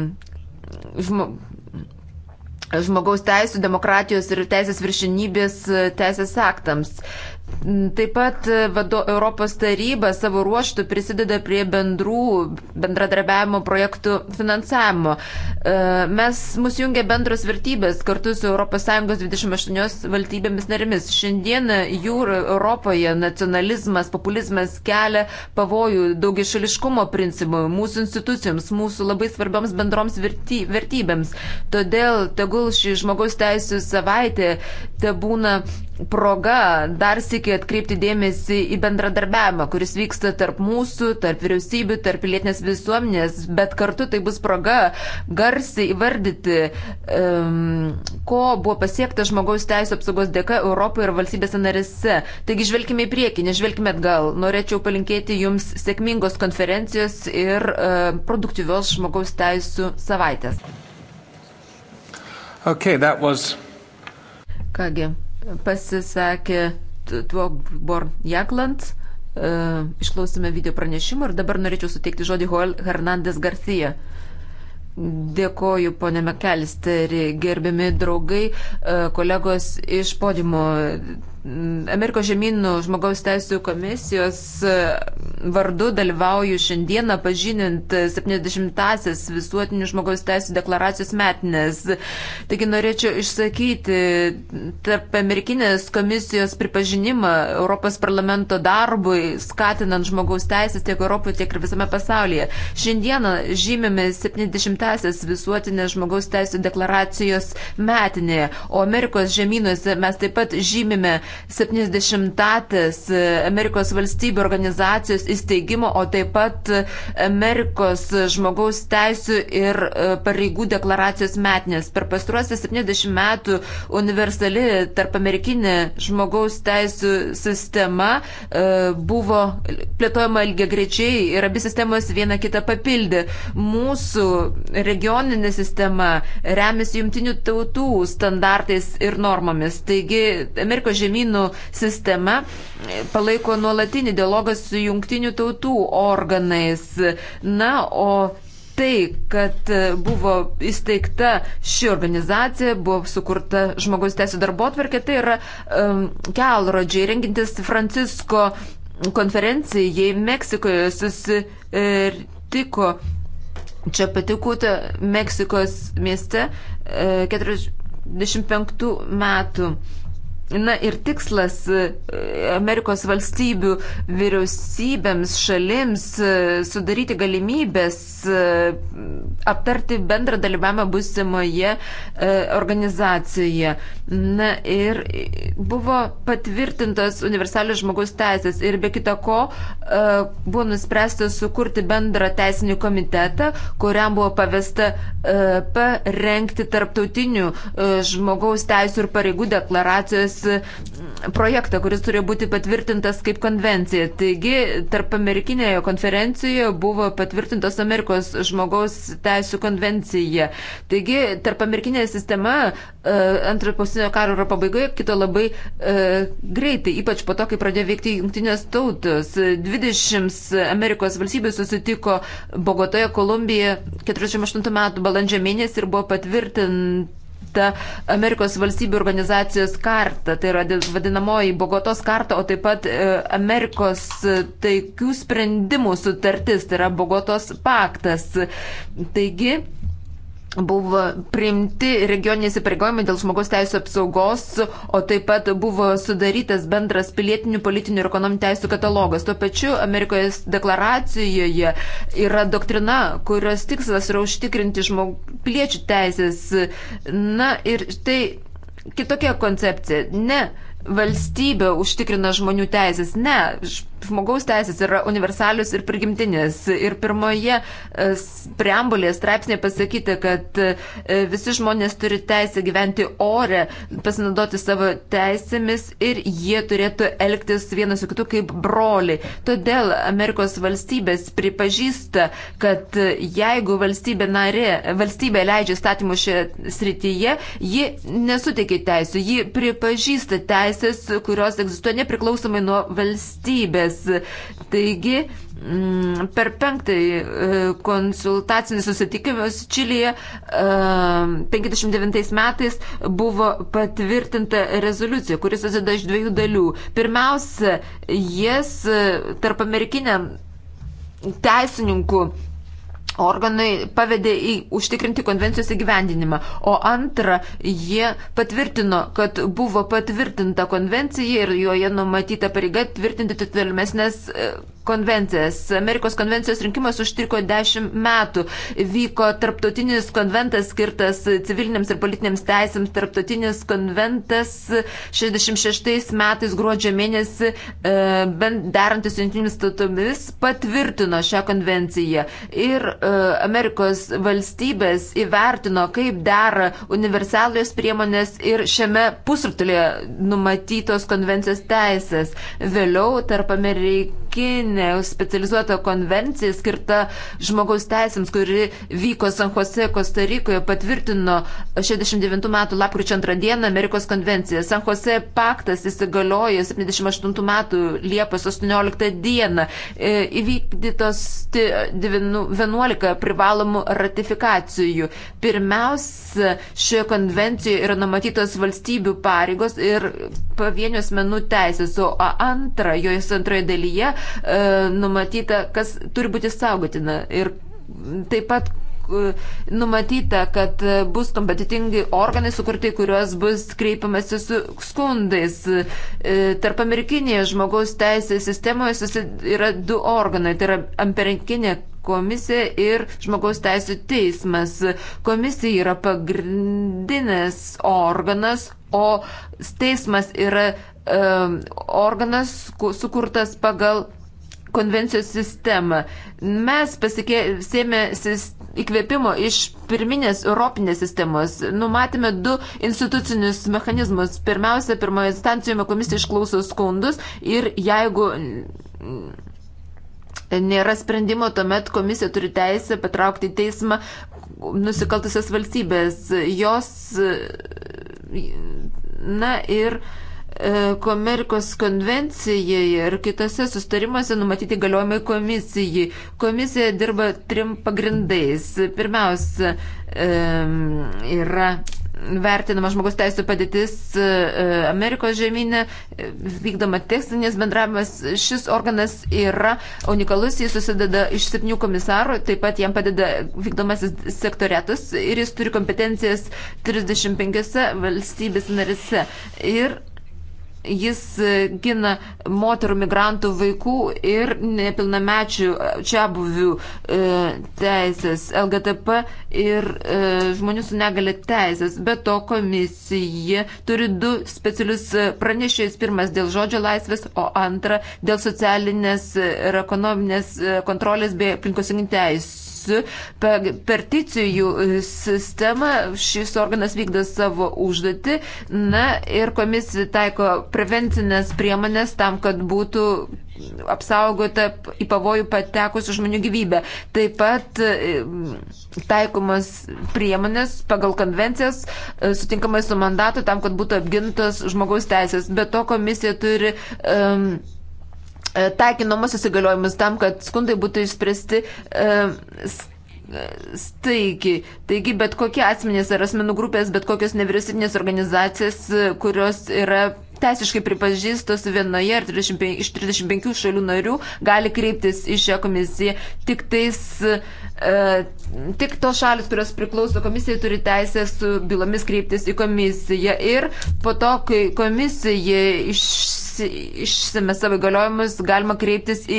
žmo, žmogaus teisų, demokratijos ir teisės viršinybės teisės aktams. Mm, taip pat e, vado, Europos taryba savo ruoštų prisideda prie bendrų bendradarbiavimo projektų finansavimo. E, mes mus jungia bendros vertybės kartu su ES 28 valstybėmis narimis. Šiandieną jūrų Europoje nacionalizmas, populizmas kelia pavojų daugišališkumo principui, mūsų institucijoms, mūsų labai svarbioms bendroms verty, vertybėms. Todėl tegul ši žmogaus teisų savaitė te būna proga dar sėkmingiau reikia atkreipti dėmesį į bendradarbiavimą, kuris vyksta tarp mūsų, tarp vyriausybių, tarp pilietinės visuomenės, bet kartu tai bus proga garsiai įvardyti, um, ko buvo pasiekta žmogaus teisų apsaugos dėka Europoje ir valstybėse narėse. Taigi žvelgime į priekį, nežvelgime atgal. Norėčiau palinkėti Jums sėkmingos konferencijos ir uh, produktyvios žmogaus teisų savaitės. Okay, that was Kągi, pasisakė Tvobor Jagland. E, Išklausime video pranešimą ir dabar norėčiau suteikti žodį Joel Hernandez Garcia. Dėkoju, ponė Mekelisteri, gerbiami draugai, e, kolegos iš podimo. Amerikos žemynų žmogaus teisų komisijos e, vardu dalyvauju šiandieną pažinint 70-asias visuotinių žmogaus teisų deklaracijos metinės. Taigi norėčiau išsakyti tarp Amerikinės komisijos pripažinimą Europos parlamento darbui, skatinant žmogaus teisės tiek Europoje, tiek ir visame pasaulyje. Šiandieną žymime 70-asias visuotinės žmogaus teisų deklaracijos metinė, o Amerikos žemynuose mes taip pat žymime 70-atis Amerikos valstybių organizacijos įsteigimo, o taip pat Amerikos žmogaus teisų ir e, pareigų deklaracijos metinės. Per pastruosius 70 metų universali tarp amerikinė žmogaus teisų sistema e, buvo plėtojama ilgia grečiai ir abi sistemos viena kitą papildė. Mūsų regioninė sistema remiasi jungtinių tautų standartais ir normomis. Taigi Amerikos žemynų kaimynų sistema palaiko nuolatinį dialogą su jungtinių tautų organais. Na, o tai, kad buvo įsteigta ši organizacija, buvo sukurta žmogaus teisų darbo atverkė, tai yra um, kelrodžiai, rengintis Francisko konferencijai Meksikoje susitiko čia patikūta Meksikos mieste 45 e, metų Na ir tikslas e, Amerikos valstybių vyriausybėms, šalims e, sudaryti galimybės e, aptarti bendrą dalyvavimą busimoje organizacijoje. Na ir buvo patvirtintos universalios žmogaus teisės ir be kita ko buvo nuspręsta sukurti bendrą teisinį komitetą, kuriam buvo pavesta parengti tarptautinių žmogaus teisų ir pareigų deklaracijos projektą, kuris turėjo būti patvirtintas kaip konvencija. Taigi, tarp amerikinėje konferencijoje buvo patvirtintos Amerikos žmogaus teisų konvencija. Taigi, tarp amerikinė sistema e, antrojo pasaulinio karo yra pabaigoje, kito labai e, greitai, ypač po to, kai pradėjo veikti jungtinės tautos. 20 Amerikos valstybių susitiko Bogotoje, Kolumbijoje 48 metų balandžio mėnesį ir buvo patvirtinta patvirtinta Amerikos valstybių organizacijos karta, tai yra vadinamoji Bogotos karta, o taip pat e, Amerikos e, taikių sprendimų sutartis, tai yra Bogotos paktas. Taigi, buvo priimti regioniniai įsipareigojimai dėl žmogaus teisų apsaugos, o taip pat buvo sudarytas bendras pilietinių, politinių ir ekonominių teisų katalogas. Tuo pačiu Amerikoje deklaracijoje yra doktrina, kurios tikslas yra užtikrinti žmog... piliečių teisės. Na ir tai kitokia koncepcija. Ne valstybė užtikrina žmonių teisės, ne žmogaus teisės yra universalius ir prigimtinės. Ir pirmoje e, preambulėje straipsnėje pasakyti, kad e, visi žmonės turi teisę gyventi ore, pasinaudoti savo teisėmis ir jie turėtų elgtis vienas su kitu kaip broliai. Todėl Amerikos valstybės pripažįsta, kad e, jeigu valstybė, narė, valstybė leidžia statymų šioje srityje, ji nesuteikia teisų, ji pripažįsta teisės, kurios egzistuoja nepriklausomai nuo valstybės narės. Taigi, mm, per penktąjį e, konsultacinį susitikimą su Čilėje 59 e, metais buvo patvirtinta rezoliucija, kuris susideda iš dviejų dalių. Pirmiausia, jis e, tarp amerikiniam teisininku organai pavedė į užtikrinti konvencijos įgyvendinimą. O antra, jie patvirtino, kad buvo patvirtinta konvencija ir joje numatyta pareiga tvirtinti tolimesnės e, konvencijas. Amerikos konvencijos rinkimas užtriko dešimt metų. Vyko tarptautinis konventas skirtas civilinėms ir politinėms teisėms. Tarptautinis konventas 66 metais gruodžio mėnesį e, bent derantis su jungtinėmis tautomis patvirtino šią konvenciją. Ir e, Amerikos valstybės įvertino, kaip dera universalios priemonės ir šiame pusrutulėje numatytos konvencijos teisės. Vėliau tarp amerikinų tarptautinė specializuota konvencija skirta žmogaus teisėms, kuri vyko San Jose, Kostarikoje, patvirtino 69 metų lapkričio 2 dieną Amerikos konvenciją. San Jose paktas įsigaliojo 78 metų Liepos 18 dieną. E, įvykdytos 11 privalomų ratifikacijų. Pirmiausia, šioje konvencijoje yra numatytos valstybių pareigos ir pavienių asmenų teisės, o antra, jos antroje dalyje e, numatyta, kas turi būti saugotina. Ir taip pat e, numatyta, kad bus kompetitingi organai sukurti, kuriuos bus kreipiamasi su skundais. E, tarp amerikinėje žmogaus teisės sistemoje yra du organai. Tai yra amperinkinė komisija ir žmogaus teisų teismas. Komisija yra pagrindinės organas, o teismas yra um, organas sukurtas pagal konvencijos sistemą. Mes pasikėsėme įkvėpimo iš pirminės europinės sistemos. Numatėme du institucinius mechanizmus. Pirmiausia, pirmoje instancijoje komisija išklauso skundus ir jeigu nėra sprendimo, tuomet komisija turi teisę patraukti į teismą nusikaltusias valstybės. Jos. Na ir E, komerkos konvencijoje ir kitose sustarimuose numatyti galiojimai komisijai. Komisija dirba trim pagrindais. Pirmiausia, e, yra vertinama žmogus teisų padėtis e, Amerikos žemynė, vykdoma tekstinis bendravimas. Šis organas yra unikalus, jis susideda iš septynių komisarų, taip pat jam padeda vykdomasis sektoriatus ir jis turi kompetencijas 35 valstybės narise. Ir Jis e, gina moterų, migrantų, vaikų ir nepilnamečių e, čia buvių e, teisės, LGTP ir e, žmonių su negalė teisės. Be to komisija turi du specialius e, pranešėjus. Pirmas dėl žodžio laisvės, o antra dėl socialinės ir ekonominės kontrolės bei aplinkosauginių teisų Per, per ticijų e, sistemą šis organas vykdo savo užduotį. Na ir komisija taiko prevencinės priemonės tam, kad būtų apsaugota į pavojų patekusių žmonių gyvybę. Taip pat e, taikomas priemonės pagal konvencijas e, sutinkamai su mandatu tam, kad būtų apgintos žmogaus teisės. Be to komisija turi um, E, taikinamus įsigaliojimus tam, kad skundai būtų išspręsti e, e, staigiai. Taigi bet kokie asmenys ar asmenų grupės, bet kokios nevyriausybinės organizacijas, kurios yra teisiškai pripažįstos vienoje ar 35, iš 35 šalių narių, gali kreiptis į šią komisiją. Tik, tais, e, tik tos šalis, kurios priklauso komisijai, turi teisę su bylomis kreiptis į komisiją. Ir po to, kai komisija iš išsime savo įgaliojimus, galima kreiptis į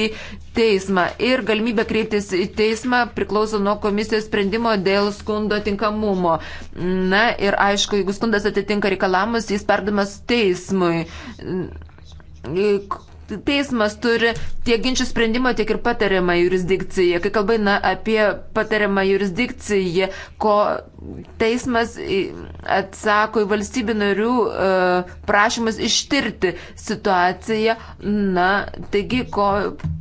teismą. Ir galimybė kreiptis į teismą priklauso nuo komisijos sprendimo dėl skundo tinkamumo. Na ir aišku, jeigu skundas atitinka reikalavimus, jis perdamas teismui teismas turi tiek ginčių sprendimo, tiek ir patariamą jurisdikciją. Kai kalba eina apie patariamą jurisdikciją, ko teismas atsako į valstybių narių e, prašymus ištirti situaciją, na, taigi, ko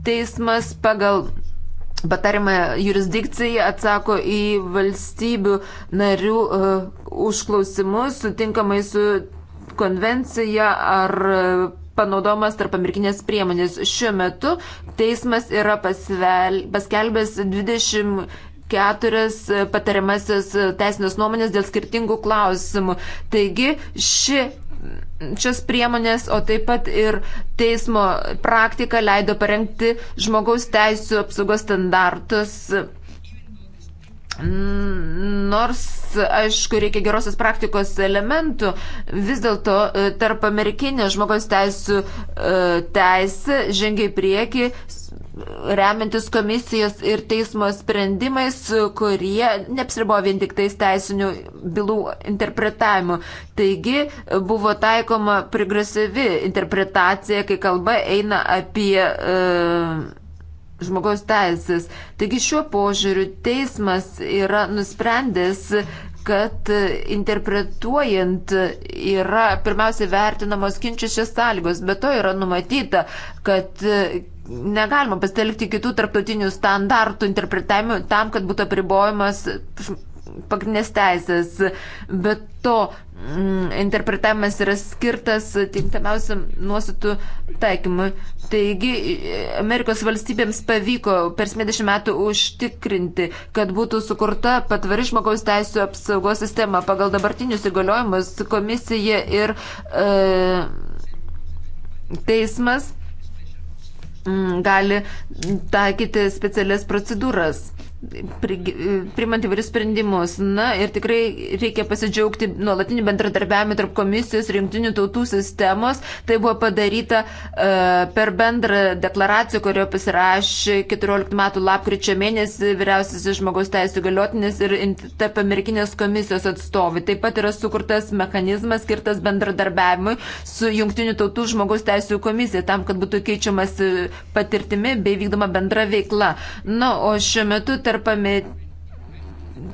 teismas pagal patarimą jurisdikcijai atsako į valstybių narių uh, užklausimus sutinkamai su konvencija ar panaudomas tarp amerikinės priemonės. Šiuo metu teismas yra pasvel, paskelbęs 20 keturias patariamasis teisinės nuomonės dėl skirtingų klausimų. Taigi ši, šios priemonės, o taip pat ir teismo praktika leido parengti žmogaus teisų apsaugos standartus Nors, aišku, reikia gerosios praktikos elementų, vis dėlto e, tarp amerikinė žmogaus teisų e, teisė žengia į priekį, remiantis komisijos ir teismo sprendimais, kurie neapsiribo vien tik tais teisinių bylų interpretavimu. Taigi buvo taikoma progresyvi interpretacija, kai kalba eina apie. Uh, žmogaus teisės. Taigi šiuo požiūriu teismas yra nusprendęs kad interpretuojant yra pirmiausiai vertinamos kinčiašios sąlygos, bet to yra numatyta, kad negalima pasitelkti kitų tarptautinių standartų interpretavimų tam, kad būtų apribojamas pagrindinės teisės, bet to mm, interpretavimas yra skirtas tinkamiausiam nuostatų taikymui. Taigi Amerikos valstybėms pavyko per 70 metų užtikrinti, kad būtų sukurta patvari žmogaus teisų apsaugos sistema. Pagal dabartinius įgaliojimus komisija ir e, teismas mm, gali taikyti specialias procedūras primant įvairius sprendimus. Na ir tikrai reikia pasidžiaugti nuolatiniu bendradarbiavimu tarp komisijos ir jungtinių tautų sistemos. Tai buvo padaryta uh, per bendrą deklaraciją, kurio pasirašė 14 metų lapkričio mėnesį vyriausiasis žmogaus teisų galiotinis ir tarp Amerikinės komisijos atstovai. Taip pat yra sukurtas mechanizmas skirtas bendradarbiavimui su jungtinių tautų žmogaus teisų komisija, tam, kad būtų keičiamas patirtimi bei vykdoma bendra veikla. Na, o šiuo metu tarp tarpame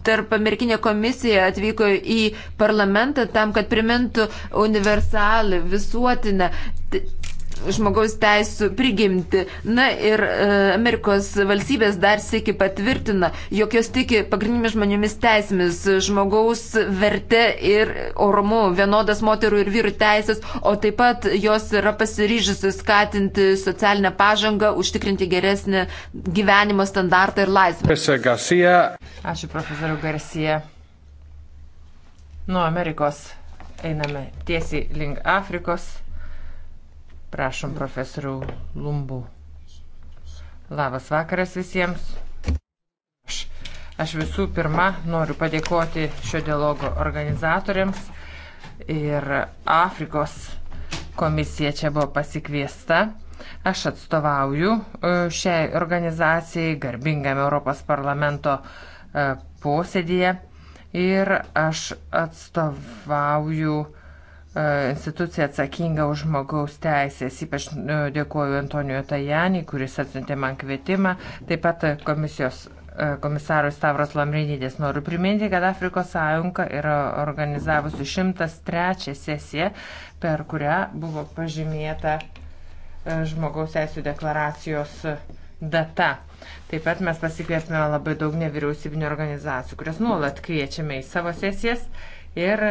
tarp Amerikinė komisija atvyko į parlamentą tam, kad primintų universalį, visuotinę žmogaus teisų prigimti. Na ir e, Amerikos valstybės dar sėki patvirtina, jog jos tiki pagrindinėmis žmonėmis teisėmis, žmogaus verte ir orumu, vienodas moterų ir vyrų teisės, o taip pat jos yra pasiryžusi skatinti socialinę pažangą, užtikrinti geresnį gyvenimo standartą ir laisvę. Ačiū profesoriu Garcia. Nuo Amerikos einame tiesiai link Afrikos. Prašom, profesoriau Lumbu. Labas vakaras visiems. Aš, aš visų pirma noriu padėkoti šio dialogo organizatoriams ir Afrikos komisija čia buvo pasikviesta. Aš atstovauju e, šiai organizacijai garbingame Europos parlamento e, posėdėje ir aš atstovauju uh, E, institucija atsakinga už žmogaus teisės. Ypač e, dėkuoju Antonijo Tajanį, kuris atsiuntė man kvietimą. Taip pat komisijos e, komisarui Stavros Lamrinydės noriu priminti, kad Afrikos sąjunga yra organizavusi 103 sesiją, per kurią buvo pažymėta žmogaus teisų deklaracijos data. Taip pat mes pasikviesime labai daug nevyriausybinio organizacijų, kurias nuolat kviečiame į savo sesijas ir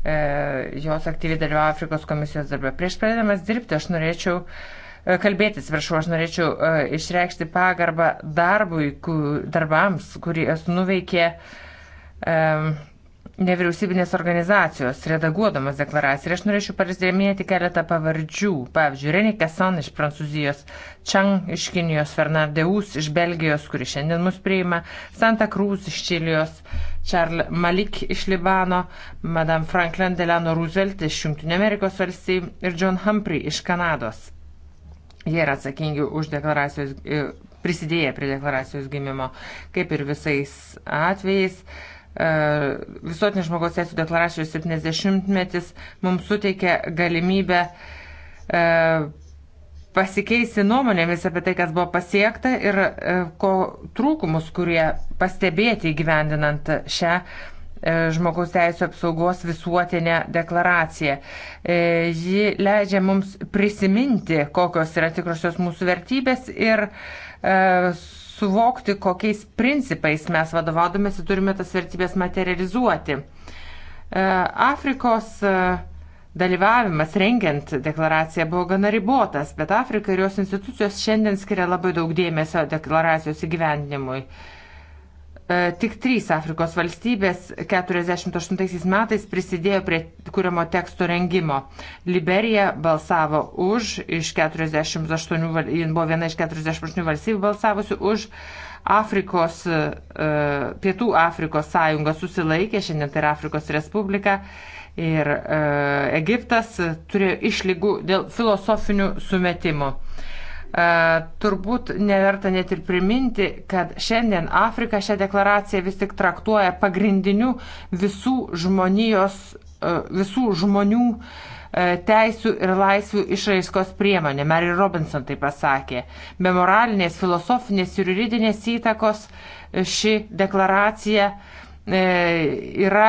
E, jos aktyviai dalyvauja Afrikos komisijos darbė. Prieš pradėdamas dirbti, aš norėčiau e, kalbėtis, viršau, aš norėčiau e, išreikšti pagarbą darbui, darbams, kurį esu nuveikė. Um, nevyriausybinės organizacijos redaguodamas deklaraciją. Ir aš norėčiau parisdėmėti keletą pavardžių. Pavyzdžiui, Renė Kesan iš Prancūzijos, Čang iš Kinijos, Fernandeus iš Belgijos, kuri šiandien mus priima, Santa Cruz iš Čilijos, Charles Malik iš Libano, Madame Franklin Delano Roosevelt iš Junktinio Amerikos valstybių ir John Humphrey iš Kanados. Jie yra atsakingi už deklaracijos e, prisidėję prie deklaracijos gimimo, kaip ir visais atvejais. Uh, E, Visuotinės žmogaus teisų deklaracijos 70-metis mums suteikia galimybę e, pasikeisti nuomonėmis apie tai, kas buvo pasiekta ir e, ko trūkumus, kurie pastebėti įgyvendinant šią žmogaus teisų apsaugos visuotinę deklaraciją. Ji leidžia mums prisiminti, kokios yra tikrosios mūsų vertybės ir suvokti, kokiais principais mes vadovaudomės ir turime tas vertybės materializuoti. E, Afrikos e, dalyvavimas rengiant deklaraciją buvo gana ribotas, bet Afrika ir jos institucijos šiandien skiria labai daug dėmesio deklaracijos įgyvendinimui. E, tik trys Afrikos valstybės 48 metais prisidėjo prie kuriamo teksto rengimo. Liberija balsavo už, iš 48, jin buvo viena iš 48 valstybių balsavusių už. Afrikos, e, Pietų Afrikos sąjunga susilaikė, šiandien tai yra Afrikos Respublika ir e, Egiptas turėjo išlygų dėl filosofinių sumetimų. E, turbūt neverta net ir priminti, kad šiandien Afrika šią deklaraciją vis tik traktuoja pagrindiniu visų žmonijos, e, visų žmonių e, teisų ir laisvių išraiškos priemonė. Mary Robinson tai pasakė. Be moralinės, filosofinės ir juridinės įtakos ši deklaracija yra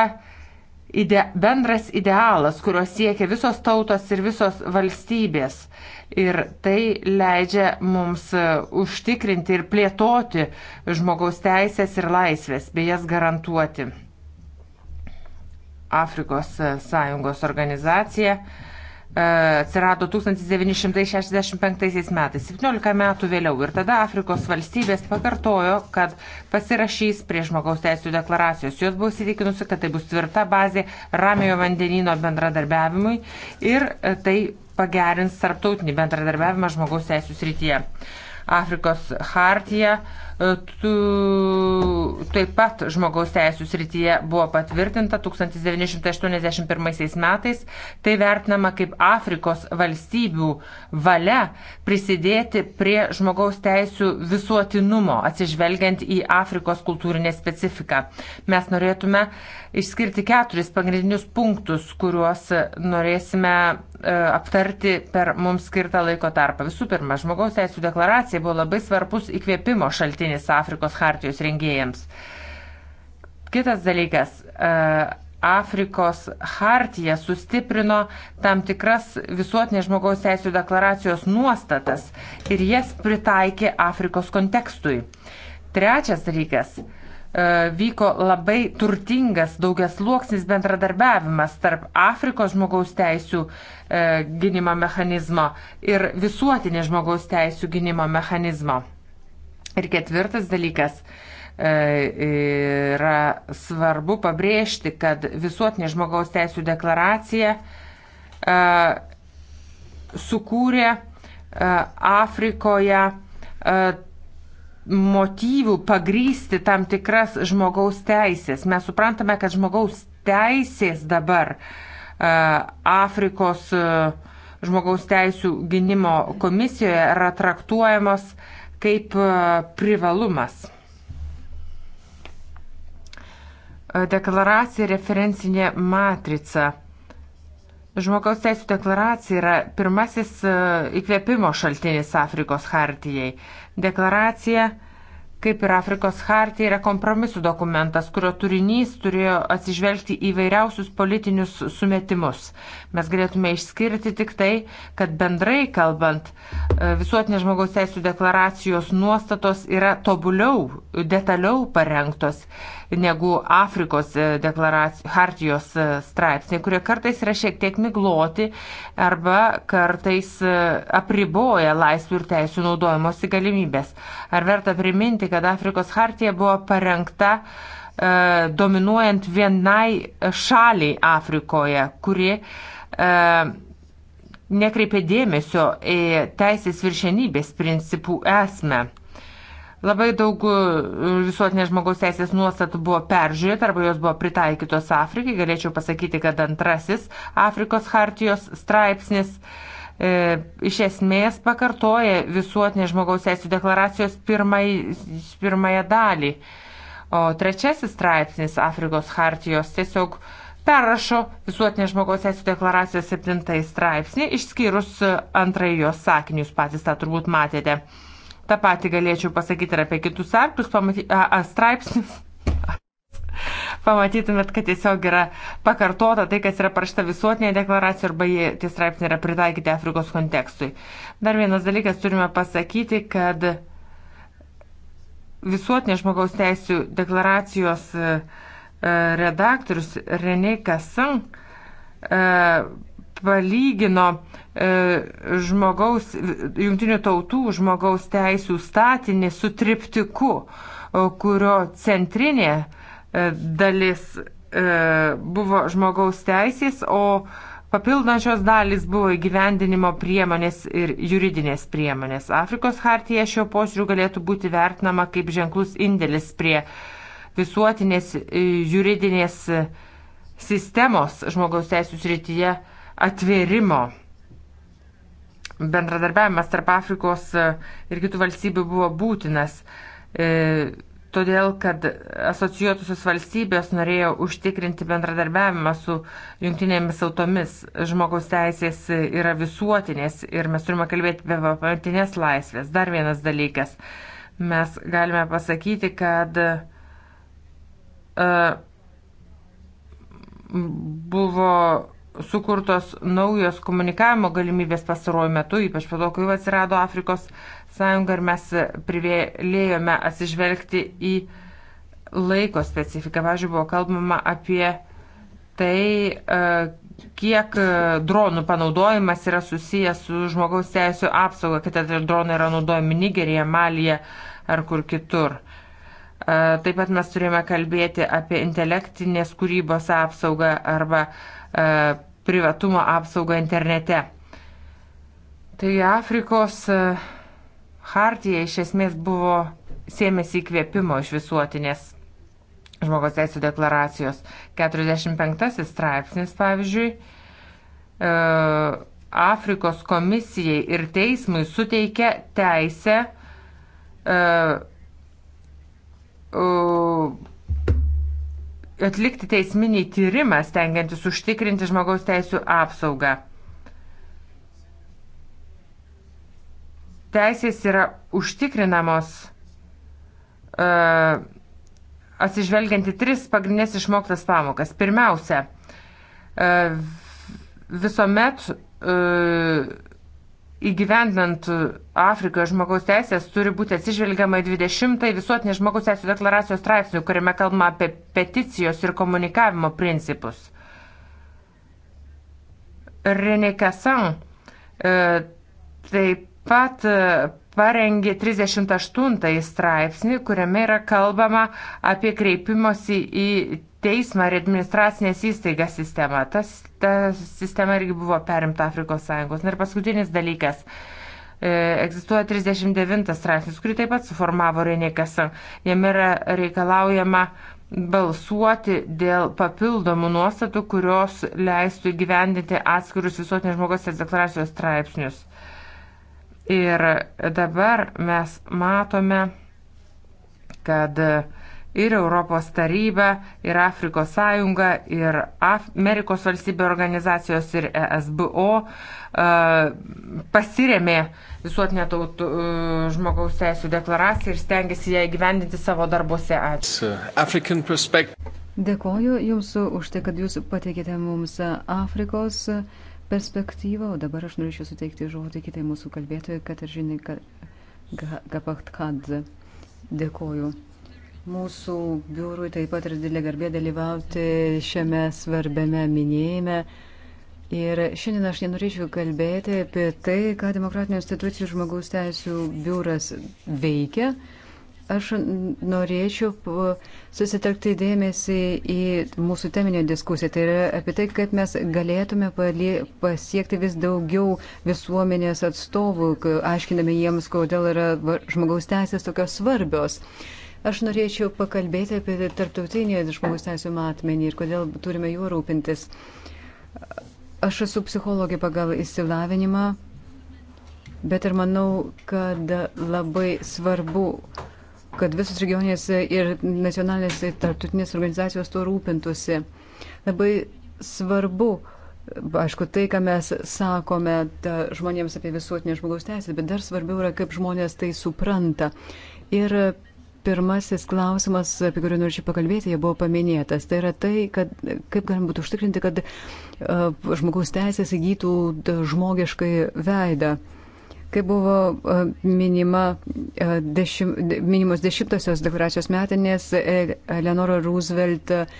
ide, bendras idealas, kurio siekia visos tautos ir visos valstybės. Ir tai leidžia mums e, užtikrinti ir plėtoti žmogaus teisės ir laisvės, bei jas garantuoti. Afrikos e, sąjungos organizacija uh, atsirado 1965 metais, 17 metų vėliau. Ir tada Afrikos valstybės pakartojo, kad pasirašys prie žmogaus teisų deklaracijos. Jos buvo įsitikinusi, kad tai bus tvirta bazė ramiojo vandenino bendradarbiavimui ir e, tai pagerins tarptautinį bendradarbiavimą žmogaus teisų srityje. Afrikos hartija E, tu, taip pat žmogaus teisų srityje buvo patvirtinta 1981 metais. Tai vertinama kaip Afrikos valstybių valia prisidėti prie žmogaus teisų visuotinumo, atsižvelgiant į Afrikos kultūrinę specifiką. Mes norėtume išskirti keturis pagrindinius punktus, kuriuos norėsime e, aptarti per mums skirtą laiko tarpą. Visų pirma, žmogaus teisų deklaracija buvo labai svarbus įkvėpimo šaltinis duomenys Afrikos hartijos rengėjams. Kitas dalykas. E, Afrikos hartija sustiprino tam tikras visuotinės žmogaus teisų deklaracijos nuostatas ir jas pritaikė Afrikos kontekstui. Trečias dalykas e, vyko labai turtingas daugias luoksnis bendradarbiavimas tarp Afrikos žmogaus teisų e, gynimo mechanizmo ir visuotinės žmogaus teisų gynimo mechanizmo. Ir ketvirtas dalykas e, yra svarbu pabrėžti, kad visuotinė žmogaus teisų deklaracija e, sukūrė e, Afrikoje motyvų pagrysti tam tikras žmogaus teisės. Mes suprantame, kad žmogaus teisės dabar Afrikos žmogaus teisų gynimo komisijoje yra traktuojamos uh, kaip e, privalumas. E, deklaracija referencinė matrica. Žmogaus teisų deklaracija yra pirmasis e, įkvėpimo šaltinis Afrikos hartijai. Deklaracija uh, kaip ir Afrikos hartija, yra kompromisų dokumentas, kurio turinys turėjo atsižvelgti į vairiausius politinius sumetimus. Mes galėtume išskirti tik tai, kad bendrai kalbant, e, visuotinės žmogaus teisų deklaracijos nuostatos yra tobuliau, detaliau parengtos negu Afrikos e, hartijos e, straipsniai, kurie kartais yra šiek tiek migloti arba kartais e, apriboja laisvių ir teisų naudojimosi galimybės. Ar verta priminti, kad Afrikos hartija buvo parengta dominuojant vienai šaliai Afrikoje, kuri nekreipė dėmesio į teisės viršenybės principų esmę. Labai daug e, visuotinės žmogaus teisės nuostatų buvo peržiūrėta arba jos buvo pritaikytos Afrikai. Galėčiau pasakyti, kad antrasis Afrikos hartijos straipsnis e, iš esmės pakartoja visuotinės žmogaus teisų deklaracijos pirmai, pirmąją dalį. O trečiasis straipsnis Afrikos hartijos tiesiog perrašo visuotinės žmogaus teisų deklaracijos septintąjį straipsnį, išskyrus antrąjį jos sakinius, patys tą turbūt matėte. Ta pati galėčiau pasakyti ir apie kitus arklius, pamaty, a, a, straipsnius. Pamatytumėt, kad tiesiog yra pakartota tai, kas yra parašta visuotinėje deklaracijoje arba jie tie straipsniai yra pritaikyti Afrikos kontekstui. Dar vienas dalykas turime pasakyti, kad visuotinės žmogaus teisų deklaracijos e, e, redaktorius Renė Kasan palygino e, žmogaus, jungtinių tautų žmogaus teisų statinį su triptiku, kurio centrinė e, dalis e, buvo žmogaus teisės, o papildančios dalis buvo įgyvendinimo priemonės ir juridinės priemonės. Afrikos hartija šio požiūriu galėtų būti vertinama kaip ženklus indėlis prie visuotinės juridinės sistemos žmogaus teisų srityje atvėrimo. Bendradarbiavimas tarp Afrikos e, ir kitų valstybių buvo būtinas, e, todėl kad asocijuotusios valstybės norėjo užtikrinti bendradarbiavimą su jungtinėmis tautomis. Žmogaus teisės yra visuotinės ir mes turime kalbėti apie pamatinės laisvės. Dar vienas dalykas. Mes galime pasakyti, kad e, buvo sukurtos naujos komunikavimo galimybės pastaruoju metu, ypač po to, kai atsirado Afrikos sąjunga ir mes privėlėjome atsižvelgti į laiko specifiką. Pavyzdžiui, buvo kalbama apie tai, e, kiek e, dronų panaudojimas yra susijęs su žmogaus teisų apsauga, kad tai dronai yra naudojami Nigerija, Malija ar kur kitur. E, taip pat mes turime kalbėti apie intelektinės kūrybos apsaugą arba uh, E, privatumo apsaugą internete. Tai Afrikos e, hartija iš esmės buvo siemėsi įkvėpimo iš visuotinės žmogaus teisų deklaracijos. 45 straipsnis, pavyzdžiui, e, Afrikos komisijai ir teismui suteikia teisę atlikti teisminį tyrimą, stengiantis užtikrinti žmogaus teisų apsaugą. Teisės yra užtikrinamos uh, e, atsižvelgianti tris pagrindinės išmoktas pamokas. Pirmiausia, uh, visuomet uh, įgyvendinant Afrikoje žmogaus teisės turi būti atsižvelgiama į 20-ąjį visuotinės žmogaus teisų deklaracijos straipsnių, kuriame kalbama apie peticijos ir komunikavimo principus. René Kassan e, taip pat e, parengė 38 straipsnį, kuriame yra kalbama apie kreipimosi į teismą ir administracinės įstaigas sistemą. Tas, ta sistema irgi buvo perimta Afrikos Sąjungos. Na ir paskutinis dalykas e, egzistuoja 39 straipsnis, kurį taip pat suformavo Renėkas. Jame yra reikalaujama balsuoti dėl papildomų nuostatų, kurios leistų įgyvendinti atskirus visuotinės žmogaus deklaracijos straipsnius. Ir dabar mes matome, kad uh, ir Europos taryba, ir Afrikos sąjunga, ir Af Amerikos valstybė organizacijos, ir ESBO e, pasiremė visuotinę tautų e, žmogaus teisų deklaraciją ir stengiasi ją įgyvendinti savo darbuose. Ačiū. Uh, Dėkoju Jums už tai, kad Jūs pateikėte mums Afrikos perspektyvą, o dabar aš norėčiau suteikti žodį kitai mūsų kalbėtojai, Kataržinai Gapachtadze. Dėkoju. Mūsų biurui taip pat yra didelė garbė dalyvauti šiame svarbiame minėjime. Ir šiandien aš nenorėčiau kalbėti apie tai, ką demokratinių institucijų žmogaus teisų biuras veikia. Aš norėčiau susitelkti dėmesį į mūsų teminę diskusiją. Tai yra apie tai, kaip mes galėtume pasiekti vis daugiau visuomenės atstovų, aiškiname jiems, kodėl yra žmogaus teisės tokios svarbios. Uh, Aš norėčiau pakalbėti apie tarptautinį žmogus teisų matmenį ir kodėl turime juo rūpintis. Aš esu psichologė pagal įsilavinimą, bet ir manau, kad labai svarbu, kad visos regioninės ir nacionalinės ir tarptautinės organizacijos tuo rūpintųsi. Labai svarbu, aišku, tai, ką mes sakome ta, žmonėms apie visuotinę žmogaus teisę, bet dar svarbiau yra, kaip žmonės tai supranta. Ir Pirmasis klausimas, apie kurį norėčiau pakalbėti, jau buvo paminėtas. Tai yra tai, kad kaip galim būtų užtikrinti, kad uh, žmogaus teisės įgytų uh, žmogiškai veidą. Kai buvo uh, minima, uh, dešim, minimos dešimtosios deklaracijos metinės, e, Eleonora Roosevelt uh,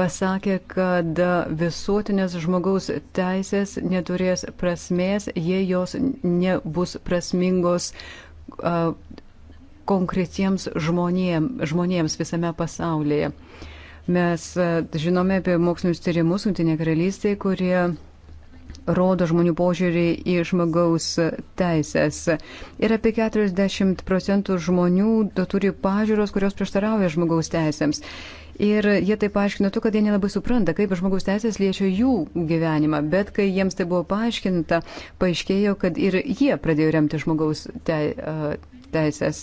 pasakė, kad uh, visuotinės žmogaus teisės neturės prasmės, jei jos nebus prasmingos konkretiems žmonėm, žmonėms visame pasaulyje. Mes e, žinome apie mokslinius tyrimus Jungtinė karalystė, kurie rodo žmonių požiūrį į žmogaus teisės. Ir apie 40 procentų žmonių turi pažiūros, kurios prieštarauja žmogaus teisėms. Ir jie tai paaiškino tu, kad jie nelabai supranta, kaip žmogaus teisės liečia jų gyvenimą, bet kai jiems tai buvo paaiškinta, paaiškėjo, kad ir jie pradėjo remti žmogaus te, teisės.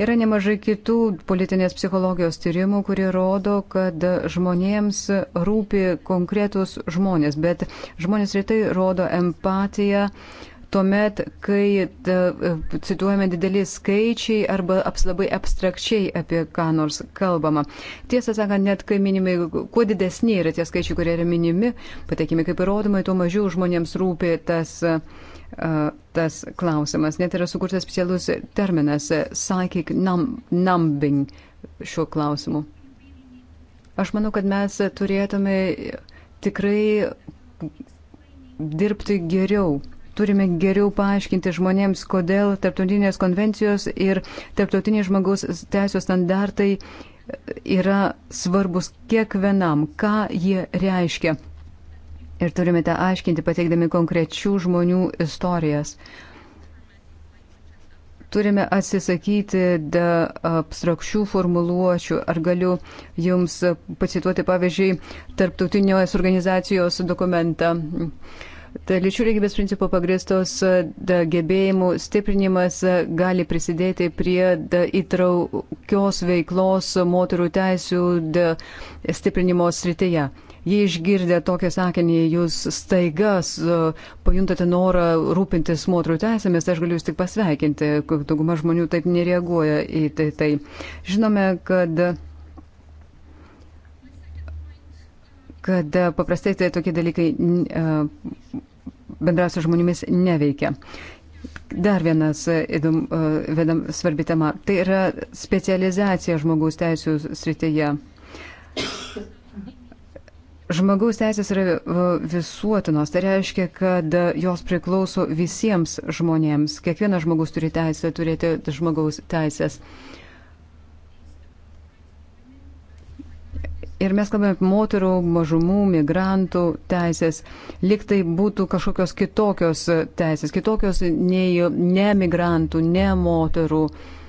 Yra nemažai kitų politinės psichologijos tyrimų, kurie rodo, kad žmonėms rūpi konkretus žmonės, bet žmonės rytai rodo empatiją. Tuomet, kai e, cituojame dideli skaičiai arba aps, labai abstrakčiai apie ką nors kalbama. Tiesą sakant, net kai minimi, kuo didesni yra tie skaičiai, kurie yra minimi, patekimi kaip įrodymai, tuo mažiau žmonėms rūpi tas uh, tas klausimas. Net yra sukurtas specialus terminas psychic num numbing šiuo klausimu. Aš manau, kad mes turėtume tikrai dirbti geriau. Turime geriau paaiškinti žmonėms, kodėl tarptautinės konvencijos ir tarptautiniai žmogaus teisų standartai yra svarbus kiekvienam, ką jie reiškia. Ir turime tą aiškinti, pateikdami konkrečių žmonių istorijas. Turime atsisakyti abstrakčių formuluočių. Ar galiu Jums pacituoti, pavyzdžiui, tarptautinės organizacijos dokumentą. Tai lyčių lygybės principo pagristos gebėjimų stiprinimas gali prisidėti prie įtraukios veiklos moterų teisų stiprinimo srityje. Jei išgirdę tokią sakinį, jūs staigas e, pajuntate norą rūpintis moterų teisėmis, tai aš galiu jūs tik pasveikinti, kad dauguma žmonių taip nereaguoja į tai. tai. Žinome, kad kad paprastai tai tokie dalykai e, bendra su žmonėmis neveikia. Dar vienas e, įdum, vienam, svarbi tema. Tai yra specializacija žmogaus teisų srityje. Žmogaus teisės yra visuotinos, tai reiškia, kad e, jos priklauso visiems žmonėms. Kiekvienas žmogus turi teisę turėti žmogaus teisės. Ir mes kalbame apie moterų, mažumų, migrantų teisės. Liktai būtų kažkokios kitokios teisės, kitokios nei ne migrantų, ne moterų. Uh,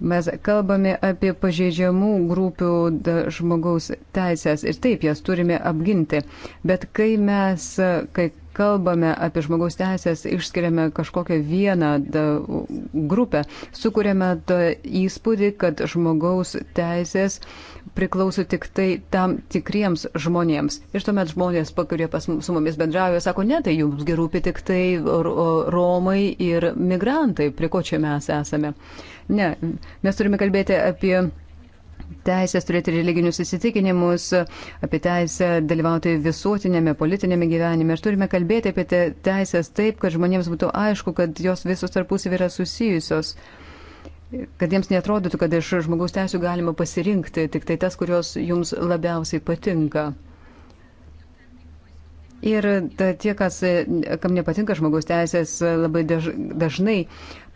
Mes kalbame apie pažeidžiamų grupių žmogaus teisės ir taip jas turime apginti. Bet kai mes, kai kalbame apie žmogaus teisės, išskiriame kažkokią vieną da, grupę, sukūrėme įspūdį, kad žmogaus teisės priklauso tik tai tam tikriems žmonėms. Ir tuomet žmonės, kurie pas, su mumis bendrauja, sako, ne, tai jums gerūpi tik tai romai ir migrantai, prie ko čia mes esame. Uh, Ne, mes turime kalbėti apie teisės turėti religinius įsitikinimus, apie teisę dalyvauti visuotinėme politinėme gyvenime. Ir turime kalbėti apie te, teisės taip, kad žmonėms būtų aišku, kad jos visos tarpusavį yra susijusios. Kad jiems netrodytų, kad iš žmogaus teisų galima pasirinkti tik tai tas, kurios jums labiausiai patinka. Ir tie, kas, kam nepatinka žmogaus teisės, labai dažnai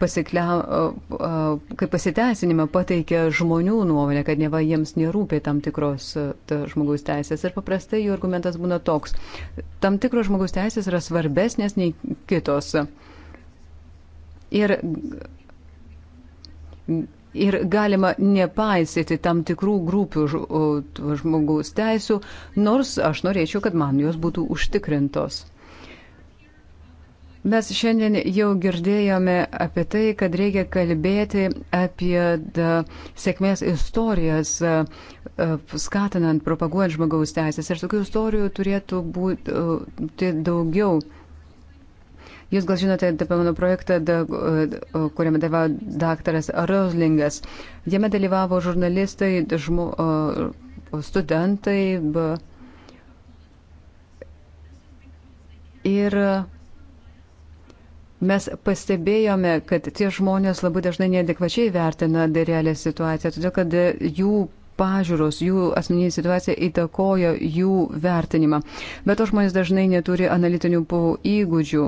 pasikliau, kaip pasiteisinimą pateikia žmonių nuomonė, kad neva jiems nerūpia tam tikros ta, žmogaus teisės. Ir paprastai jų argumentas būna toks. Tam tikros žmogaus teisės yra svarbesnės nei kitos. Ir, ir galima nepaisyti tam tikrų grupių žmogaus teisų, nors aš norėčiau, kad man jos būtų užtikrintos. Mes šiandien jau girdėjome apie tai, kad reikia kalbėti apie da, sėkmės istorijas, skatinant, propaguojant žmogaus teisės. Ir tokių istorijų turėtų būti tai daugiau. Jūs gal žinote tai apie mano projektą, da, kuriame dalyvavo daktaras Roslingas. Jame dalyvavo žurnalistai, žmo, studentai. Ba, ir Mes pastebėjome, kad tie žmonės labai dažnai neadekvačiai vertina realią situaciją, todėl kad jų pažiūros, jų asmeninė situacija įtakoja jų vertinimą. Bet to žmonės dažnai neturi analitinių įgūdžių,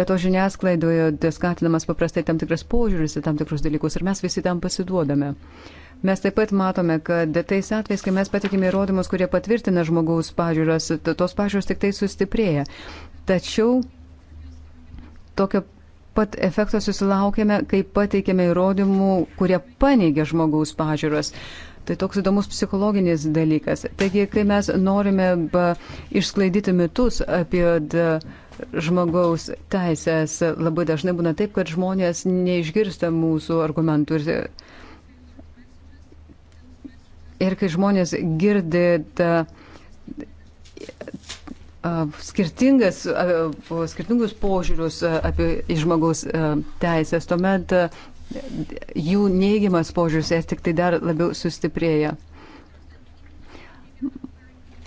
bet to žiniasklaidoje skatinamas paprastai tam tikras požiūris į tam tikrus dalykus ir mes visi tam pasiduodame. Mes taip pat matome, kad tais atvejais, kai mes patikime įrodymus, kurie patvirtina žmogaus pažiūros, tos pažiūros tik tai sustiprėja. Tačiau tokio pat efekto susilaukėme, kai pateikėme įrodymų, kurie paneigia žmogaus pažiūros. Tai toks įdomus psichologinis dalykas. Taigi, kai mes norime išsklaidyti mitus apie žmogaus teisės, labai dažnai būna taip, kad žmonės neišgirsta mūsų argumentų. Ir, ir kai žmonės girdi tą. Ta skirtingas, skirtingus požiūrius apie žmogaus teisės, tuomet jų neigiamas požiūris jas tik tai dar labiau sustiprėja.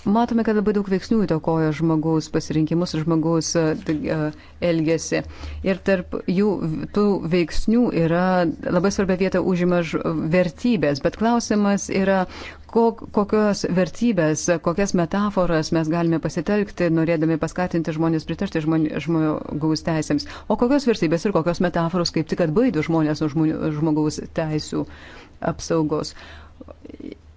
Matome, kad labai daug veiksnių įtakoja žmogaus pasirinkimus ir žmogaus e, e, elgesį. Ir tarp jų tų veiksnių yra labai svarbia vieta užima vertybės, bet klausimas yra, kokios vertybės, kokias metaforas mes galime pasitelkti, norėdami paskatinti žmonės pritarti žmogaus teisėms, o kokios vertybės ir kokios metaforos kaip tik atbaidų žmonės nuo žmogaus teisų apsaugos.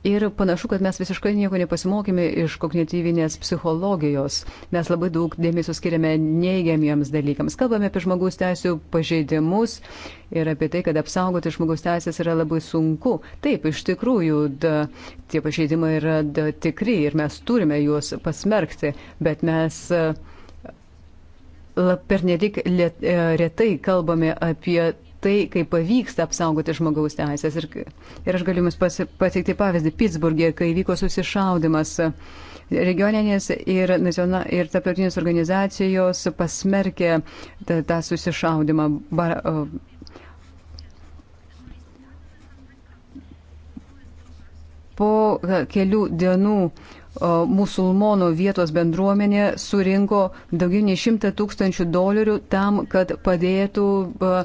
Ir panašu, kad mes visiškai nieko nepasimokėme iš kognityvinės psichologijos. Mes labai daug dėmesio skiriame neigiamiems dalykams. Kalbame apie žmogaus teisų pažeidimus ir apie tai, kad apsaugoti žmogaus teisės yra labai sunku. Taip, iš tikrųjų, da, tie pažeidimai yra da, tikri ir mes turime juos pasmerkti, bet mes. E, per nedik e, retai kalbame apie tai, kaip pavyksta apsaugoti žmogaus teisės. Ir, ir aš galiu Jums pateikti pavyzdį Pittsburgė, kai vyko susišaudimas. Regioninės ir, nacional, ir tarptautinės organizacijos pasmerkė tą, tą susišaudimą. Bar, po kelių dienų musulmonų vietos bendruomenė surinko daugiau nei 100 tūkstančių dolerių tam, kad padėtų uh,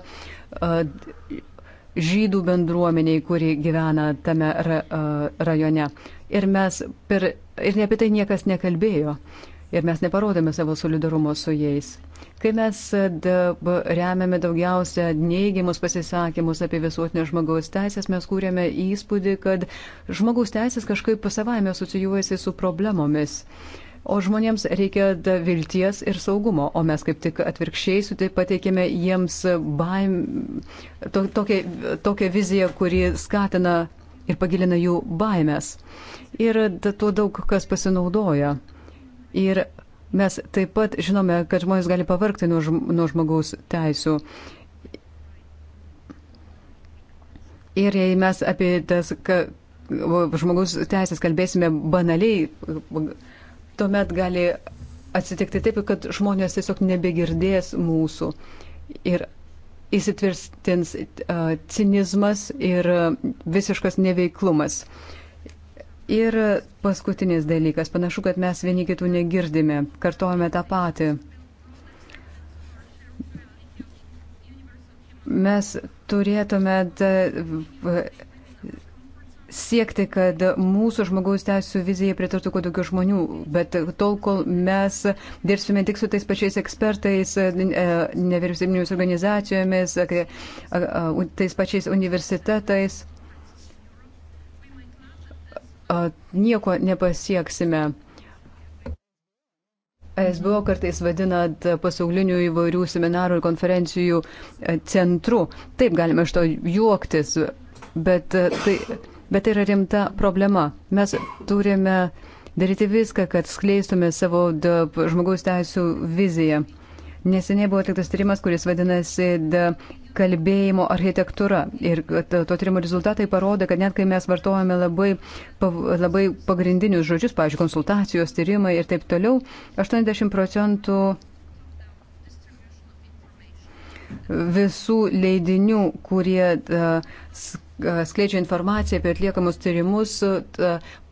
žydų bendruomeniai, kuri gyvena tame ra, rajone. Ir mes per, ir apie tai niekas nekalbėjo. Ir mes neparodėme savo solidarumo su jais. Kai mes remiame daugiausia neigiamus pasisakymus apie visuotinę žmogaus teisės, mes kūrėme įspūdį, kad žmogaus teisės kažkaip savaime asocijuojasi su problemomis. Uh, O žmonėms reikia vilties ir saugumo, o mes kaip tik atvirkščiai tai pateikėme jiems baim, to, tokią, tokią viziją, kuri skatina ir pagilina jų baimės. Ir tuo daug kas pasinaudoja. Ir mes taip pat žinome, kad žmonės gali pavarkti nuo, nuo žmogaus teisų. Ir jei mes apie tas ka, žmogus teisės kalbėsime banaliai, tuomet gali atsitikti taip, kad žmonės tiesiog nebegirdės mūsų ir įsitvirtins uh, cinizmas ir uh, visiškas neveiklumas. Ir paskutinis dalykas, panašu, kad mes vieni kitų negirdime, kartuojame tą patį. Mes turėtume uh, siekti, kad mūsų žmogaus teisų vizija pritartų kuo daugiau žmonių, bet tol, kol mes dirbsime tik su tais pačiais ekspertais, e, nevyriausybinėmis organizacijomis, e, e, tais pačiais universitetais, nieko nepasieksime. SBO kartais vadinat pasaulinių įvairių seminarų ir konferencijų centru. Taip galime iš to juoktis, bet tai Bet tai yra rimta problema. Mes turime daryti viską, kad skleistume savo žmogaus teisų viziją. Neseniai buvo atliktas tyrimas, kuris vadinasi kalbėjimo architektūra. Ir to tyrimo rezultatai parodo, kad net kai mes vartojame labai, labai pagrindinius žodžius, pavyzdžiui, konsultacijos, tyrimai ir taip toliau, 80 procentų visų leidinių, kurie uh, skleidžia informaciją apie atliekamus tyrimus,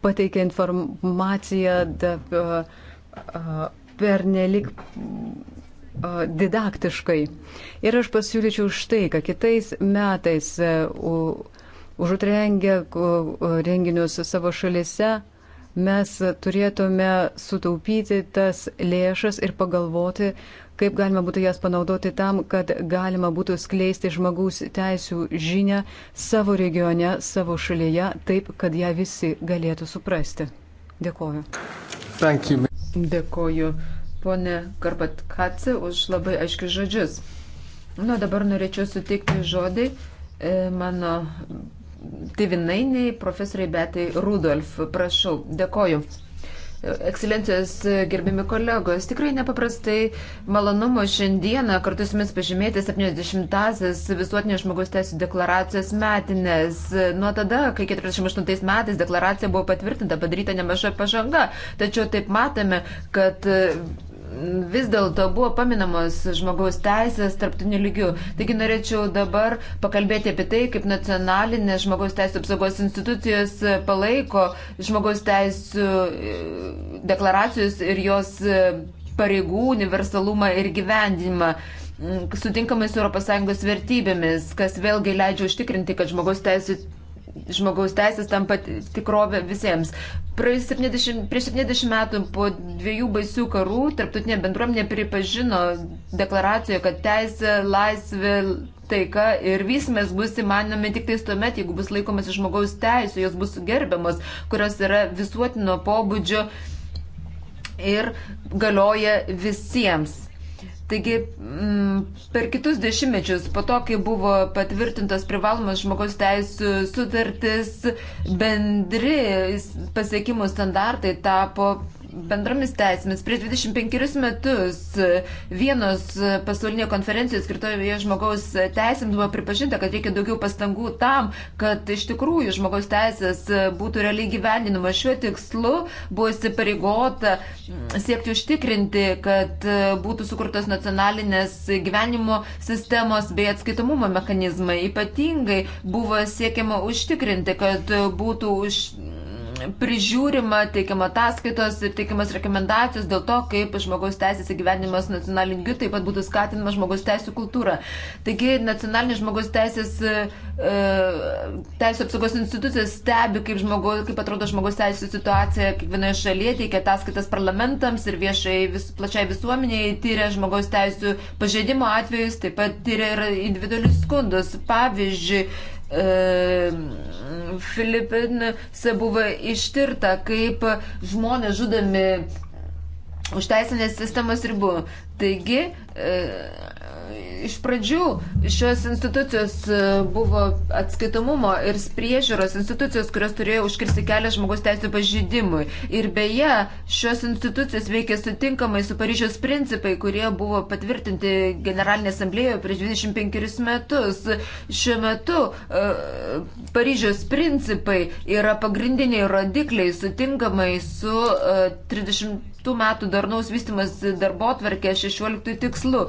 pateikia informaciją pernelik didaktiškai. Ir aš pasiūlyčiau štai, kad kitais metais užuot rengę renginius savo šalise, mes turėtume sutaupyti tas lėšas ir pagalvoti, kaip galima būtų jas panaudoti tam, kad galima būtų skleisti žmogaus teisų žinę savo regione, savo šalyje, taip, kad ją visi galėtų suprasti. Dėkoju. Dėkoju, ponė Karpatkaci, už labai aiškius žodžius. Na, nu, dabar norėčiau suteikti žodį e, mano tėvinainiai profesoriai Betai Rudolf. Prašau, dėkoju. Ekscelencijos e, gerbiami kolegos, tikrai nepaprastai malonumo šiandieną kartu su jumis pažymėti 70-asias visuotinės žmogaus teisų deklaracijos metinės. E, nuo tada, kai 48 metais deklaracija buvo patvirtinta, padaryta nemaža pažanga, tačiau taip matome, kad e, vis dėlto buvo paminamos žmogaus teisės tarptautiniu lygiu. Taigi norėčiau dabar pakalbėti apie tai, kaip nacionalinės žmogaus teisų apsaugos institucijos palaiko žmogaus teisų e, deklaracijos ir jos e, pareigų universalumą ir gyvendimą sutinkamai su ES vertybėmis, kas vėlgi leidžia užtikrinti, kad žmogaus teisų žmogaus teisės tampa tikrovė visiems. Prieš 70, prieš 70 metų po dviejų baisių karų tarptautinė bendruomenė pripažino deklaracijoje, kad teisė, laisvė, taika ir vysmės bus įmanomi tik tais tuomet, jeigu bus laikomas žmogaus teisų, jos bus gerbiamos, kurios yra visuotino pobūdžio ir galioja visiems. Taigi mm, per kitus dešimtmečius, po to, kai buvo patvirtintos privalomas žmogaus teisų sutartis, bendri pasiekimų standartai tapo bendromis teisėmis. Prieš 25 metus vienos pasaulinėje konferencijoje skirtoje žmogaus teisėms buvo pripažinta, kad reikia daugiau pastangų tam, kad iš tikrųjų žmogaus teisės būtų realiai gyvendinama. Šiuo tikslu buvo įsipareigota siekti užtikrinti, kad būtų sukurtos nacionalinės gyvenimo sistemos bei atskaitomumo mechanizmai. Ypatingai buvo siekiama užtikrinti, kad būtų už prižiūrima, teikiama ataskaitos ir teikiamas rekomendacijos dėl to, kaip žmogaus teisės įgyvenimas nacionalingiu taip pat būtų skatinama žmogaus teisų kultūra. Taigi nacionalinė žmogaus teisės e, e, teisų apsaugos institucijos stebi, kaip, žmogaus, kaip atrodo žmogaus teisų situacija kiekvienoje šalyje, teikia ataskaitas parlamentams ir viešai vis, plačiai visuomeniai, tyria žmogaus teisų pažeidimo atvejus, taip pat tyria ir individualius skundus. Pavyzdžiui, Ehm, Filipinose buvo ištirta, kaip žmonės žudami už teisinės sistemos ribų. Taigi, e, iš pradžių šios institucijos e, buvo atskaitomumo ir priežiūros institucijos, kurios turėjo užkirsti kelią žmogus teisų pažydimui. Ir beje, šios institucijos veikia sutinkamai su Paryžiaus principai, kurie buvo patvirtinti Generalinė asamblėjoje prieš 25 metus. Šiuo metu e, Paryžiaus principai yra pagrindiniai rodikliai sutinkamai su 30 metų darnaus vystimas darbo tvarkė 16 tikslu.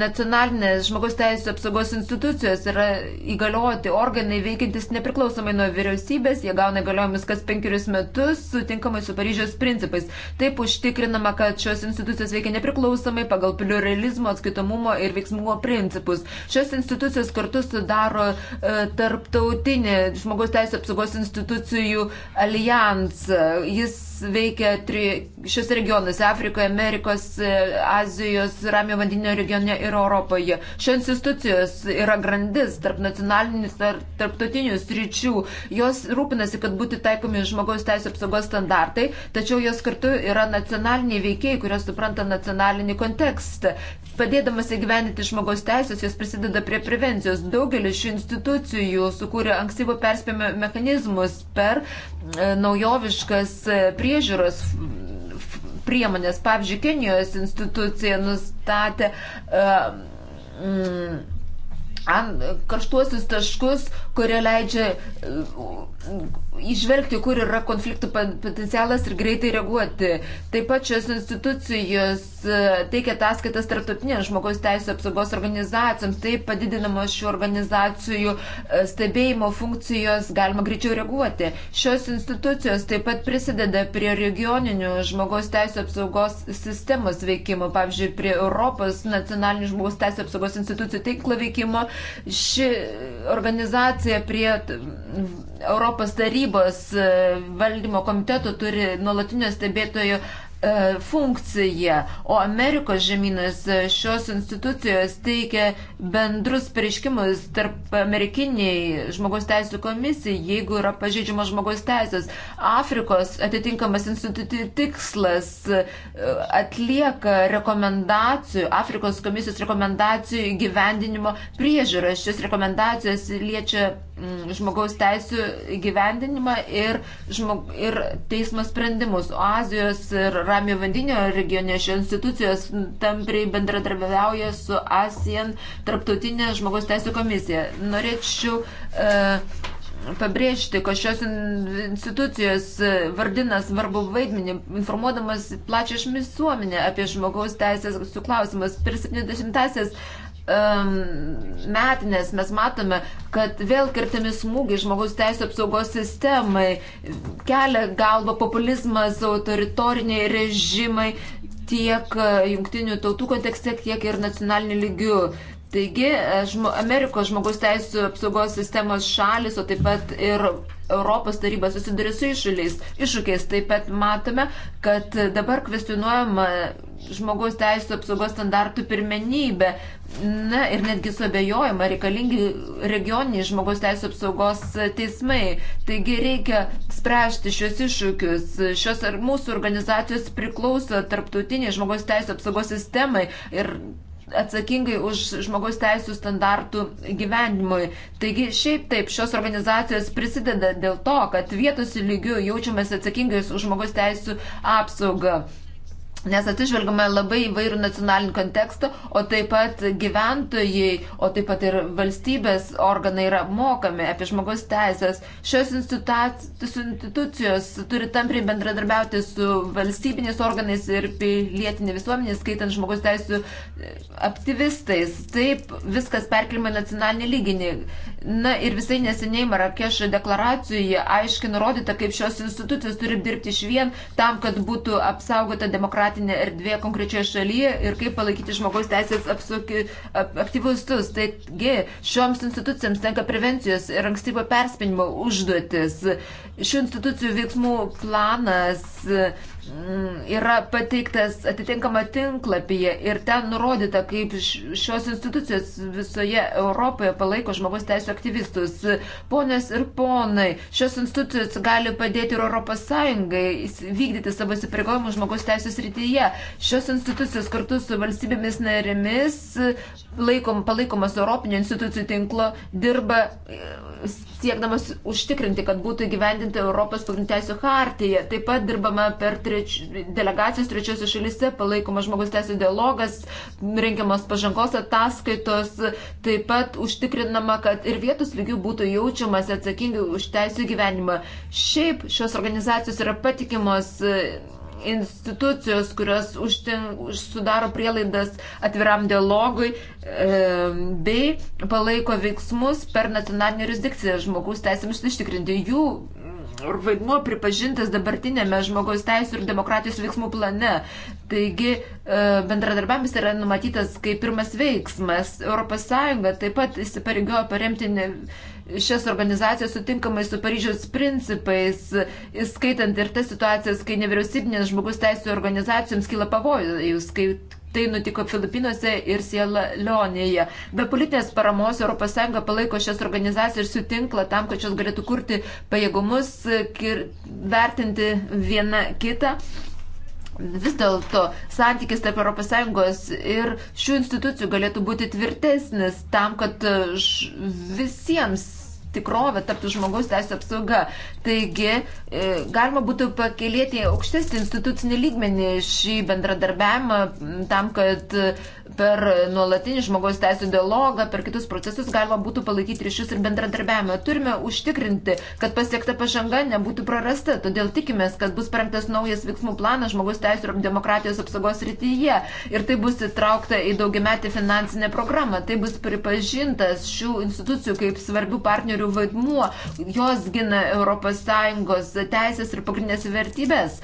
Nacionalinės žmogaus teisų apsaugos institucijos yra įgalioti organai veikiantis nepriklausomai nuo vyriausybės, jie gauna įgaliojimus kas penkerius metus, sutinkamai su Paryžiaus principais. Taip užtikrinama, kad šios institucijos veikia nepriklausomai pagal pluralizmo, atskaitomumo ir veiksmumo principus. Šios institucijos kartu sudaro e, tarptautinį žmogaus teisų apsaugos institucijų alijansą. Jis veikia tri, šiuose regionuose - Afrikoje, Amerikos, e, Azijos, Ramio vandeninio regione ir Europoje. Šios institucijos yra grandis tarp nacionalinių ir tarptautinių sričių. Jos rūpinasi, kad būtų taikomi žmogaus teisų apsaugos standartai, tačiau jos kartu yra nacionaliniai veikėjai, kurie supranta nacionalinį kontekstą. Padėdamas įgyvendinti žmogaus teisės, jos prisideda prie prevencijos. Daugelis šių institucijų sukūrė ankstyvo perspėjimo mechanizmus per e, naujoviškas e, priežiūros priemonės. Pavyzdžiui, Kenijos institucija nustatė uh, mm, karštuosius taškus, kurie leidžia uh, išvelgti, kur yra konfliktų potencialas ir greitai reaguoti. Taip pat šios institucijos e, teikia ataskaitas tarptautinėms žmogaus teisų apsaugos organizacijoms, taip padidinamos šių organizacijų e, stebėjimo funkcijos, galima greičiau reaguoti. Šios institucijos taip pat prisideda prie regioninių žmogaus teisų apsaugos sistemos veikimo, pavyzdžiui, prie Europos nacionalinių žmogaus teisų apsaugos institucijų tinklo veikimo. Ši organizacija prie Europos tarybos tarybos e, valdymo komiteto turi nuolatinio stebėtojo E, funkciją, o Amerikos žemynas e, šios institucijos teikia bendrus pareiškimus tarp amerikiniai žmogaus teisų komisijai, jeigu yra pažeidžiama žmogaus teisės. Afrikos atitinkamas institucijų tikslas e, atlieka rekomendacijų, Afrikos komisijos rekomendacijų įgyvendinimo priežiūrą. Šios rekomendacijos liečia mm, žmogaus teisų įgyvendinimą ir, žmog, ir teismo sprendimus. O Azijos ir Ramio vandenio regione šios institucijos tampriai bendradarbiavauja su ASEAN tarptautinė žmogaus teisų komisija. Norėčiau uh, pabrėžti, kad šios institucijos e, vardina svarbu vaidmenį, informuodamas plačią šmisuomenę apie žmogaus teisės su klausimas. Per 70-asias metinės mes matome, kad vėl kertami smūgiai žmogaus teisų apsaugos sistemai, kelia galva populizmas, autoritoriniai režimai tiek e, jungtinių tautų kontekste, tiek ir nacionaliniu lygiu. Taigi, e, žmo, Amerikos žmogus teisų apsaugos sistemos šalis, o taip pat ir Europos taryba susiduria su iššūliais. Iššūkiais taip pat matome, kad dabar kvestionuojama žmogaus teisų apsaugos standartų pirmenybė. Na ir netgi sobejojama reikalingi regioniniai žmogaus teisų apsaugos teismai. Taigi reikia spręsti šios iššūkius. Šios ar mūsų organizacijos priklauso tarptautiniai žmogaus teisų apsaugos sistemai. Ir atsakingai už žmogaus teisų standartų gyvenimui. Taigi šiaip taip šios organizacijos prisideda dėl to, kad vietos lygių jaučiamės atsakingais už žmogaus teisų apsaugą. Nes atsižvelgiame labai įvairių nacionalinių kontekstų, o taip pat gyventojai, o taip pat ir valstybės organai yra mokami apie žmogaus teisės. Šios institucijos turi tampriai bendradarbiauti su valstybiniais organais ir pilietinė visuomenė, skaitant žmogaus teisų e, aktyvistais. Taip viskas perkelima nacionalinį lyginį. Na ir visai neseniai Marakešo deklaracijoje aiškiai nurodyta, kaip šios institucijos turi dirbti iš vien tam, kad būtų apsaugota demokratija demokratinė erdvė konkrečioje šalyje ir kaip palaikyti žmogaus teisės apsuki, ap, aktyvistus. Taigi, šioms institucijams tenka prevencijos ir ankstyvo perspėjimo užduotis. Šių institucijų veiksmų planas. E, Mm, yra pateiktas atitinkama tinklapyje ir ten nurodyta, kaip šios institucijos visoje Europoje palaiko žmogaus teisų aktyvistus. Ponės ir ponai, šios institucijos gali padėti ir Europos Sąjungai vykdyti savo įsipareigojimus žmogaus teisų srityje. Šios institucijos kartu su valstybėmis narėmis laikom, palaikomas Europinio institucijų tinklo dirba e, siekdamas užtikrinti, kad būtų įgyvendinta Europos pagrindteisų hartija. Taip pat dirbama per treč... delegacijos trečiosios šalyse, palaikoma žmogus teisų dialogas, rengiamas pažangos ataskaitos, taip pat užtikrinama, kad ir vietos lygių būtų jaučiamas atsakingi už teisų gyvenimą. Šiaip šios organizacijos yra patikimos institucijos, kurios užten, sudaro prielaidas atviram dialogui e, bei palaiko veiksmus per nacionalinę jurisdikciją žmogaus teisėms ištikrinti. Jų mm, vaidmuo pripažintas dabartinėme žmogaus teisų ir demokratijos veiksmų plane. Taigi e, bendradarbiavimas yra numatytas kaip pirmas veiksmas. ES taip pat įsipareigojo paremti šias organizacijas sutinkamai su Paryžiaus principais, skaitant ir tas situacijas, kai nevyriausybinės žmogus teisų organizacijoms kyla pavojus, kai Tai nutiko Filipinuose ir Siela Leonėje. Be politinės paramos ES palaiko šias organizacijas ir sutinkla tam, kad šios galėtų kurti pajėgumus, vertinti vieną kitą vis dėlto santykis tarp ES ir šių institucijų galėtų būti tvirtesnis tam, kad e, visiems tikrovė taptų žmogaus teisų apsauga. Taigi e, galima būtų pakelėti aukštesnį institucinį lygmenį šį bendradarbiavimą tam, kad e, per nuolatinį žmogaus teisų dialogą, per kitus procesus galima būtų palaikyti ryšius ir bendradarbiavimą. Turime užtikrinti, kad pasiekta pažanga nebūtų prarasta, todėl tikimės, kad bus parengtas naujas veiksmų planas žmogaus teisų ir demokratijos apsaugos rytyje ir tai bus įtraukta į daugiametį finansinę programą. Tai bus pripažintas šių institucijų kaip svarbių partnerių vaidmuo. Jos gina Europos ES teisės ir pagrindinės vertybės.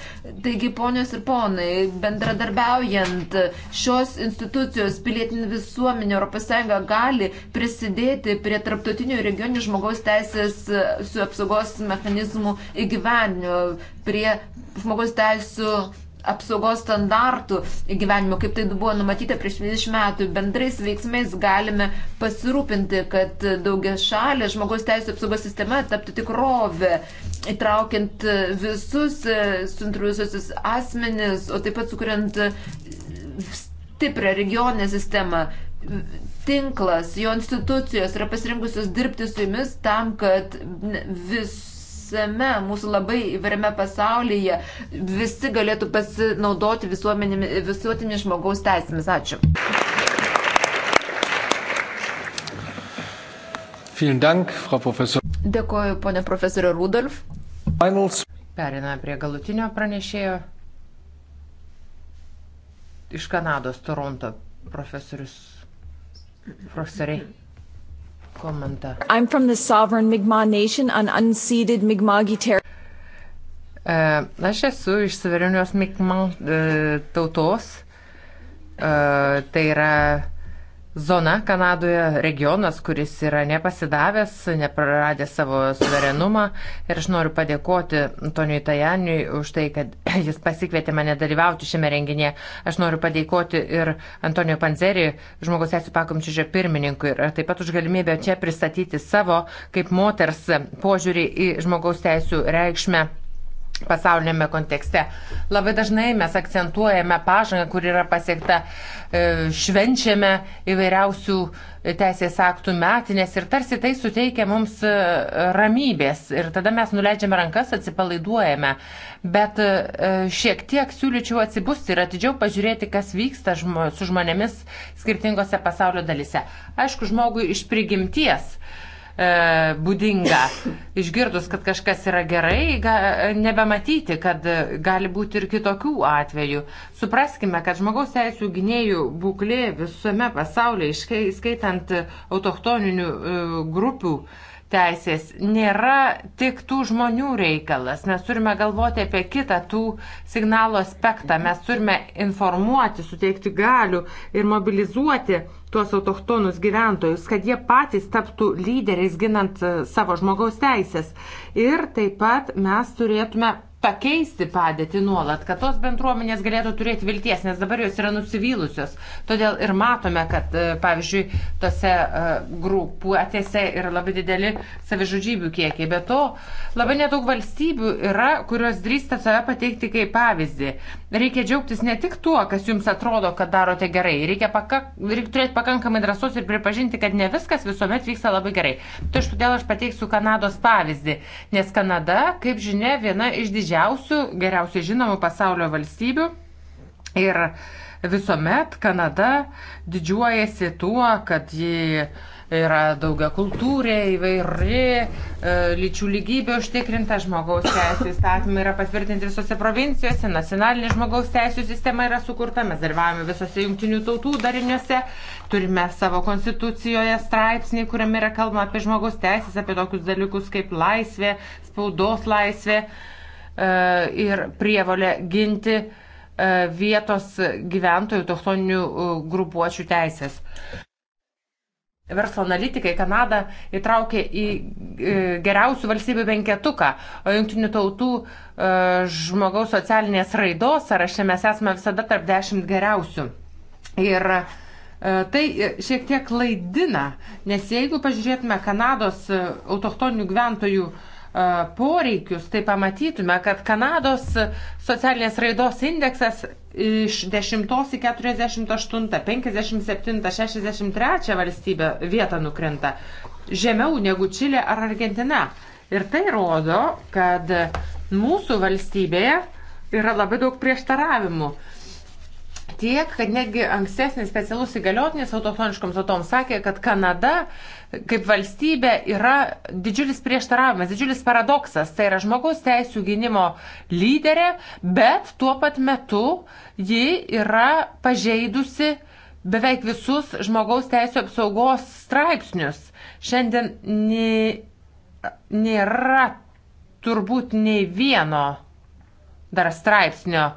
Taigi, ponios ir ponai, bendradarbiaujant šios institucijos pilietinį visuomenį ES gali prisidėti prie tarptautinių regionių žmogaus teisės e, su apsaugos mechanizmų įgyvenimo, prie žmogaus teisų apsaugos standartų gyvenimo, kaip tai buvo numatyta prieš 20 metų. Bendrais veiksmais galime pasirūpinti, kad daugia šalė žmogaus teisų apsaugos sistema taptų tikrovė, įtraukiant visus e, suntrusius asmenis, o taip pat sukuriant stiprią regioninę sistemą. Tinklas, jo institucijos yra pasirinkusios dirbti su jumis tam, kad vis visame mūsų labai įvairiame pasaulyje visi galėtų pasinaudoti visuotinį žmogaus teisėmis. Ačiū. Dank, Dėkoju, ponė profesorė Rudolf. Finals. Perina prie galutinio pranešėjo iš Kanados, Toronto profesorius. Profesoriai komentą. I'm from the sovereign Mi'kmaq nation on unceded Mi'kmaqi territory. E, aš esu iš suverenios Mi'kmaq e, tautos. E, tai yra zona Kanadoje, regionas, kuris yra nepasidavęs, nepraradęs savo suverenumą. Ir aš noriu padėkoti Antonijui Tajaniui už tai, kad jis pasikvietė mane dalyvauti šiame renginėje. Aš noriu padėkoti ir Antonijui Panzerį, žmogus esių pakomčiužio pirmininkui, ir taip pat už galimybę čia pristatyti savo kaip moters požiūrį į žmogaus teisų reikšmę pasaulinėme kontekste. Labai dažnai mes akcentuojame pažangą, kur yra pasiekta, e, švenčiame įvairiausių teisės aktų metinės ir tarsi tai suteikia mums e, ramybės ir tada mes nuleidžiame rankas, atsipalaiduojame. Bet e, šiek tiek siūlyčiau atsibusti ir atidžiau pažiūrėti, kas vyksta žmo, su žmonėmis skirtingose pasaulio dalise. Aišku, žmogui iš prigimties E, būdinga. Išgirdus, kad kažkas yra gerai, ga, nebematyti, kad gali būti ir kitokių atvejų. Supraskime, kad žmogaus teisų gynėjų būklė visame pasaulyje, skaitant autochtoninių e, grupių, teisės nėra tik tų žmonių reikalas. Mes turime galvoti apie kitą tų signalų aspektą. Mes turime informuoti, suteikti galių ir mobilizuoti tuos autochtonus gyventojus, kad jie patys taptų lyderiais ginant e, savo žmogaus teisės. Ir taip pat mes turėtume pakeisti padėtį nuolat, kad tos bendruomenės galėtų turėti vilties, nes dabar jos yra nusivylusios. Todėl ir matome, kad, e, pavyzdžiui, tose e, grupuotėse yra labai dideli savižudybių kiekiai. Be to, labai nedaug valstybių yra, kurios drįsta save pateikti kaip pavyzdį. Reikia džiaugtis ne tik tuo, kas jums atrodo, kad darote gerai. Reikia, pakak... Reikia turėti pakankamai drąsos ir pripažinti, kad ne viskas visuomet vyksta labai gerai. Todėl aš pateiksiu Kanados pavyzdį, nes Kanada, kaip žinia, viena iš didžiausių didžiausių, geriausiai žinomų pasaulio valstybių. Ir visuomet Kanada didžiuojasi tuo, kad ji yra daugia kultūrė, įvairi, e, lyčių lygybė užtikrinta, žmogaus teisų įstatymai yra patvirtinti visose provincijose, nacionalinė žmogaus teisų sistema yra sukurta, mes dalyvavome visose jungtinių tautų dariniuose, turime savo konstitucijoje straipsnį, kuriame yra kalbama apie žmogaus teisės, apie tokius dalykus kaip laisvė, spaudos laisvė. Uh, E, ir prievalė ginti e, vietos gyventojų toksoninių e, grupuočių teisės. Verslo analitikai Kanadą įtraukė į geriausių valstybių penketuką, o jungtinių tautų žmogaus socialinės raidos sąraše mes esame visada tarp dešimt geriausių. Ir Tai šiek tiek klaidina, nes jeigu pažiūrėtume Kanados autochtoninių gyventojų uh, E, poreikius, tai pamatytume, kad Kanados socialinės raidos indeksas iš 10 į 48, 57, 63 valstybę vietą nukrenta žemiau negu Čilė ar Argentina. Ir tai rodo, kad mūsų valstybėje yra labai daug prieštaravimų tiek, kad netgi ankstesnis specialus įgaliotinis autochtoniškoms tautoms sakė, kad Kanada kaip valstybė yra didžiulis prieštaravimas, didžiulis paradoksas. Tai yra žmogaus teisų gynimo lyderė, bet tuo pat metu ji yra pažeidusi beveik visus žmogaus teisų apsaugos straipsnius. Šiandien nėra turbūt nei vieno dar straipsnio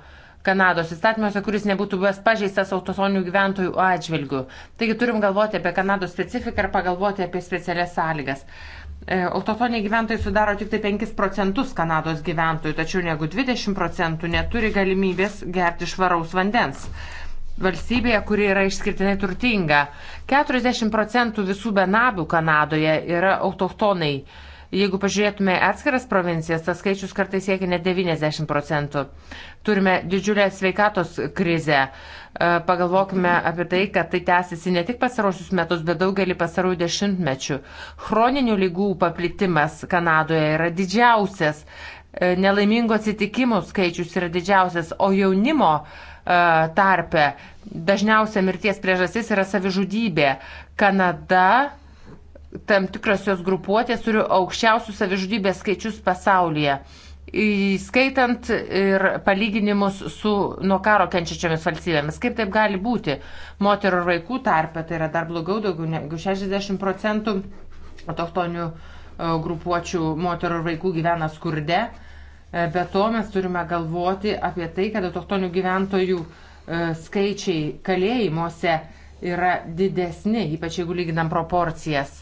Kanados įstatymuose, kuris nebūtų buvęs pažeistas autosoninių gyventojų atžvilgių. Taigi turim galvoti apie Kanados specifiką ir pagalvoti apie specialias sąlygas. E, Autotoniai gyventojai sudaro tik tai 5 procentus Kanados gyventojų, tačiau negu 20 procentų neturi galimybės gerti švaraus vandens. Valstybėje, kuri yra išskirtinai turtinga, 40 procentų visų benabių Kanadoje yra autotonai. Jeigu pažiūrėtume atskiras provincijas, tas skaičius kartais siekia net 90 procentų. Turime didžiulę sveikatos krizę. E, pagalvokime apie tai, kad tai tęsiasi ne tik pasarosius metus, bet daugelį pasarųjų dešimtmečių. Chroninių lygų paplitimas Kanadoje yra didžiausias e, nelaimingų atsitikimų skaičius yra didžiausias, o jaunimo e, tarpe dažniausia mirties priežastis yra savižudybė. Kanada tam tikros jos grupuotės turi aukščiausius savižudybės skaičius pasaulyje, įskaitant ir palyginimus su nuo karo kenčiačiomis valstybėmis. Kaip taip gali būti? Moterų ir vaikų tarpe tai yra dar blogiau, daugiau negu 60 procentų autochtonių e, grupuočių moterų ir vaikų gyvena skurde. E, be to mes turime galvoti apie tai, kad autochtonių gyventojų e, skaičiai kalėjimuose yra didesni, ypač jeigu lyginam proporcijas.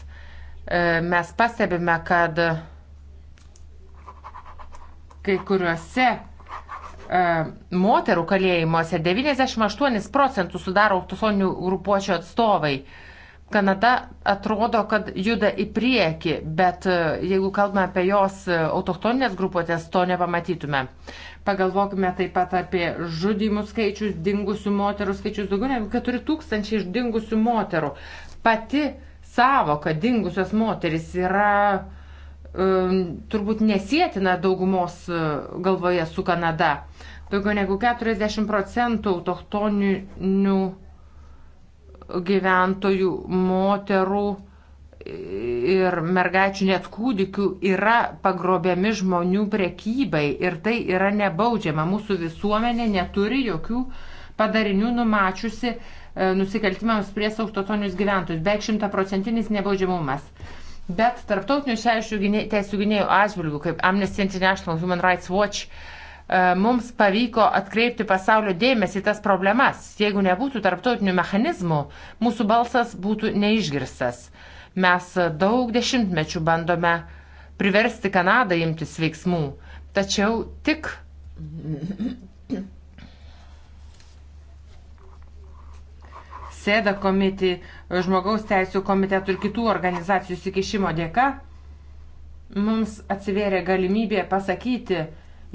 E, mes pastebime, kad kai kuriuose e, moterų kalėjimuose 98 procentų sudaro autosoninių grupuočių atstovai. Kanada atrodo, kad juda į priekį, bet e, jeigu kalbame apie jos autochtoninės grupuotės, to nepamatytume. Pagalvokime taip pat apie žudimų skaičius, dingusių moterų skaičius, daugiau negu 4 tūkstančiai išdingusių moterų. Pati uh, savoka dingusios moteris yra um, turbūt nesėtina daugumos uh, galvoje su Kanada. Daugiau negu 40 procentų autochtoninių gyventojų, moterų ir mergaičių net kūdikių yra pagrobiami žmonių prekybai ir tai yra nebaudžiama. Mūsų visuomenė neturi jokių padarinių numačiusi E, nusikaltimams prie sauktotonius gyventojus. Beveik šimtaprocentinis nebaudžiamumas. Bet tarptautinių šešių teisų gynėjų atžvilgių, kaip Amnesty International, Human Rights Watch, e, mums pavyko atkreipti pasaulio dėmesį tas problemas. Jeigu nebūtų tarptautinių mechanizmų, mūsų balsas būtų neišgirstas. Mes daug dešimtmečių bandome priversti Kanadą imtis veiksmų, tačiau tik SEDA komitį, žmogaus teisų komitetų ir kitų organizacijų įsikišimo dėka, mums atsivėrė galimybė pasakyti,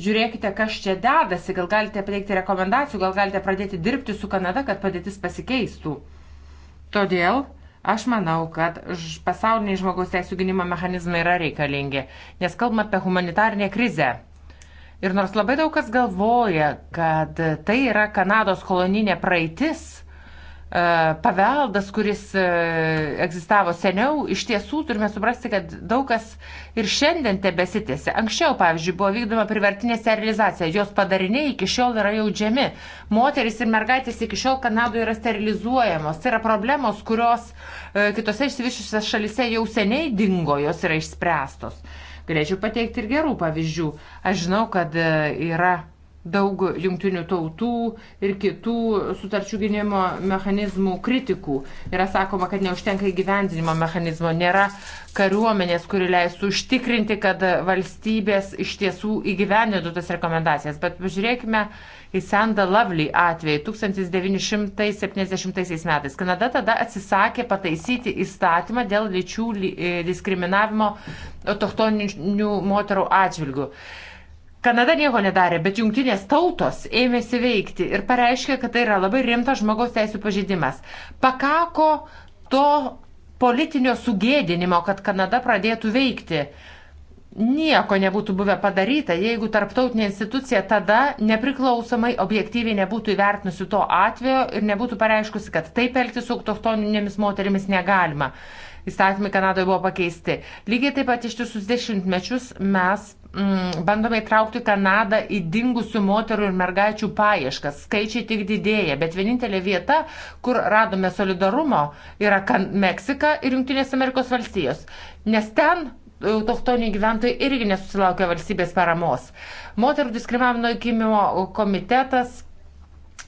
žiūrėkite, kas čia dedasi, gal galite pateikti rekomendacijų, gal galite pradėti dirbti su Kanada, kad padėtis pasikeistų. Todėl Aš manau, kad pasauliniai žmogaus teisų gynimo mechanizmai yra reikalingi, nes kalbame apie humanitarinę krizę. Ir nors labai daug kas galvoja, kad tai yra Kanados koloninė praeitis, E, paveldas, kuris e, egzistavo seniau, iš tiesų turime suprasti, kad daug kas ir šiandien tebesitėsi. Anksčiau, pavyzdžiui, buvo vykdoma privertinė sterilizacija, jos padariniai iki šiol yra jaudžiami. Moteris ir mergaitės iki šiol Kanadoje yra sterilizuojamos. Tai yra problemos, kurios e, kitose išsivyščiusiose šalise jau seniai dingo, jos yra išspręstos. Galėčiau pateikti ir gerų pavyzdžių. Aš žinau, kad yra daug jungtinių tautų ir kitų sutarčių gynimo mechanizmų kritikų. Yra sakoma, kad neužtenka įgyvendinimo mechanizmo, nėra kariuomenės, kuri leistų užtikrinti, kad valstybės iš tiesų įgyvendintų tas rekomendacijas. Bet pažiūrėkime į Sanda Lovely atvejį 1970 metais. Kanada tada atsisakė pataisyti įstatymą dėl lyčių diskriminavimo autochtoninių moterų atžvilgių. Kanada nieko nedarė, bet jungtinės tautos ėmėsi veikti ir pareiškė, kad tai yra labai rimtas žmogaus teisų pažeidimas. Pakako to politinio sugėdinimo, kad Kanada pradėtų veikti. Nieko nebūtų buvę padaryta, jeigu tarptautinė institucija tada nepriklausomai objektyviai nebūtų įvertinusi to atvejo ir nebūtų pareiškusi, kad taip elgtis su autochtoninėmis moterimis negalima įstatymai Kanadoje buvo pakeisti. Lygiai taip pat ištisus dešimtmečius mes mm, bandome įtraukti Kanadą į dingusių moterų ir mergaičių paieškas. Skaičiai tik didėja, bet vienintelė vieta, kur radome solidarumo, yra kan Meksika ir Junktinės Amerikos valstijos. Nes ten e, autochtoniai gyventojai irgi nesusilaukia valstybės paramos. Moterų diskriminavimo įkimimo komitetas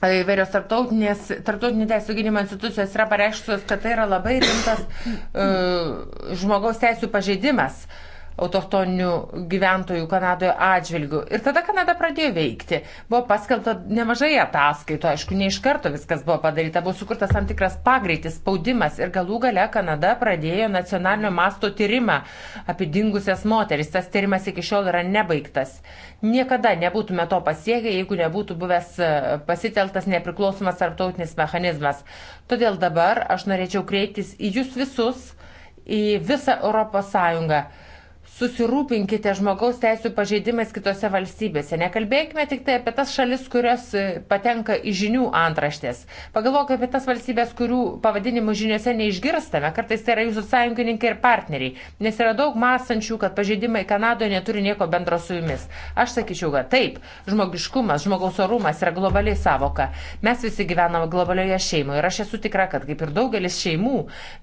įvairios tarptautinės, tarptautinių teisų gynimo institucijos yra pareiškusios, kad tai yra labai rimtas uh, žmogaus teisų pažeidimas. Uh, autochtoninių gyventojų Kanadoje atžvilgių. Ir tada Kanada pradėjo veikti. Buvo paskelbta nemažai ataskaitų, aišku, ne iš karto viskas buvo padaryta, buvo sukurtas tam tikras pagreitis, spaudimas ir galų gale Kanada pradėjo nacionalinio masto tyrimą apie dingusias moteris. Tas tyrimas iki šiol yra nebaigtas. Niekada nebūtume to pasiekę, jeigu nebūtų buvęs e, pasiteltas nepriklausomas tarptautinis mechanizmas. Todėl dabar aš norėčiau kreiptis į jūs visus, į visą Europos Sąjungą susirūpinkite žmogaus teisų pažeidimais kitose valstybėse. Nekalbėkime tik tai apie tas šalis, kurios e, patenka į žinių antraštės. Pagalvokime apie tas valstybės, kurių pavadinimų žiniuose neišgirstame. Kartais tai yra jūsų sąjungininkai ir partneriai. Nes yra daug mąstančių, kad pažeidimai Kanadoje neturi nieko bendro su jumis. Aš sakyčiau, kad taip, žmogiškumas, žmogaus orumas yra globaliai savoka. Mes visi gyvename globalioje šeimoje ir aš esu tikra, kad kaip ir daugelis šeimų,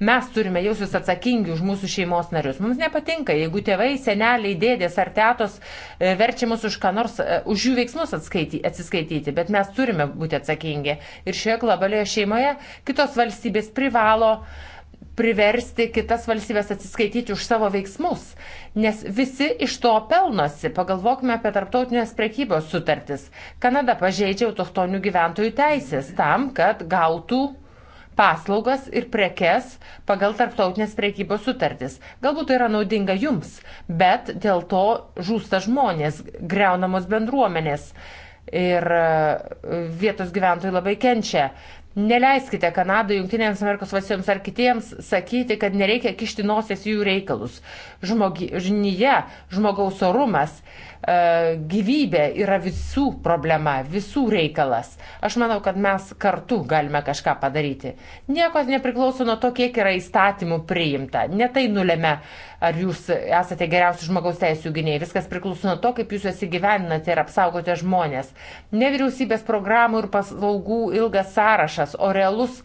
mes turime jausis atsakingi už mūsų šeimos narius. Mums nepatinka, jeigu tėvai tėvai, seneliai, dėdės ar tetos e, verčia mus už, nors, e, už jų veiksmus atsiskaityti, bet mes turime būti atsakingi. Ir šioje globalioje šeimoje kitos valstybės privalo priversti kitas valstybės atsiskaityti už savo veiksmus, nes visi iš to pelnosi. Pagalvokime apie tarptautinės prekybos sutartis. Kanada pažeidžia autochtonių gyventojų teisės tam, kad gautų uh, paslaugas ir prekes pagal tarptautinės priekybos sutartis. Galbūt tai yra naudinga jums, bet dėl to žūsta žmonės, greunamos bendruomenės ir e, vietos gyventojai labai kenčia. Neleiskite Kanadai, Junktinėms Amerikos valstijoms ar kitiems sakyti, kad nereikia kišti nosies jų reikalus. Žmogi, žinyje, žmogaus orumas E, gyvybė yra visų problema, visų reikalas. Aš manau, kad mes kartu galime kažką padaryti. Nieko nepriklauso nuo to, kiek yra įstatymų priimta. Ne tai nulėmė, ar jūs esate geriausi žmogaus teisų gynėjai. Viskas priklauso nuo to, kaip jūs juos įgyveninate ir apsaugote žmonės. Ne vyriausybės programų ir paslaugų ilgas sąrašas, o realus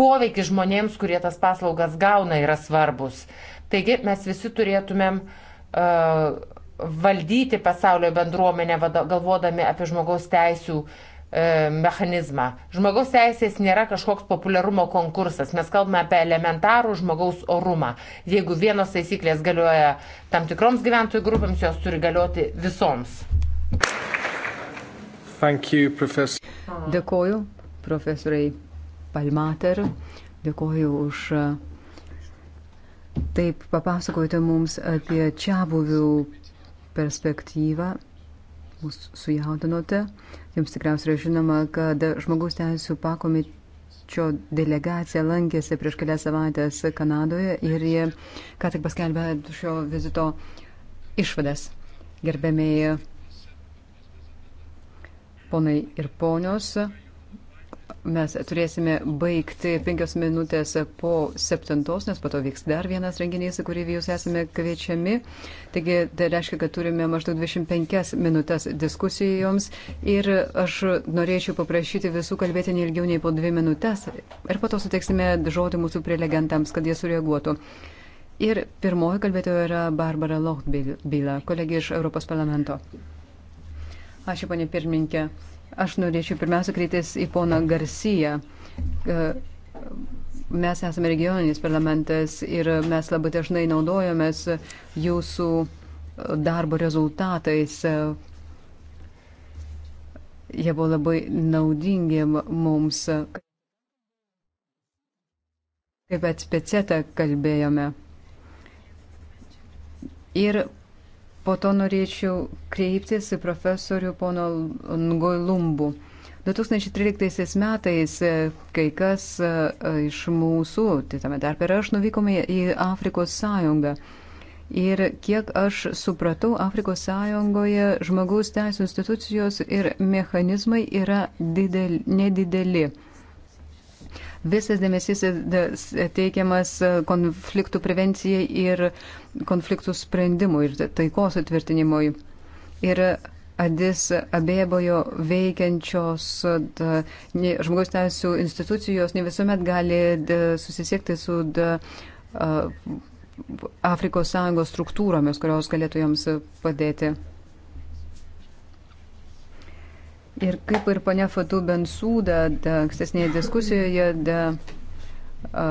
poveikis žmonėms, kurie tas paslaugas gauna, yra svarbus. Taigi mes visi turėtumėm uh, valdyti pasaulio bendruomenę, galvodami apie žmogaus teisų e, mechanizmą. Žmogaus teisės nėra kažkoks populiarumo konkursas. Mes kalbame apie elementarų žmogaus orumą. Jeigu vienos taisyklės galioja tam tikroms gyventojų grupėms, jos turi galioti visoms. Thank you, professor. Dėkoju profesoriai Palmater. Dėkoju už e, taip papasakojote mums apie čia buvių perspektyvą, mūsų sujaudinote. Jums tikriausiai yra žinoma, kad žmogaus teisų pakomitčio delegacija lankėsi prieš kelias savaitės Kanadoje ir jie ką tik paskelbė šio vizito išvadas. Gerbėmiai ponai ir ponios, mes turėsime baigti penkios minutės po septintos, nes po to vyks dar vienas renginys, į kurį jūs esame kviečiami. Taigi, tai reiškia, kad turime maždaug 25 minutės diskusijoms ir aš norėčiau paprašyti visų kalbėti neilgiau nei po dvi minutės ir po to suteiksime žodį mūsų prelegentams, kad jie sureaguotų. Ir pirmoji kalbėtoja yra Barbara Lochbila, kolegė iš Europos parlamento. Ačiū, ponė pirmininkė. Aš norėčiau pirmiausia kreiptis į poną Garciją. E, mes esame regioninis parlamentas ir mes labai dažnai naudojamės jūsų darbo rezultatais. Jie buvo labai naudingi mums, kaip atspecetą kalbėjome. Ir Po to norėčiau kreiptis į profesorių pono Ngolumbų. 2013 metais e, kai kas e, iš mūsų, tai tame tarp ir aš, nuvykome į Afrikos sąjungą. Ir kiek aš supratau, Afrikos sąjungoje žmogaus teisų institucijos ir mechanizmai yra didel, nedideli. Visas dėmesys e, e, teikiamas e, konfliktų prevencijai ir konfliktų sprendimui ir taikos atvirtinimui. Ir Adis abėbojo veikiančios da, ne, žmogaus teisų institucijos ne visuomet gali da, susisiekti su da, a, Afrikos Sąjungos struktūromis, kurios galėtų joms padėti. Ir kaip ir ponia Fatu Bensūda ankstesnėje diskusijoje da, a,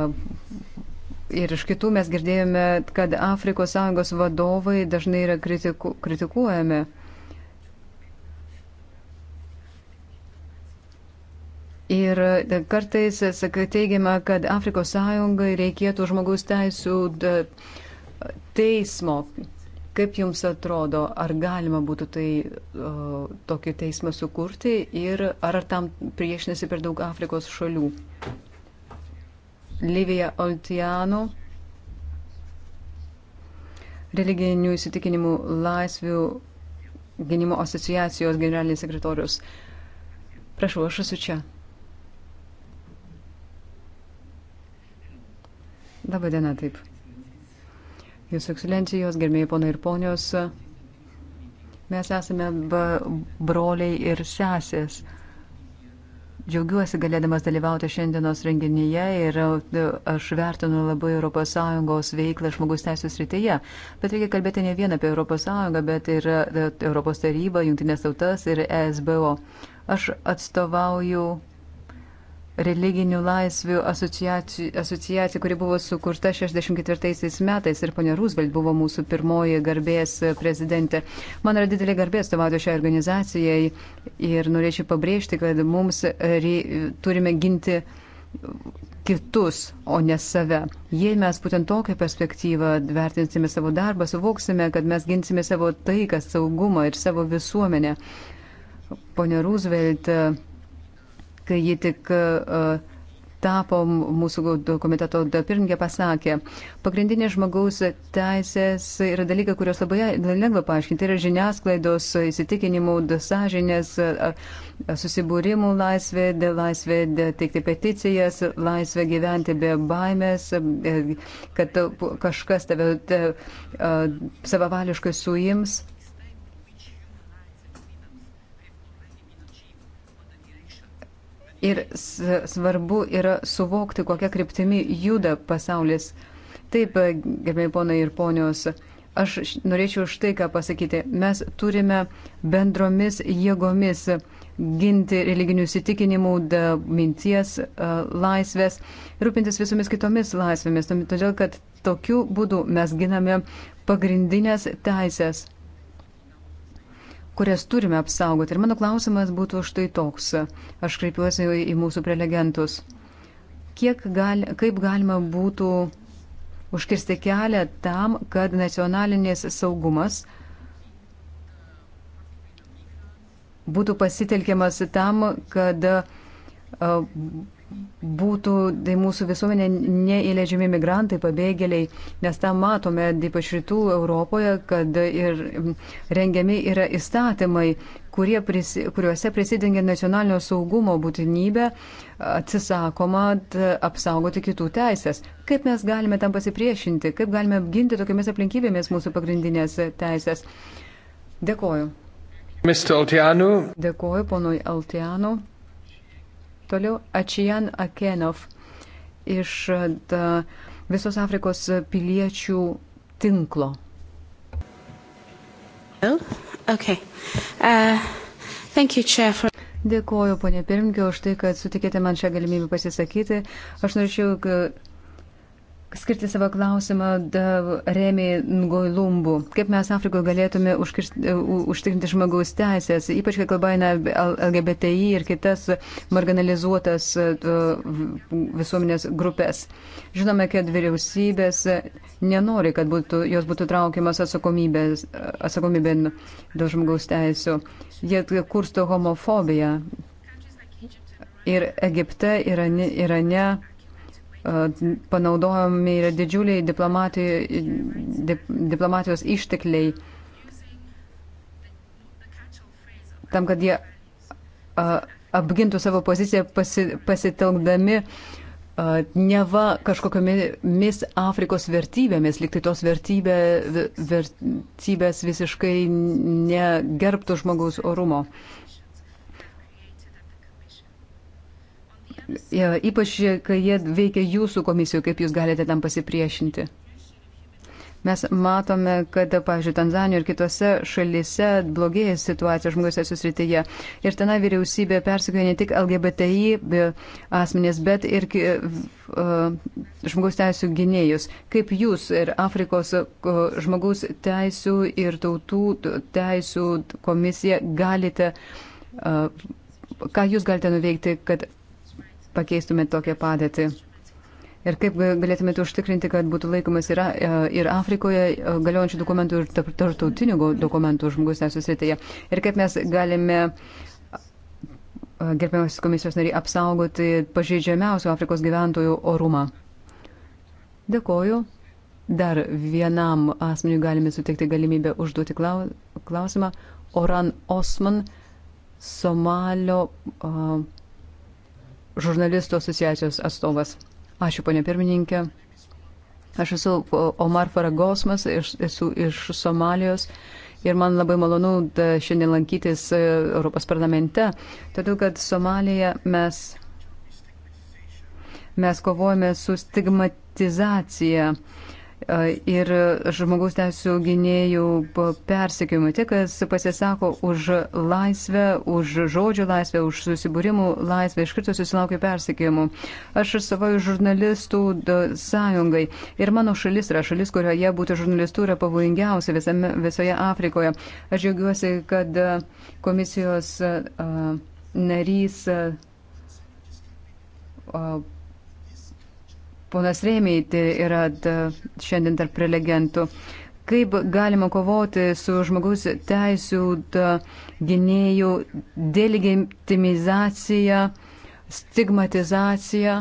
ir iš kitų mes girdėjome, kad Afrikos sąjungos vadovai dažnai yra kritiku, kritikuojami. Ir kartais sakai, teigiama, kad Afrikos sąjungai reikėtų žmogaus teisų da, teismo, Kaip Jums atrodo, ar galima būtų tai, o, tokį teismą sukurti ir ar tam priešinasi per daug Afrikos šalių? Livija Oltiano, religinių įsitikinimų laisvių gynimo asociacijos generalinis sekretorius. Prašau, aš esu čia. Labą dieną, taip. Jūsų ekscelencijos, gerbėjai ponai ir ponios, mes esame broliai ir sesės. Džiaugiuosi galėdamas dalyvauti šiandienos renginyje ir e, aš vertinu labai ES veiklą žmogus teisės rytyje. Bet reikia kalbėti ne vien apie ES, bet ir ES tarybą, Junktinės tautas ir ESBO. Aš atstovauju religinių laisvių asociacija, asociacija kuri buvo sukurta 64 metais ir ponia Roosevelt buvo mūsų pirmoji garbės prezidentė. Man yra didelė garbė atstovauti šiai organizacijai ir norėčiau pabrėžti, kad mums re, turime ginti kitus, o ne save. Jei mes būtent tokią perspektyvą vertinsime savo darbą, suvoksime, kad mes ginsime savo taiką, saugumą ir savo visuomenę. Pone Roosevelt kai ji tik e, tapo mūsų komiteto pirmininkė, pasakė, pagrindinė žmogaus teisės yra dalykai, kurios labai lengva paaiškinti. Tai yra žiniasklaidos įsitikinimų, sąžinės, e, e, susibūrimų laisvė, laisvė teikti peticijas, laisvė gyventi be baimės, kad kažkas tave savavališkai suims. Ir svarbu yra suvokti, kokia kryptimi juda pasaulis. Taip, gerbėjai ponai ir ponios, aš norėčiau štai ką pasakyti. Mes turime bendromis jėgomis ginti religinių įsitikinimų, da, minties, laisvės, rūpintis visomis kitomis laisvėmis, todėl kad tokiu būdu mes giname pagrindinės teisės kurias turime apsaugoti. Ir mano klausimas būtų štai toks. Aš kreipiuosi į mūsų prelegentus. Kiek gal, kaip galima būtų užkirsti kelią tam, kad nacionalinės saugumas būtų pasitelkiamas tam, kad uh, būtų tai mūsų visuomenė neįleidžiami migrantai, pabėgėliai, nes tą matome ypač rytų Europoje, kad ir rengiami yra įstatymai, prisi, kuriuose prisidengia nacionalinio saugumo būtinybė, atsisakoma apsaugoti kitų teisės. Kaip mes galime tam pasipriešinti, kaip galime apginti tokiamis aplinkybėmis mūsų pagrindinės teisės. Dėkoju. Dėkoju ponui Altianu. Toliau Ačijan Akenov iš da, e, visos Afrikos piliečių tinklo. Oh, okay. uh, thank you, Chair, for... Dėkuoju, ponė pirmininkė, už tai, kad sutikėte man šią galimybę pasisakyti. Aš norėčiau skirti savo klausimą Remiai Ngoilumbu. Kaip mes Afrikoje galėtume užkirst, e, užtikrinti žmogaus teisės, ypač kai kalba eina LGBTI ir kitas marginalizuotas e, visuomenės grupės. Žinome, kad vyriausybės nenori, kad būtų, jos būtų traukiamas atsakomybėn dėl žmogaus teisų. Jie kursto homofobiją. Ir Egipte, Irane. Irane panaudojami yra didžiuliai diplomatijos ištekliai tam, kad jie apgintų savo poziciją pasi, pasitelkdami neva kažkokiamis Afrikos vertybėmis, liktai tos vertybė, vertybės visiškai negerbtų žmogaus orumo. Ypač, e, kai jie veikia jūsų komisijų, kaip jūs galite tam pasipriešinti. Mes matome, kad, pavyzdžiui, Tanzanijoje ir kitose šalise blogėja situacija žmogus susrityje. Ir tenai vyriausybė persikėjo ne tik LGBTI e, asmenės, bet ir e, žmogaus teisų gynėjus. Kaip jūs ir Afrikos žmogaus teisų ir tautų teisų komisija galite ką jūs galite nuveikti, kad pakeistumėt tokią padėtį? Ir kaip galėtumėte užtikrinti, kad būtų laikomas ir, ir Afrikoje e, galiojančių dokumentų ir tarptautinių dokumentų žmogus nesusitėje? Ir kaip mes galime, gerbiamas komisijos nariai, apsaugoti pažeidžiamiausių Afrikos gyventojų orumą? Dėkoju. Dar vienam asmeniu galime suteikti galimybę užduoti klausimą. Oran Osman, Somalio. Uh, žurnalistų asociacijos atstovas. Ačiū, ponė pirmininkė. Aš esu Omar Faragosmas, esu iš Somalijos ir man labai malonu šiandien lankytis e, Europos parlamente, todėl kad Somalija mes, mes kovojame su stigmatizacija. Uh, ir žmogaus teisų gynėjų persekiojimui. Tie, kas pasisako už laisvę, už žodžio laisvę, už susibūrimų laisvę, iš karto susilaukia persekiojimų. Aš atstovauju žurnalistų sąjungai ir mano šalis yra šalis, kurioje būti žurnalistų yra pavojingiausia visame, visoje Afrikoje. Aš džiaugiuosi, kad komisijos uh, narys. Uh, Ponas Rėmėjai yra šiandien tarp prelegentų. Kaip galima kovoti su žmogaus teisų gynėjų delegitimizacija, stigmatizacija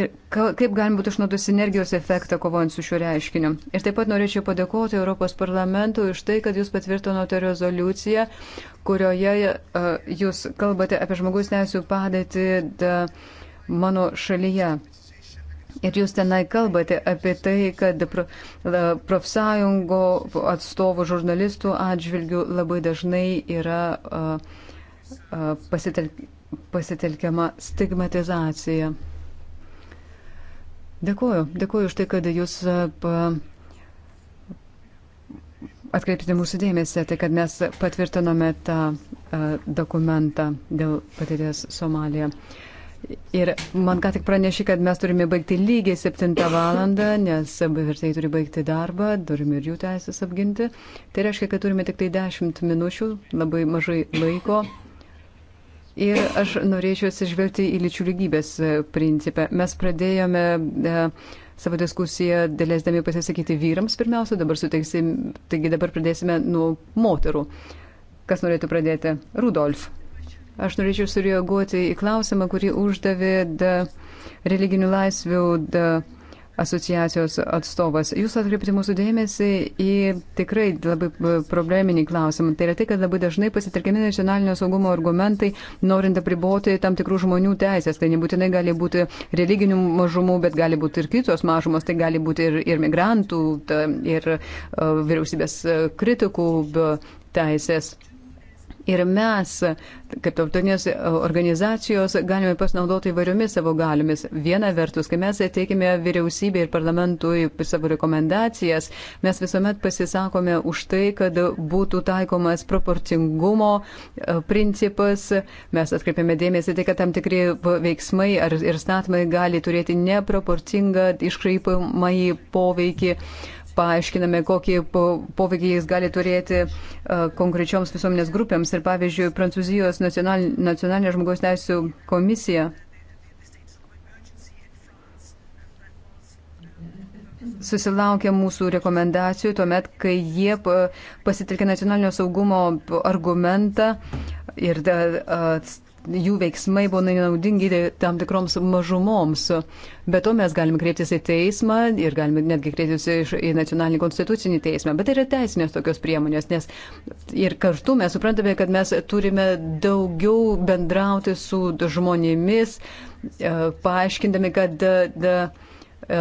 ir kaip galima būtų išnaudoti sinergijos efektą kovojant su šiuo reiškiniu. Ir taip pat norėčiau padėkoti Europos parlamentui už tai, kad jūs patvirtinote rezoliuciją, kurioje uh, jūs kalbate apie žmogaus teisų padėtį. Da, mano šalyje. Ir jūs tenai kalbate apie tai, kad profsąjungo atstovų žurnalistų atžvilgių labai dažnai yra pasitel, pasitelkiama stigmatizacija. Dėkuoju, dėkuoju už tai, kad jūs atkreipite mūsų dėmesį, tai kad mes patvirtinome tą dokumentą dėl patirties Somalijoje. Ir man ką tik pranešė, kad mes turime baigti lygiai 7 valandą, nes vertėjai turi baigti darbą, turime ir jų teisės apginti. Tai reiškia, kad turime tik tai 10 minučių, labai mažai laiko. Ir aš norėčiau atsižvelgti į lyčių lygybės principą. Mes pradėjome e, savo diskusiją, dėlėsdami pasisakyti vyrams pirmiausia, dabar suteiksim, taigi dabar pradėsime nuo moterų. Kas norėtų pradėti? Rudolf. Aš norėčiau sureaguoti į klausimą, kurį uždavė religinių laisvių asociacijos atstovas. Jūs atkreipti mūsų dėmesį į tikrai labai probleminį klausimą. Tai yra tai, kad labai dažnai pasitelkiami nacionalinio saugumo argumentai, norint apriboti tam tikrų žmonių teisės. Tai nebūtinai gali būti religinių mažumų, bet gali būti ir kitos mažumos. Tai gali būti ir, ir migrantų, ir e, vyriausybės e, kritikų teisės. Ir mes, kaip tautinės organizacijos, galime pasinaudoti įvairiomis savo galiomis. Viena vertus, kai mes teikime vyriausybė ir parlamentui savo rekomendacijas, mes visuomet pasisakome už tai, kad būtų taikomas proporcingumo e, principas. Mes atkreipiame dėmesį tai, kad tam tikri veiksmai ar ir statmai gali turėti neproporcingą iškraipamąjį poveikį. Uh, paaiškiname, kokį poveikį jis gali turėti e, konkrečioms visuomenės grupėms. Ir pavyzdžiui, Prancūzijos nacionalinė žmogaus teisų komisija susilaukė mūsų rekomendacijų tuomet, kai jie pasitikė nacionalinio saugumo argumentą ir e, jų veiksmai buvo nenaudingi tam tikroms mažumoms. Be to mes galime kreiptis į teismą ir galime netgi kreiptis į nacionalinį konstitucinį teismą. Bet tai yra teisinės tokios priemonės, nes ir kartu mes suprantame, kad mes turime daugiau bendrauti su žmonėmis, e, paaiškindami, kad da, e, da, E,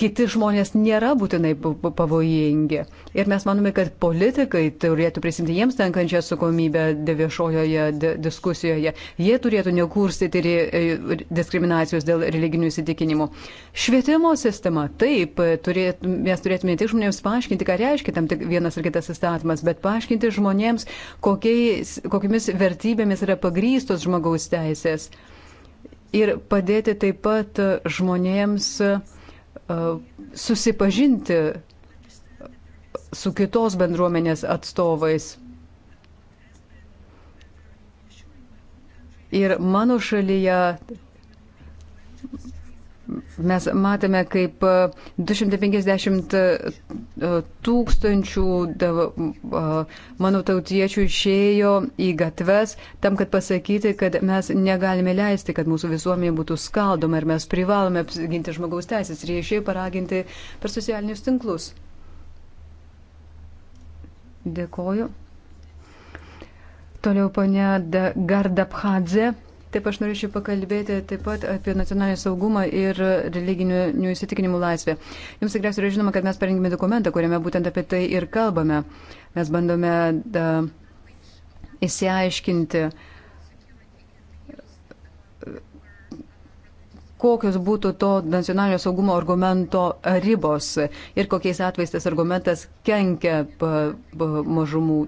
kiti žmonės nėra būtinai pavojingi. Ir mes manome, kad politikai turėtų prisimti jiems tenkančią atsakomybę viešojoje diskusijoje. Jie turėtų nekurstyti e, diskriminacijos dėl religinių įsitikinimų. Švietimo sistema, taip, turėt, mes turėtume tik žmonėms paaiškinti, ką reiškia tam tik vienas ar kitas įstatymas, bet paaiškinti žmonėms, kokiais, kokiamis vertybėmis yra pagrystos žmogaus teisės ir padėti taip pat žmonėms e, susipažinti su kitos bendruomenės atstovais. Ir mano šalyje Mes matėme, kaip 250 e, e, tūkstančių e, mano tautiečių išėjo į gatves tam, kad pasakyti, kad mes negalime leisti, kad mūsų visuomenė būtų skaldoma ir mes privalome apginti žmogaus teisės ir jie išėjo paraginti per socialinius tinklus. Dėkoju. Toliau ponia Gardabhadze. Taip aš norėčiau pakalbėti taip pat apie nacionalinį saugumą ir religinių įsitikinimų laisvę. Jums tikriausiai yra žinoma, kad mes parengėme dokumentą, kuriame būtent apie tai ir kalbame. Mes bandome da, įsiaiškinti, kokios būtų to nacionalinio saugumo argumento ribos ir kokiais atvejais tas argumentas kenkia mažumų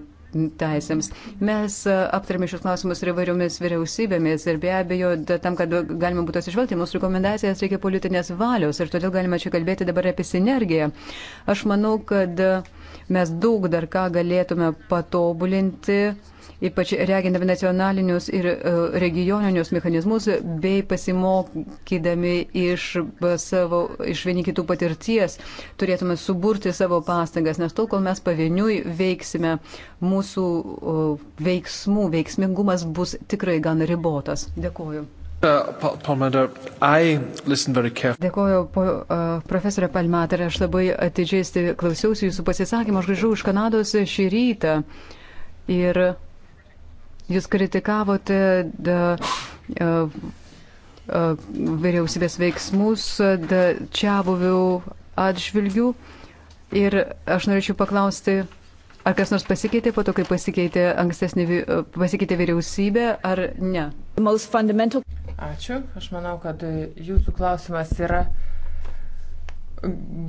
teisėms. Mes e, aptarėme šios klausimus ir įvairiomis vyriausybėmis ir be abejo, tam, kad galima būtų atsižvelgti, mūsų rekomendacijas reikia politinės valios ir todėl galima čia kalbėti dabar apie sinergiją. Aš manau, kad mes daug dar ką galėtume patobulinti ypač regindami nacionalinius ir e, regioninius mechanizmus, bei pasimokydami iš, e, savo, iš vieni kitų patirties, turėtume suburti savo pastangas, nes tol, kol mes pavieniui veiksime, mūsų veiksmų veiksmingumas bus tikrai gan ribotas. Dėkuoju. Dėkoju, uh, profesorė Palmater, aš labai atidžiai klausiausi jūsų pasisakymą, aš grįžau iš Kanados šį rytą ir Jūs kritikavote da, vyriausybės veiksmus da, čia buvių atžvilgių. Ir aš norėčiau paklausti, ar kas nors pasikeitė po to, kai pasikeitė ankstesnė pasikeitė vyriausybė, ar ne? Fundamental... Ačiū. Aš manau, kad jūsų klausimas yra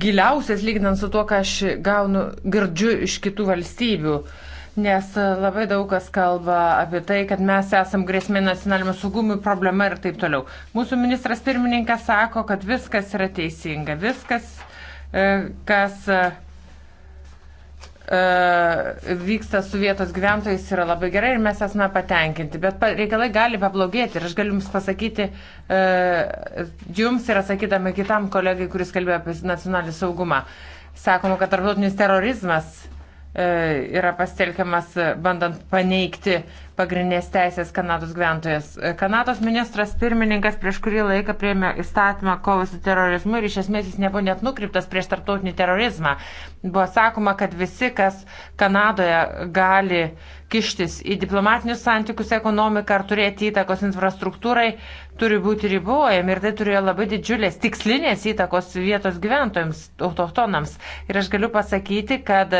giliausias lyginant su tuo, ką aš gaunu, girdžiu iš kitų valstybių. Uh, nes e, labai daug kas kalba apie tai, kad mes esam grėsmė nacionaliniam saugumui, problema ir taip toliau. Mūsų ministras pirmininkas sako, kad viskas yra teisinga, viskas, e, kas e, vyksta su vietos gyventojais yra labai gerai ir mes esame patenkinti, bet reikalai gali pablogėti ir aš galiu jums pasakyti, jums ir atsakydami kitam kolegai, kuris kalbėjo apie nacionalinį saugumą, sakoma, kad tarptautinis terorizmas E, yra pasitelkiamas bandant paneigti pagrindinės teisės Kanados gyventojas. E, Kanados ministras pirmininkas prieš kurį laiką prieimė įstatymą kovą su terorizmu ir iš esmės jis nebuvo net nukreiptas prieš tarptautinį terorizmą. Buvo sakoma, kad visi, kas Kanadoje gali kištis į diplomatinius santykius, ekonomiką ar turėti įtakos infrastruktūrai, turi būti ribojami ir tai turėjo labai didžiulės tikslinės įtakos vietos gyventojams, autochtonams. Ir aš galiu pasakyti, kad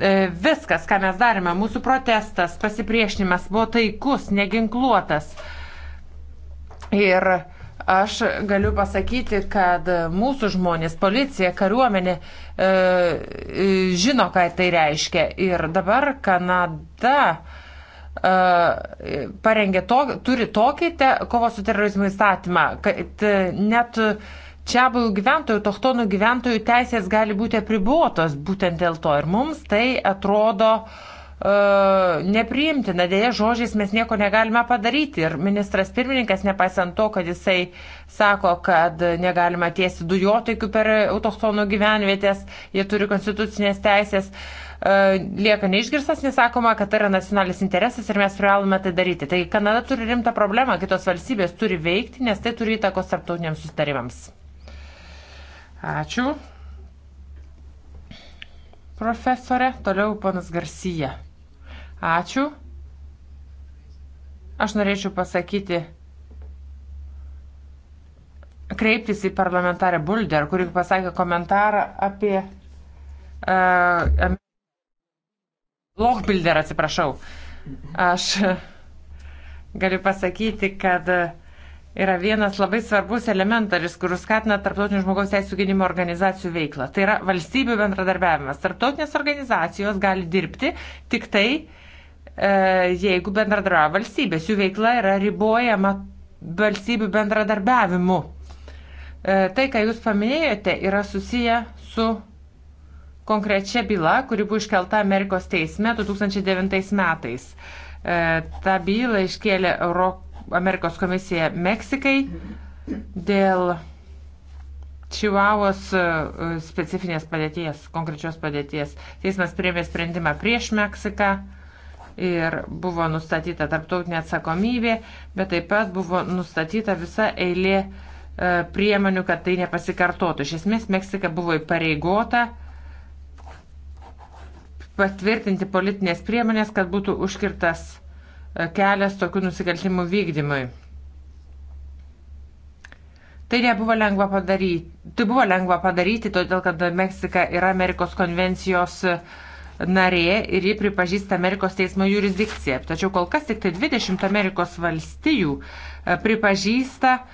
E, viskas, ką mes darėme, mūsų protestas, pasipriešinimas buvo taikus, neginkluotas. Ir aš galiu pasakyti, kad mūsų žmonės, policija, kariuomenė e, e, žino, ką tai reiškia. Ir dabar Kanada parengė to, turi tokį te, kovo su terorizmu įstatymą, kad net uh, čia buvų gyventojų, tohtonų gyventojų teisės gali būti apribuotos būtent dėl to. Ir mums tai atrodo uh, nepriimtina. Dėja, žodžiais mes nieko negalime padaryti. Ir ministras pirmininkas, nepaisant to, kad jisai sako, kad negalima tiesti dujotekių per autochtonų gyvenvietės, jie turi konstitucinės teisės, uh, lieka neišgirstas, nesakoma, kad tai yra nacionalinis interesas ir mes privalome tai daryti. Tai Kanada turi rimtą problemą, kitos valstybės turi veikti, nes tai turi įtakos tarptautiniams sustarimams. Ačiū. Profesorė, toliau panas Garcija. Ačiū. Aš norėčiau pasakyti, kreiptis į parlamentarę Bulder, kuri pasakė komentarą apie uh, Lochbilder, atsiprašau. Aš galiu pasakyti, kad uh, yra vienas labai svarbus elementaris, kuris skatina tarptautinių žmogaus teisų gynimo organizacijų veiklą. Tai yra valstybių bendradarbiavimas. Tarptautinės organizacijos gali dirbti tik tai, e, jeigu bendradarbiavo valstybės. Jų veikla yra ribojama valstybių bendradarbiavimu. E, tai, ką jūs paminėjote, yra susiję su konkrečia byla, kuri buvo iškelta Amerikos teisme 2009 metais. E, Ta byla iškėlė Europos Amerikos komisija Meksikai dėl Čivavos e, specifinės padėties, konkrečios padėties. Teismas priėmė sprendimą prieš Meksiką ir buvo nustatyta tarptautinė atsakomybė, bet taip pat buvo nustatyta visa eilė e, priemonių, kad tai nepasikartotų. Iš esmės Meksika buvo įpareigota patvirtinti politinės priemonės, kad būtų užkirtas kelias tokių nusikaltimų vykdymui. Tai nebuvo lengva padaryti. Tai buvo lengva padaryti, todėl kad Meksika yra Amerikos konvencijos narė ir ji pripažįsta Amerikos teismo jurisdikciją. Tačiau kol kas tik tai 20 Amerikos valstijų e, pripažįsta e,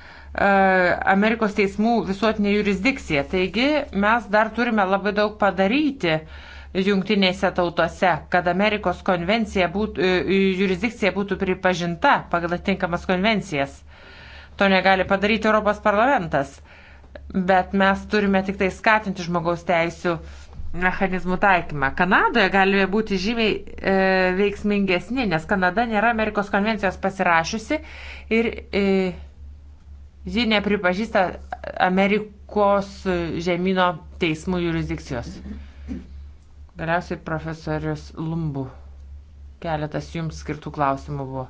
Amerikos teismų visuotinė jurisdikcija. Taigi mes dar turime labai daug padaryti jungtinėse tautose, kad Amerikos konvencija būtų, e, jurisdikcija būtų pripažinta pagal atitinkamas konvencijas. To negali padaryti Europos parlamentas, bet mes turime tik tai skatinti žmogaus teisų mechanizmų taikymą. Kanadoje gali būti žymiai e, veiksmingesni, nes Kanada nėra Amerikos konvencijos pasirašiusi ir e, ji nepripažįsta Amerikos žemynų teismų jurisdikcijos. Mhm. Galiausiai profesorius Lumbu. Keletas jums skirtų klausimų buvo.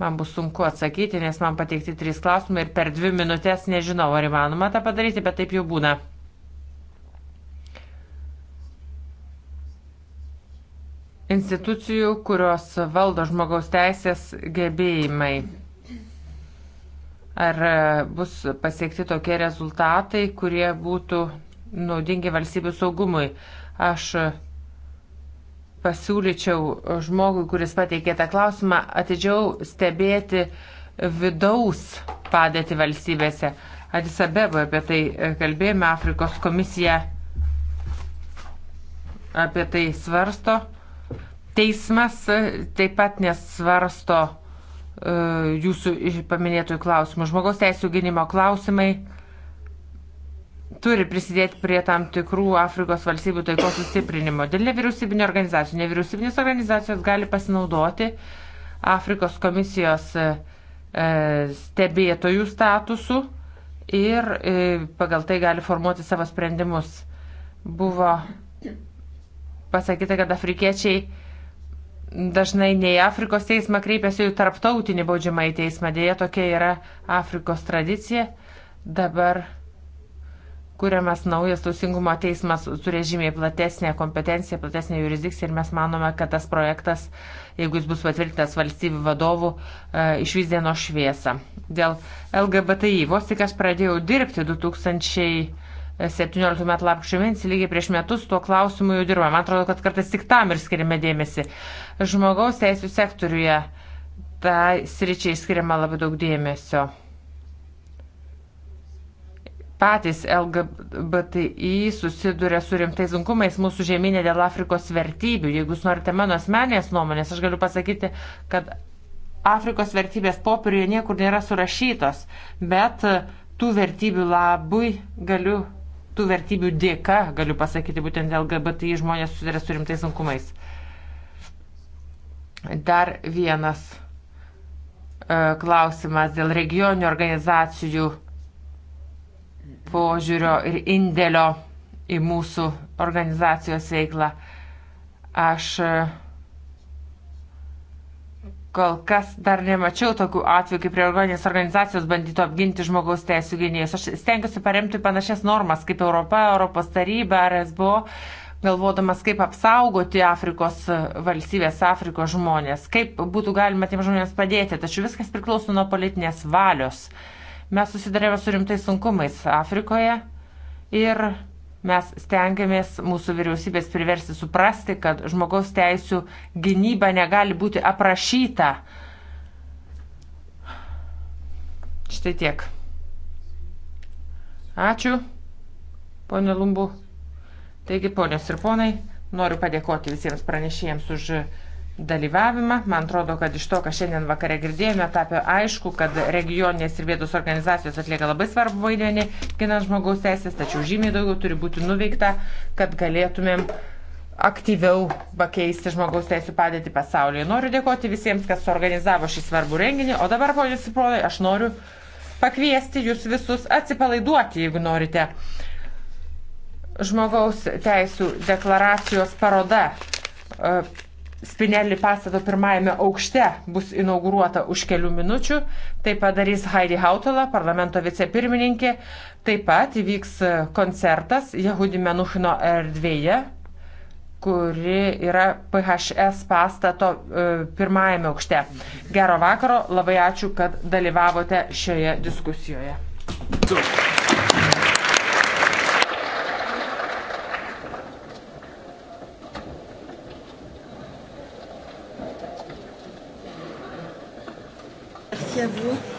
Man bus sunku atsakyti, nes man pateikti trys klausimai ir per dvi minutės nežinau, ar įmanoma tą padaryti, bet taip jau būna. Institucijų, kurios valdo žmogaus teisės gebėjimai. Ar e, bus pasiekti tokie rezultatai, kurie būtų naudingi valstybių saugumui? Aš pasiūlyčiau žmogui, kuris pateikė tą klausimą, atidžiau stebėti vidaus padėti valstybėse. Adis Abeboje apie tai kalbėjome, Afrikos komisija apie tai svarsto. Teismas taip pat nesvarsto e, jūsų paminėtųjų klausimų. Žmogaus teisų gynimo klausimai turi prisidėti prie tam tikrų Afrikos valstybių taikos sustiprinimo. Dėl nevyriausybinio organizacijų. Nevyriausybinės organizacijos gali pasinaudoti Afrikos komisijos e, e, stebėtojų statusu ir e, pagal tai gali formuoti savo sprendimus. Buvo pasakyta, kad afrikiečiai dažnai ne į Afrikos teismą kreipiasi į tarptautinį baudžiamąjį teismą. Dėja, tokia yra Afrikos tradicija. Dabar kuriamas naujas teisingumo teismas turi žymiai platesnę kompetenciją, platesnę jurisdikciją ir mes manome, kad tas projektas, jeigu jis bus patvirtintas valstybių vadovų, e, išvys dieno šviesą. Dėl LGBTI, vos tik aš pradėjau dirbti 2017 m. lapkričio mėnesį, lygiai prieš metus tuo klausimu jau dirbame. Man atrodo, kad kartais tik tam ir skiriame dėmesį. Žmogaus teisų sektoriuje tai sričiai skiriama labai daug dėmesio patys LGBTI susiduria su rimtais sunkumais mūsų žemynė dėl Afrikos vertybių. Jeigu jūs norite mano asmenės nuomonės, aš galiu pasakyti, kad Afrikos vertybės popieriuje niekur nėra surašytos, bet tų vertybių labui galiu, tų vertybių dėka galiu pasakyti, būtent LGBTI žmonės susiduria su rimtais sunkumais. Dar vienas e, klausimas dėl regioninių organizacijų požiūrio ir indėlio į mūsų organizacijos veiklą. Aš e, kol kas dar nemačiau tokių atvejų, kaip prieorganinės organizacijos bandytų apginti žmogaus teisų gynėjus. Aš stengiuosi paremti panašias normas kaip Europa, Europos taryba ar SBO, galvodamas, kaip apsaugoti Afrikos e, valstybės, Afrikos žmonės, kaip būtų galima tiem žmonėms padėti. Tačiau viskas priklauso nuo politinės valios. Uh, Mes susidarėme su rimtais sunkumais Afrikoje ir mes stengiamės mūsų vyriausybės priversti suprasti, kad žmogaus teisų gynyba negali būti aprašyta. Štai tiek. Ačiū, ponė Lumbu. Taigi, ponės ir ponai, noriu padėkoti visiems pranešėjams už dalyvavimą. Man atrodo, kad iš to, ką šiandien vakare girdėjome, tapė aišku, kad regioninės ir vietos organizacijos atlieka labai svarbu vaidmenį, ginant žmogaus teisės, tačiau žymiai daugiau turi būti nuveikta, kad galėtumėm aktyviau pakeisti žmogaus teisų padėtį pasaulyje. Noriu dėkoti visiems, kas suorganizavo šį svarbų renginį, o dabar, ponė Siprolai, aš noriu pakviesti jūs visus atsipalaiduoti, jeigu norite. Žmogaus teisų deklaracijos paroda e, Spinelli pastato pirmajame aukšte bus inauguruota už kelių minučių. Tai padarys Heidi Hautala, parlamento vicepirmininkė. Taip pat įvyks koncertas Jehudi Menuchino erdvėje, kuri yra PHS pastato e, pirmajame aukšte. Gero vakaro, labai ačiū, kad dalyvavote šioje diskusijoje. So. merci à vous.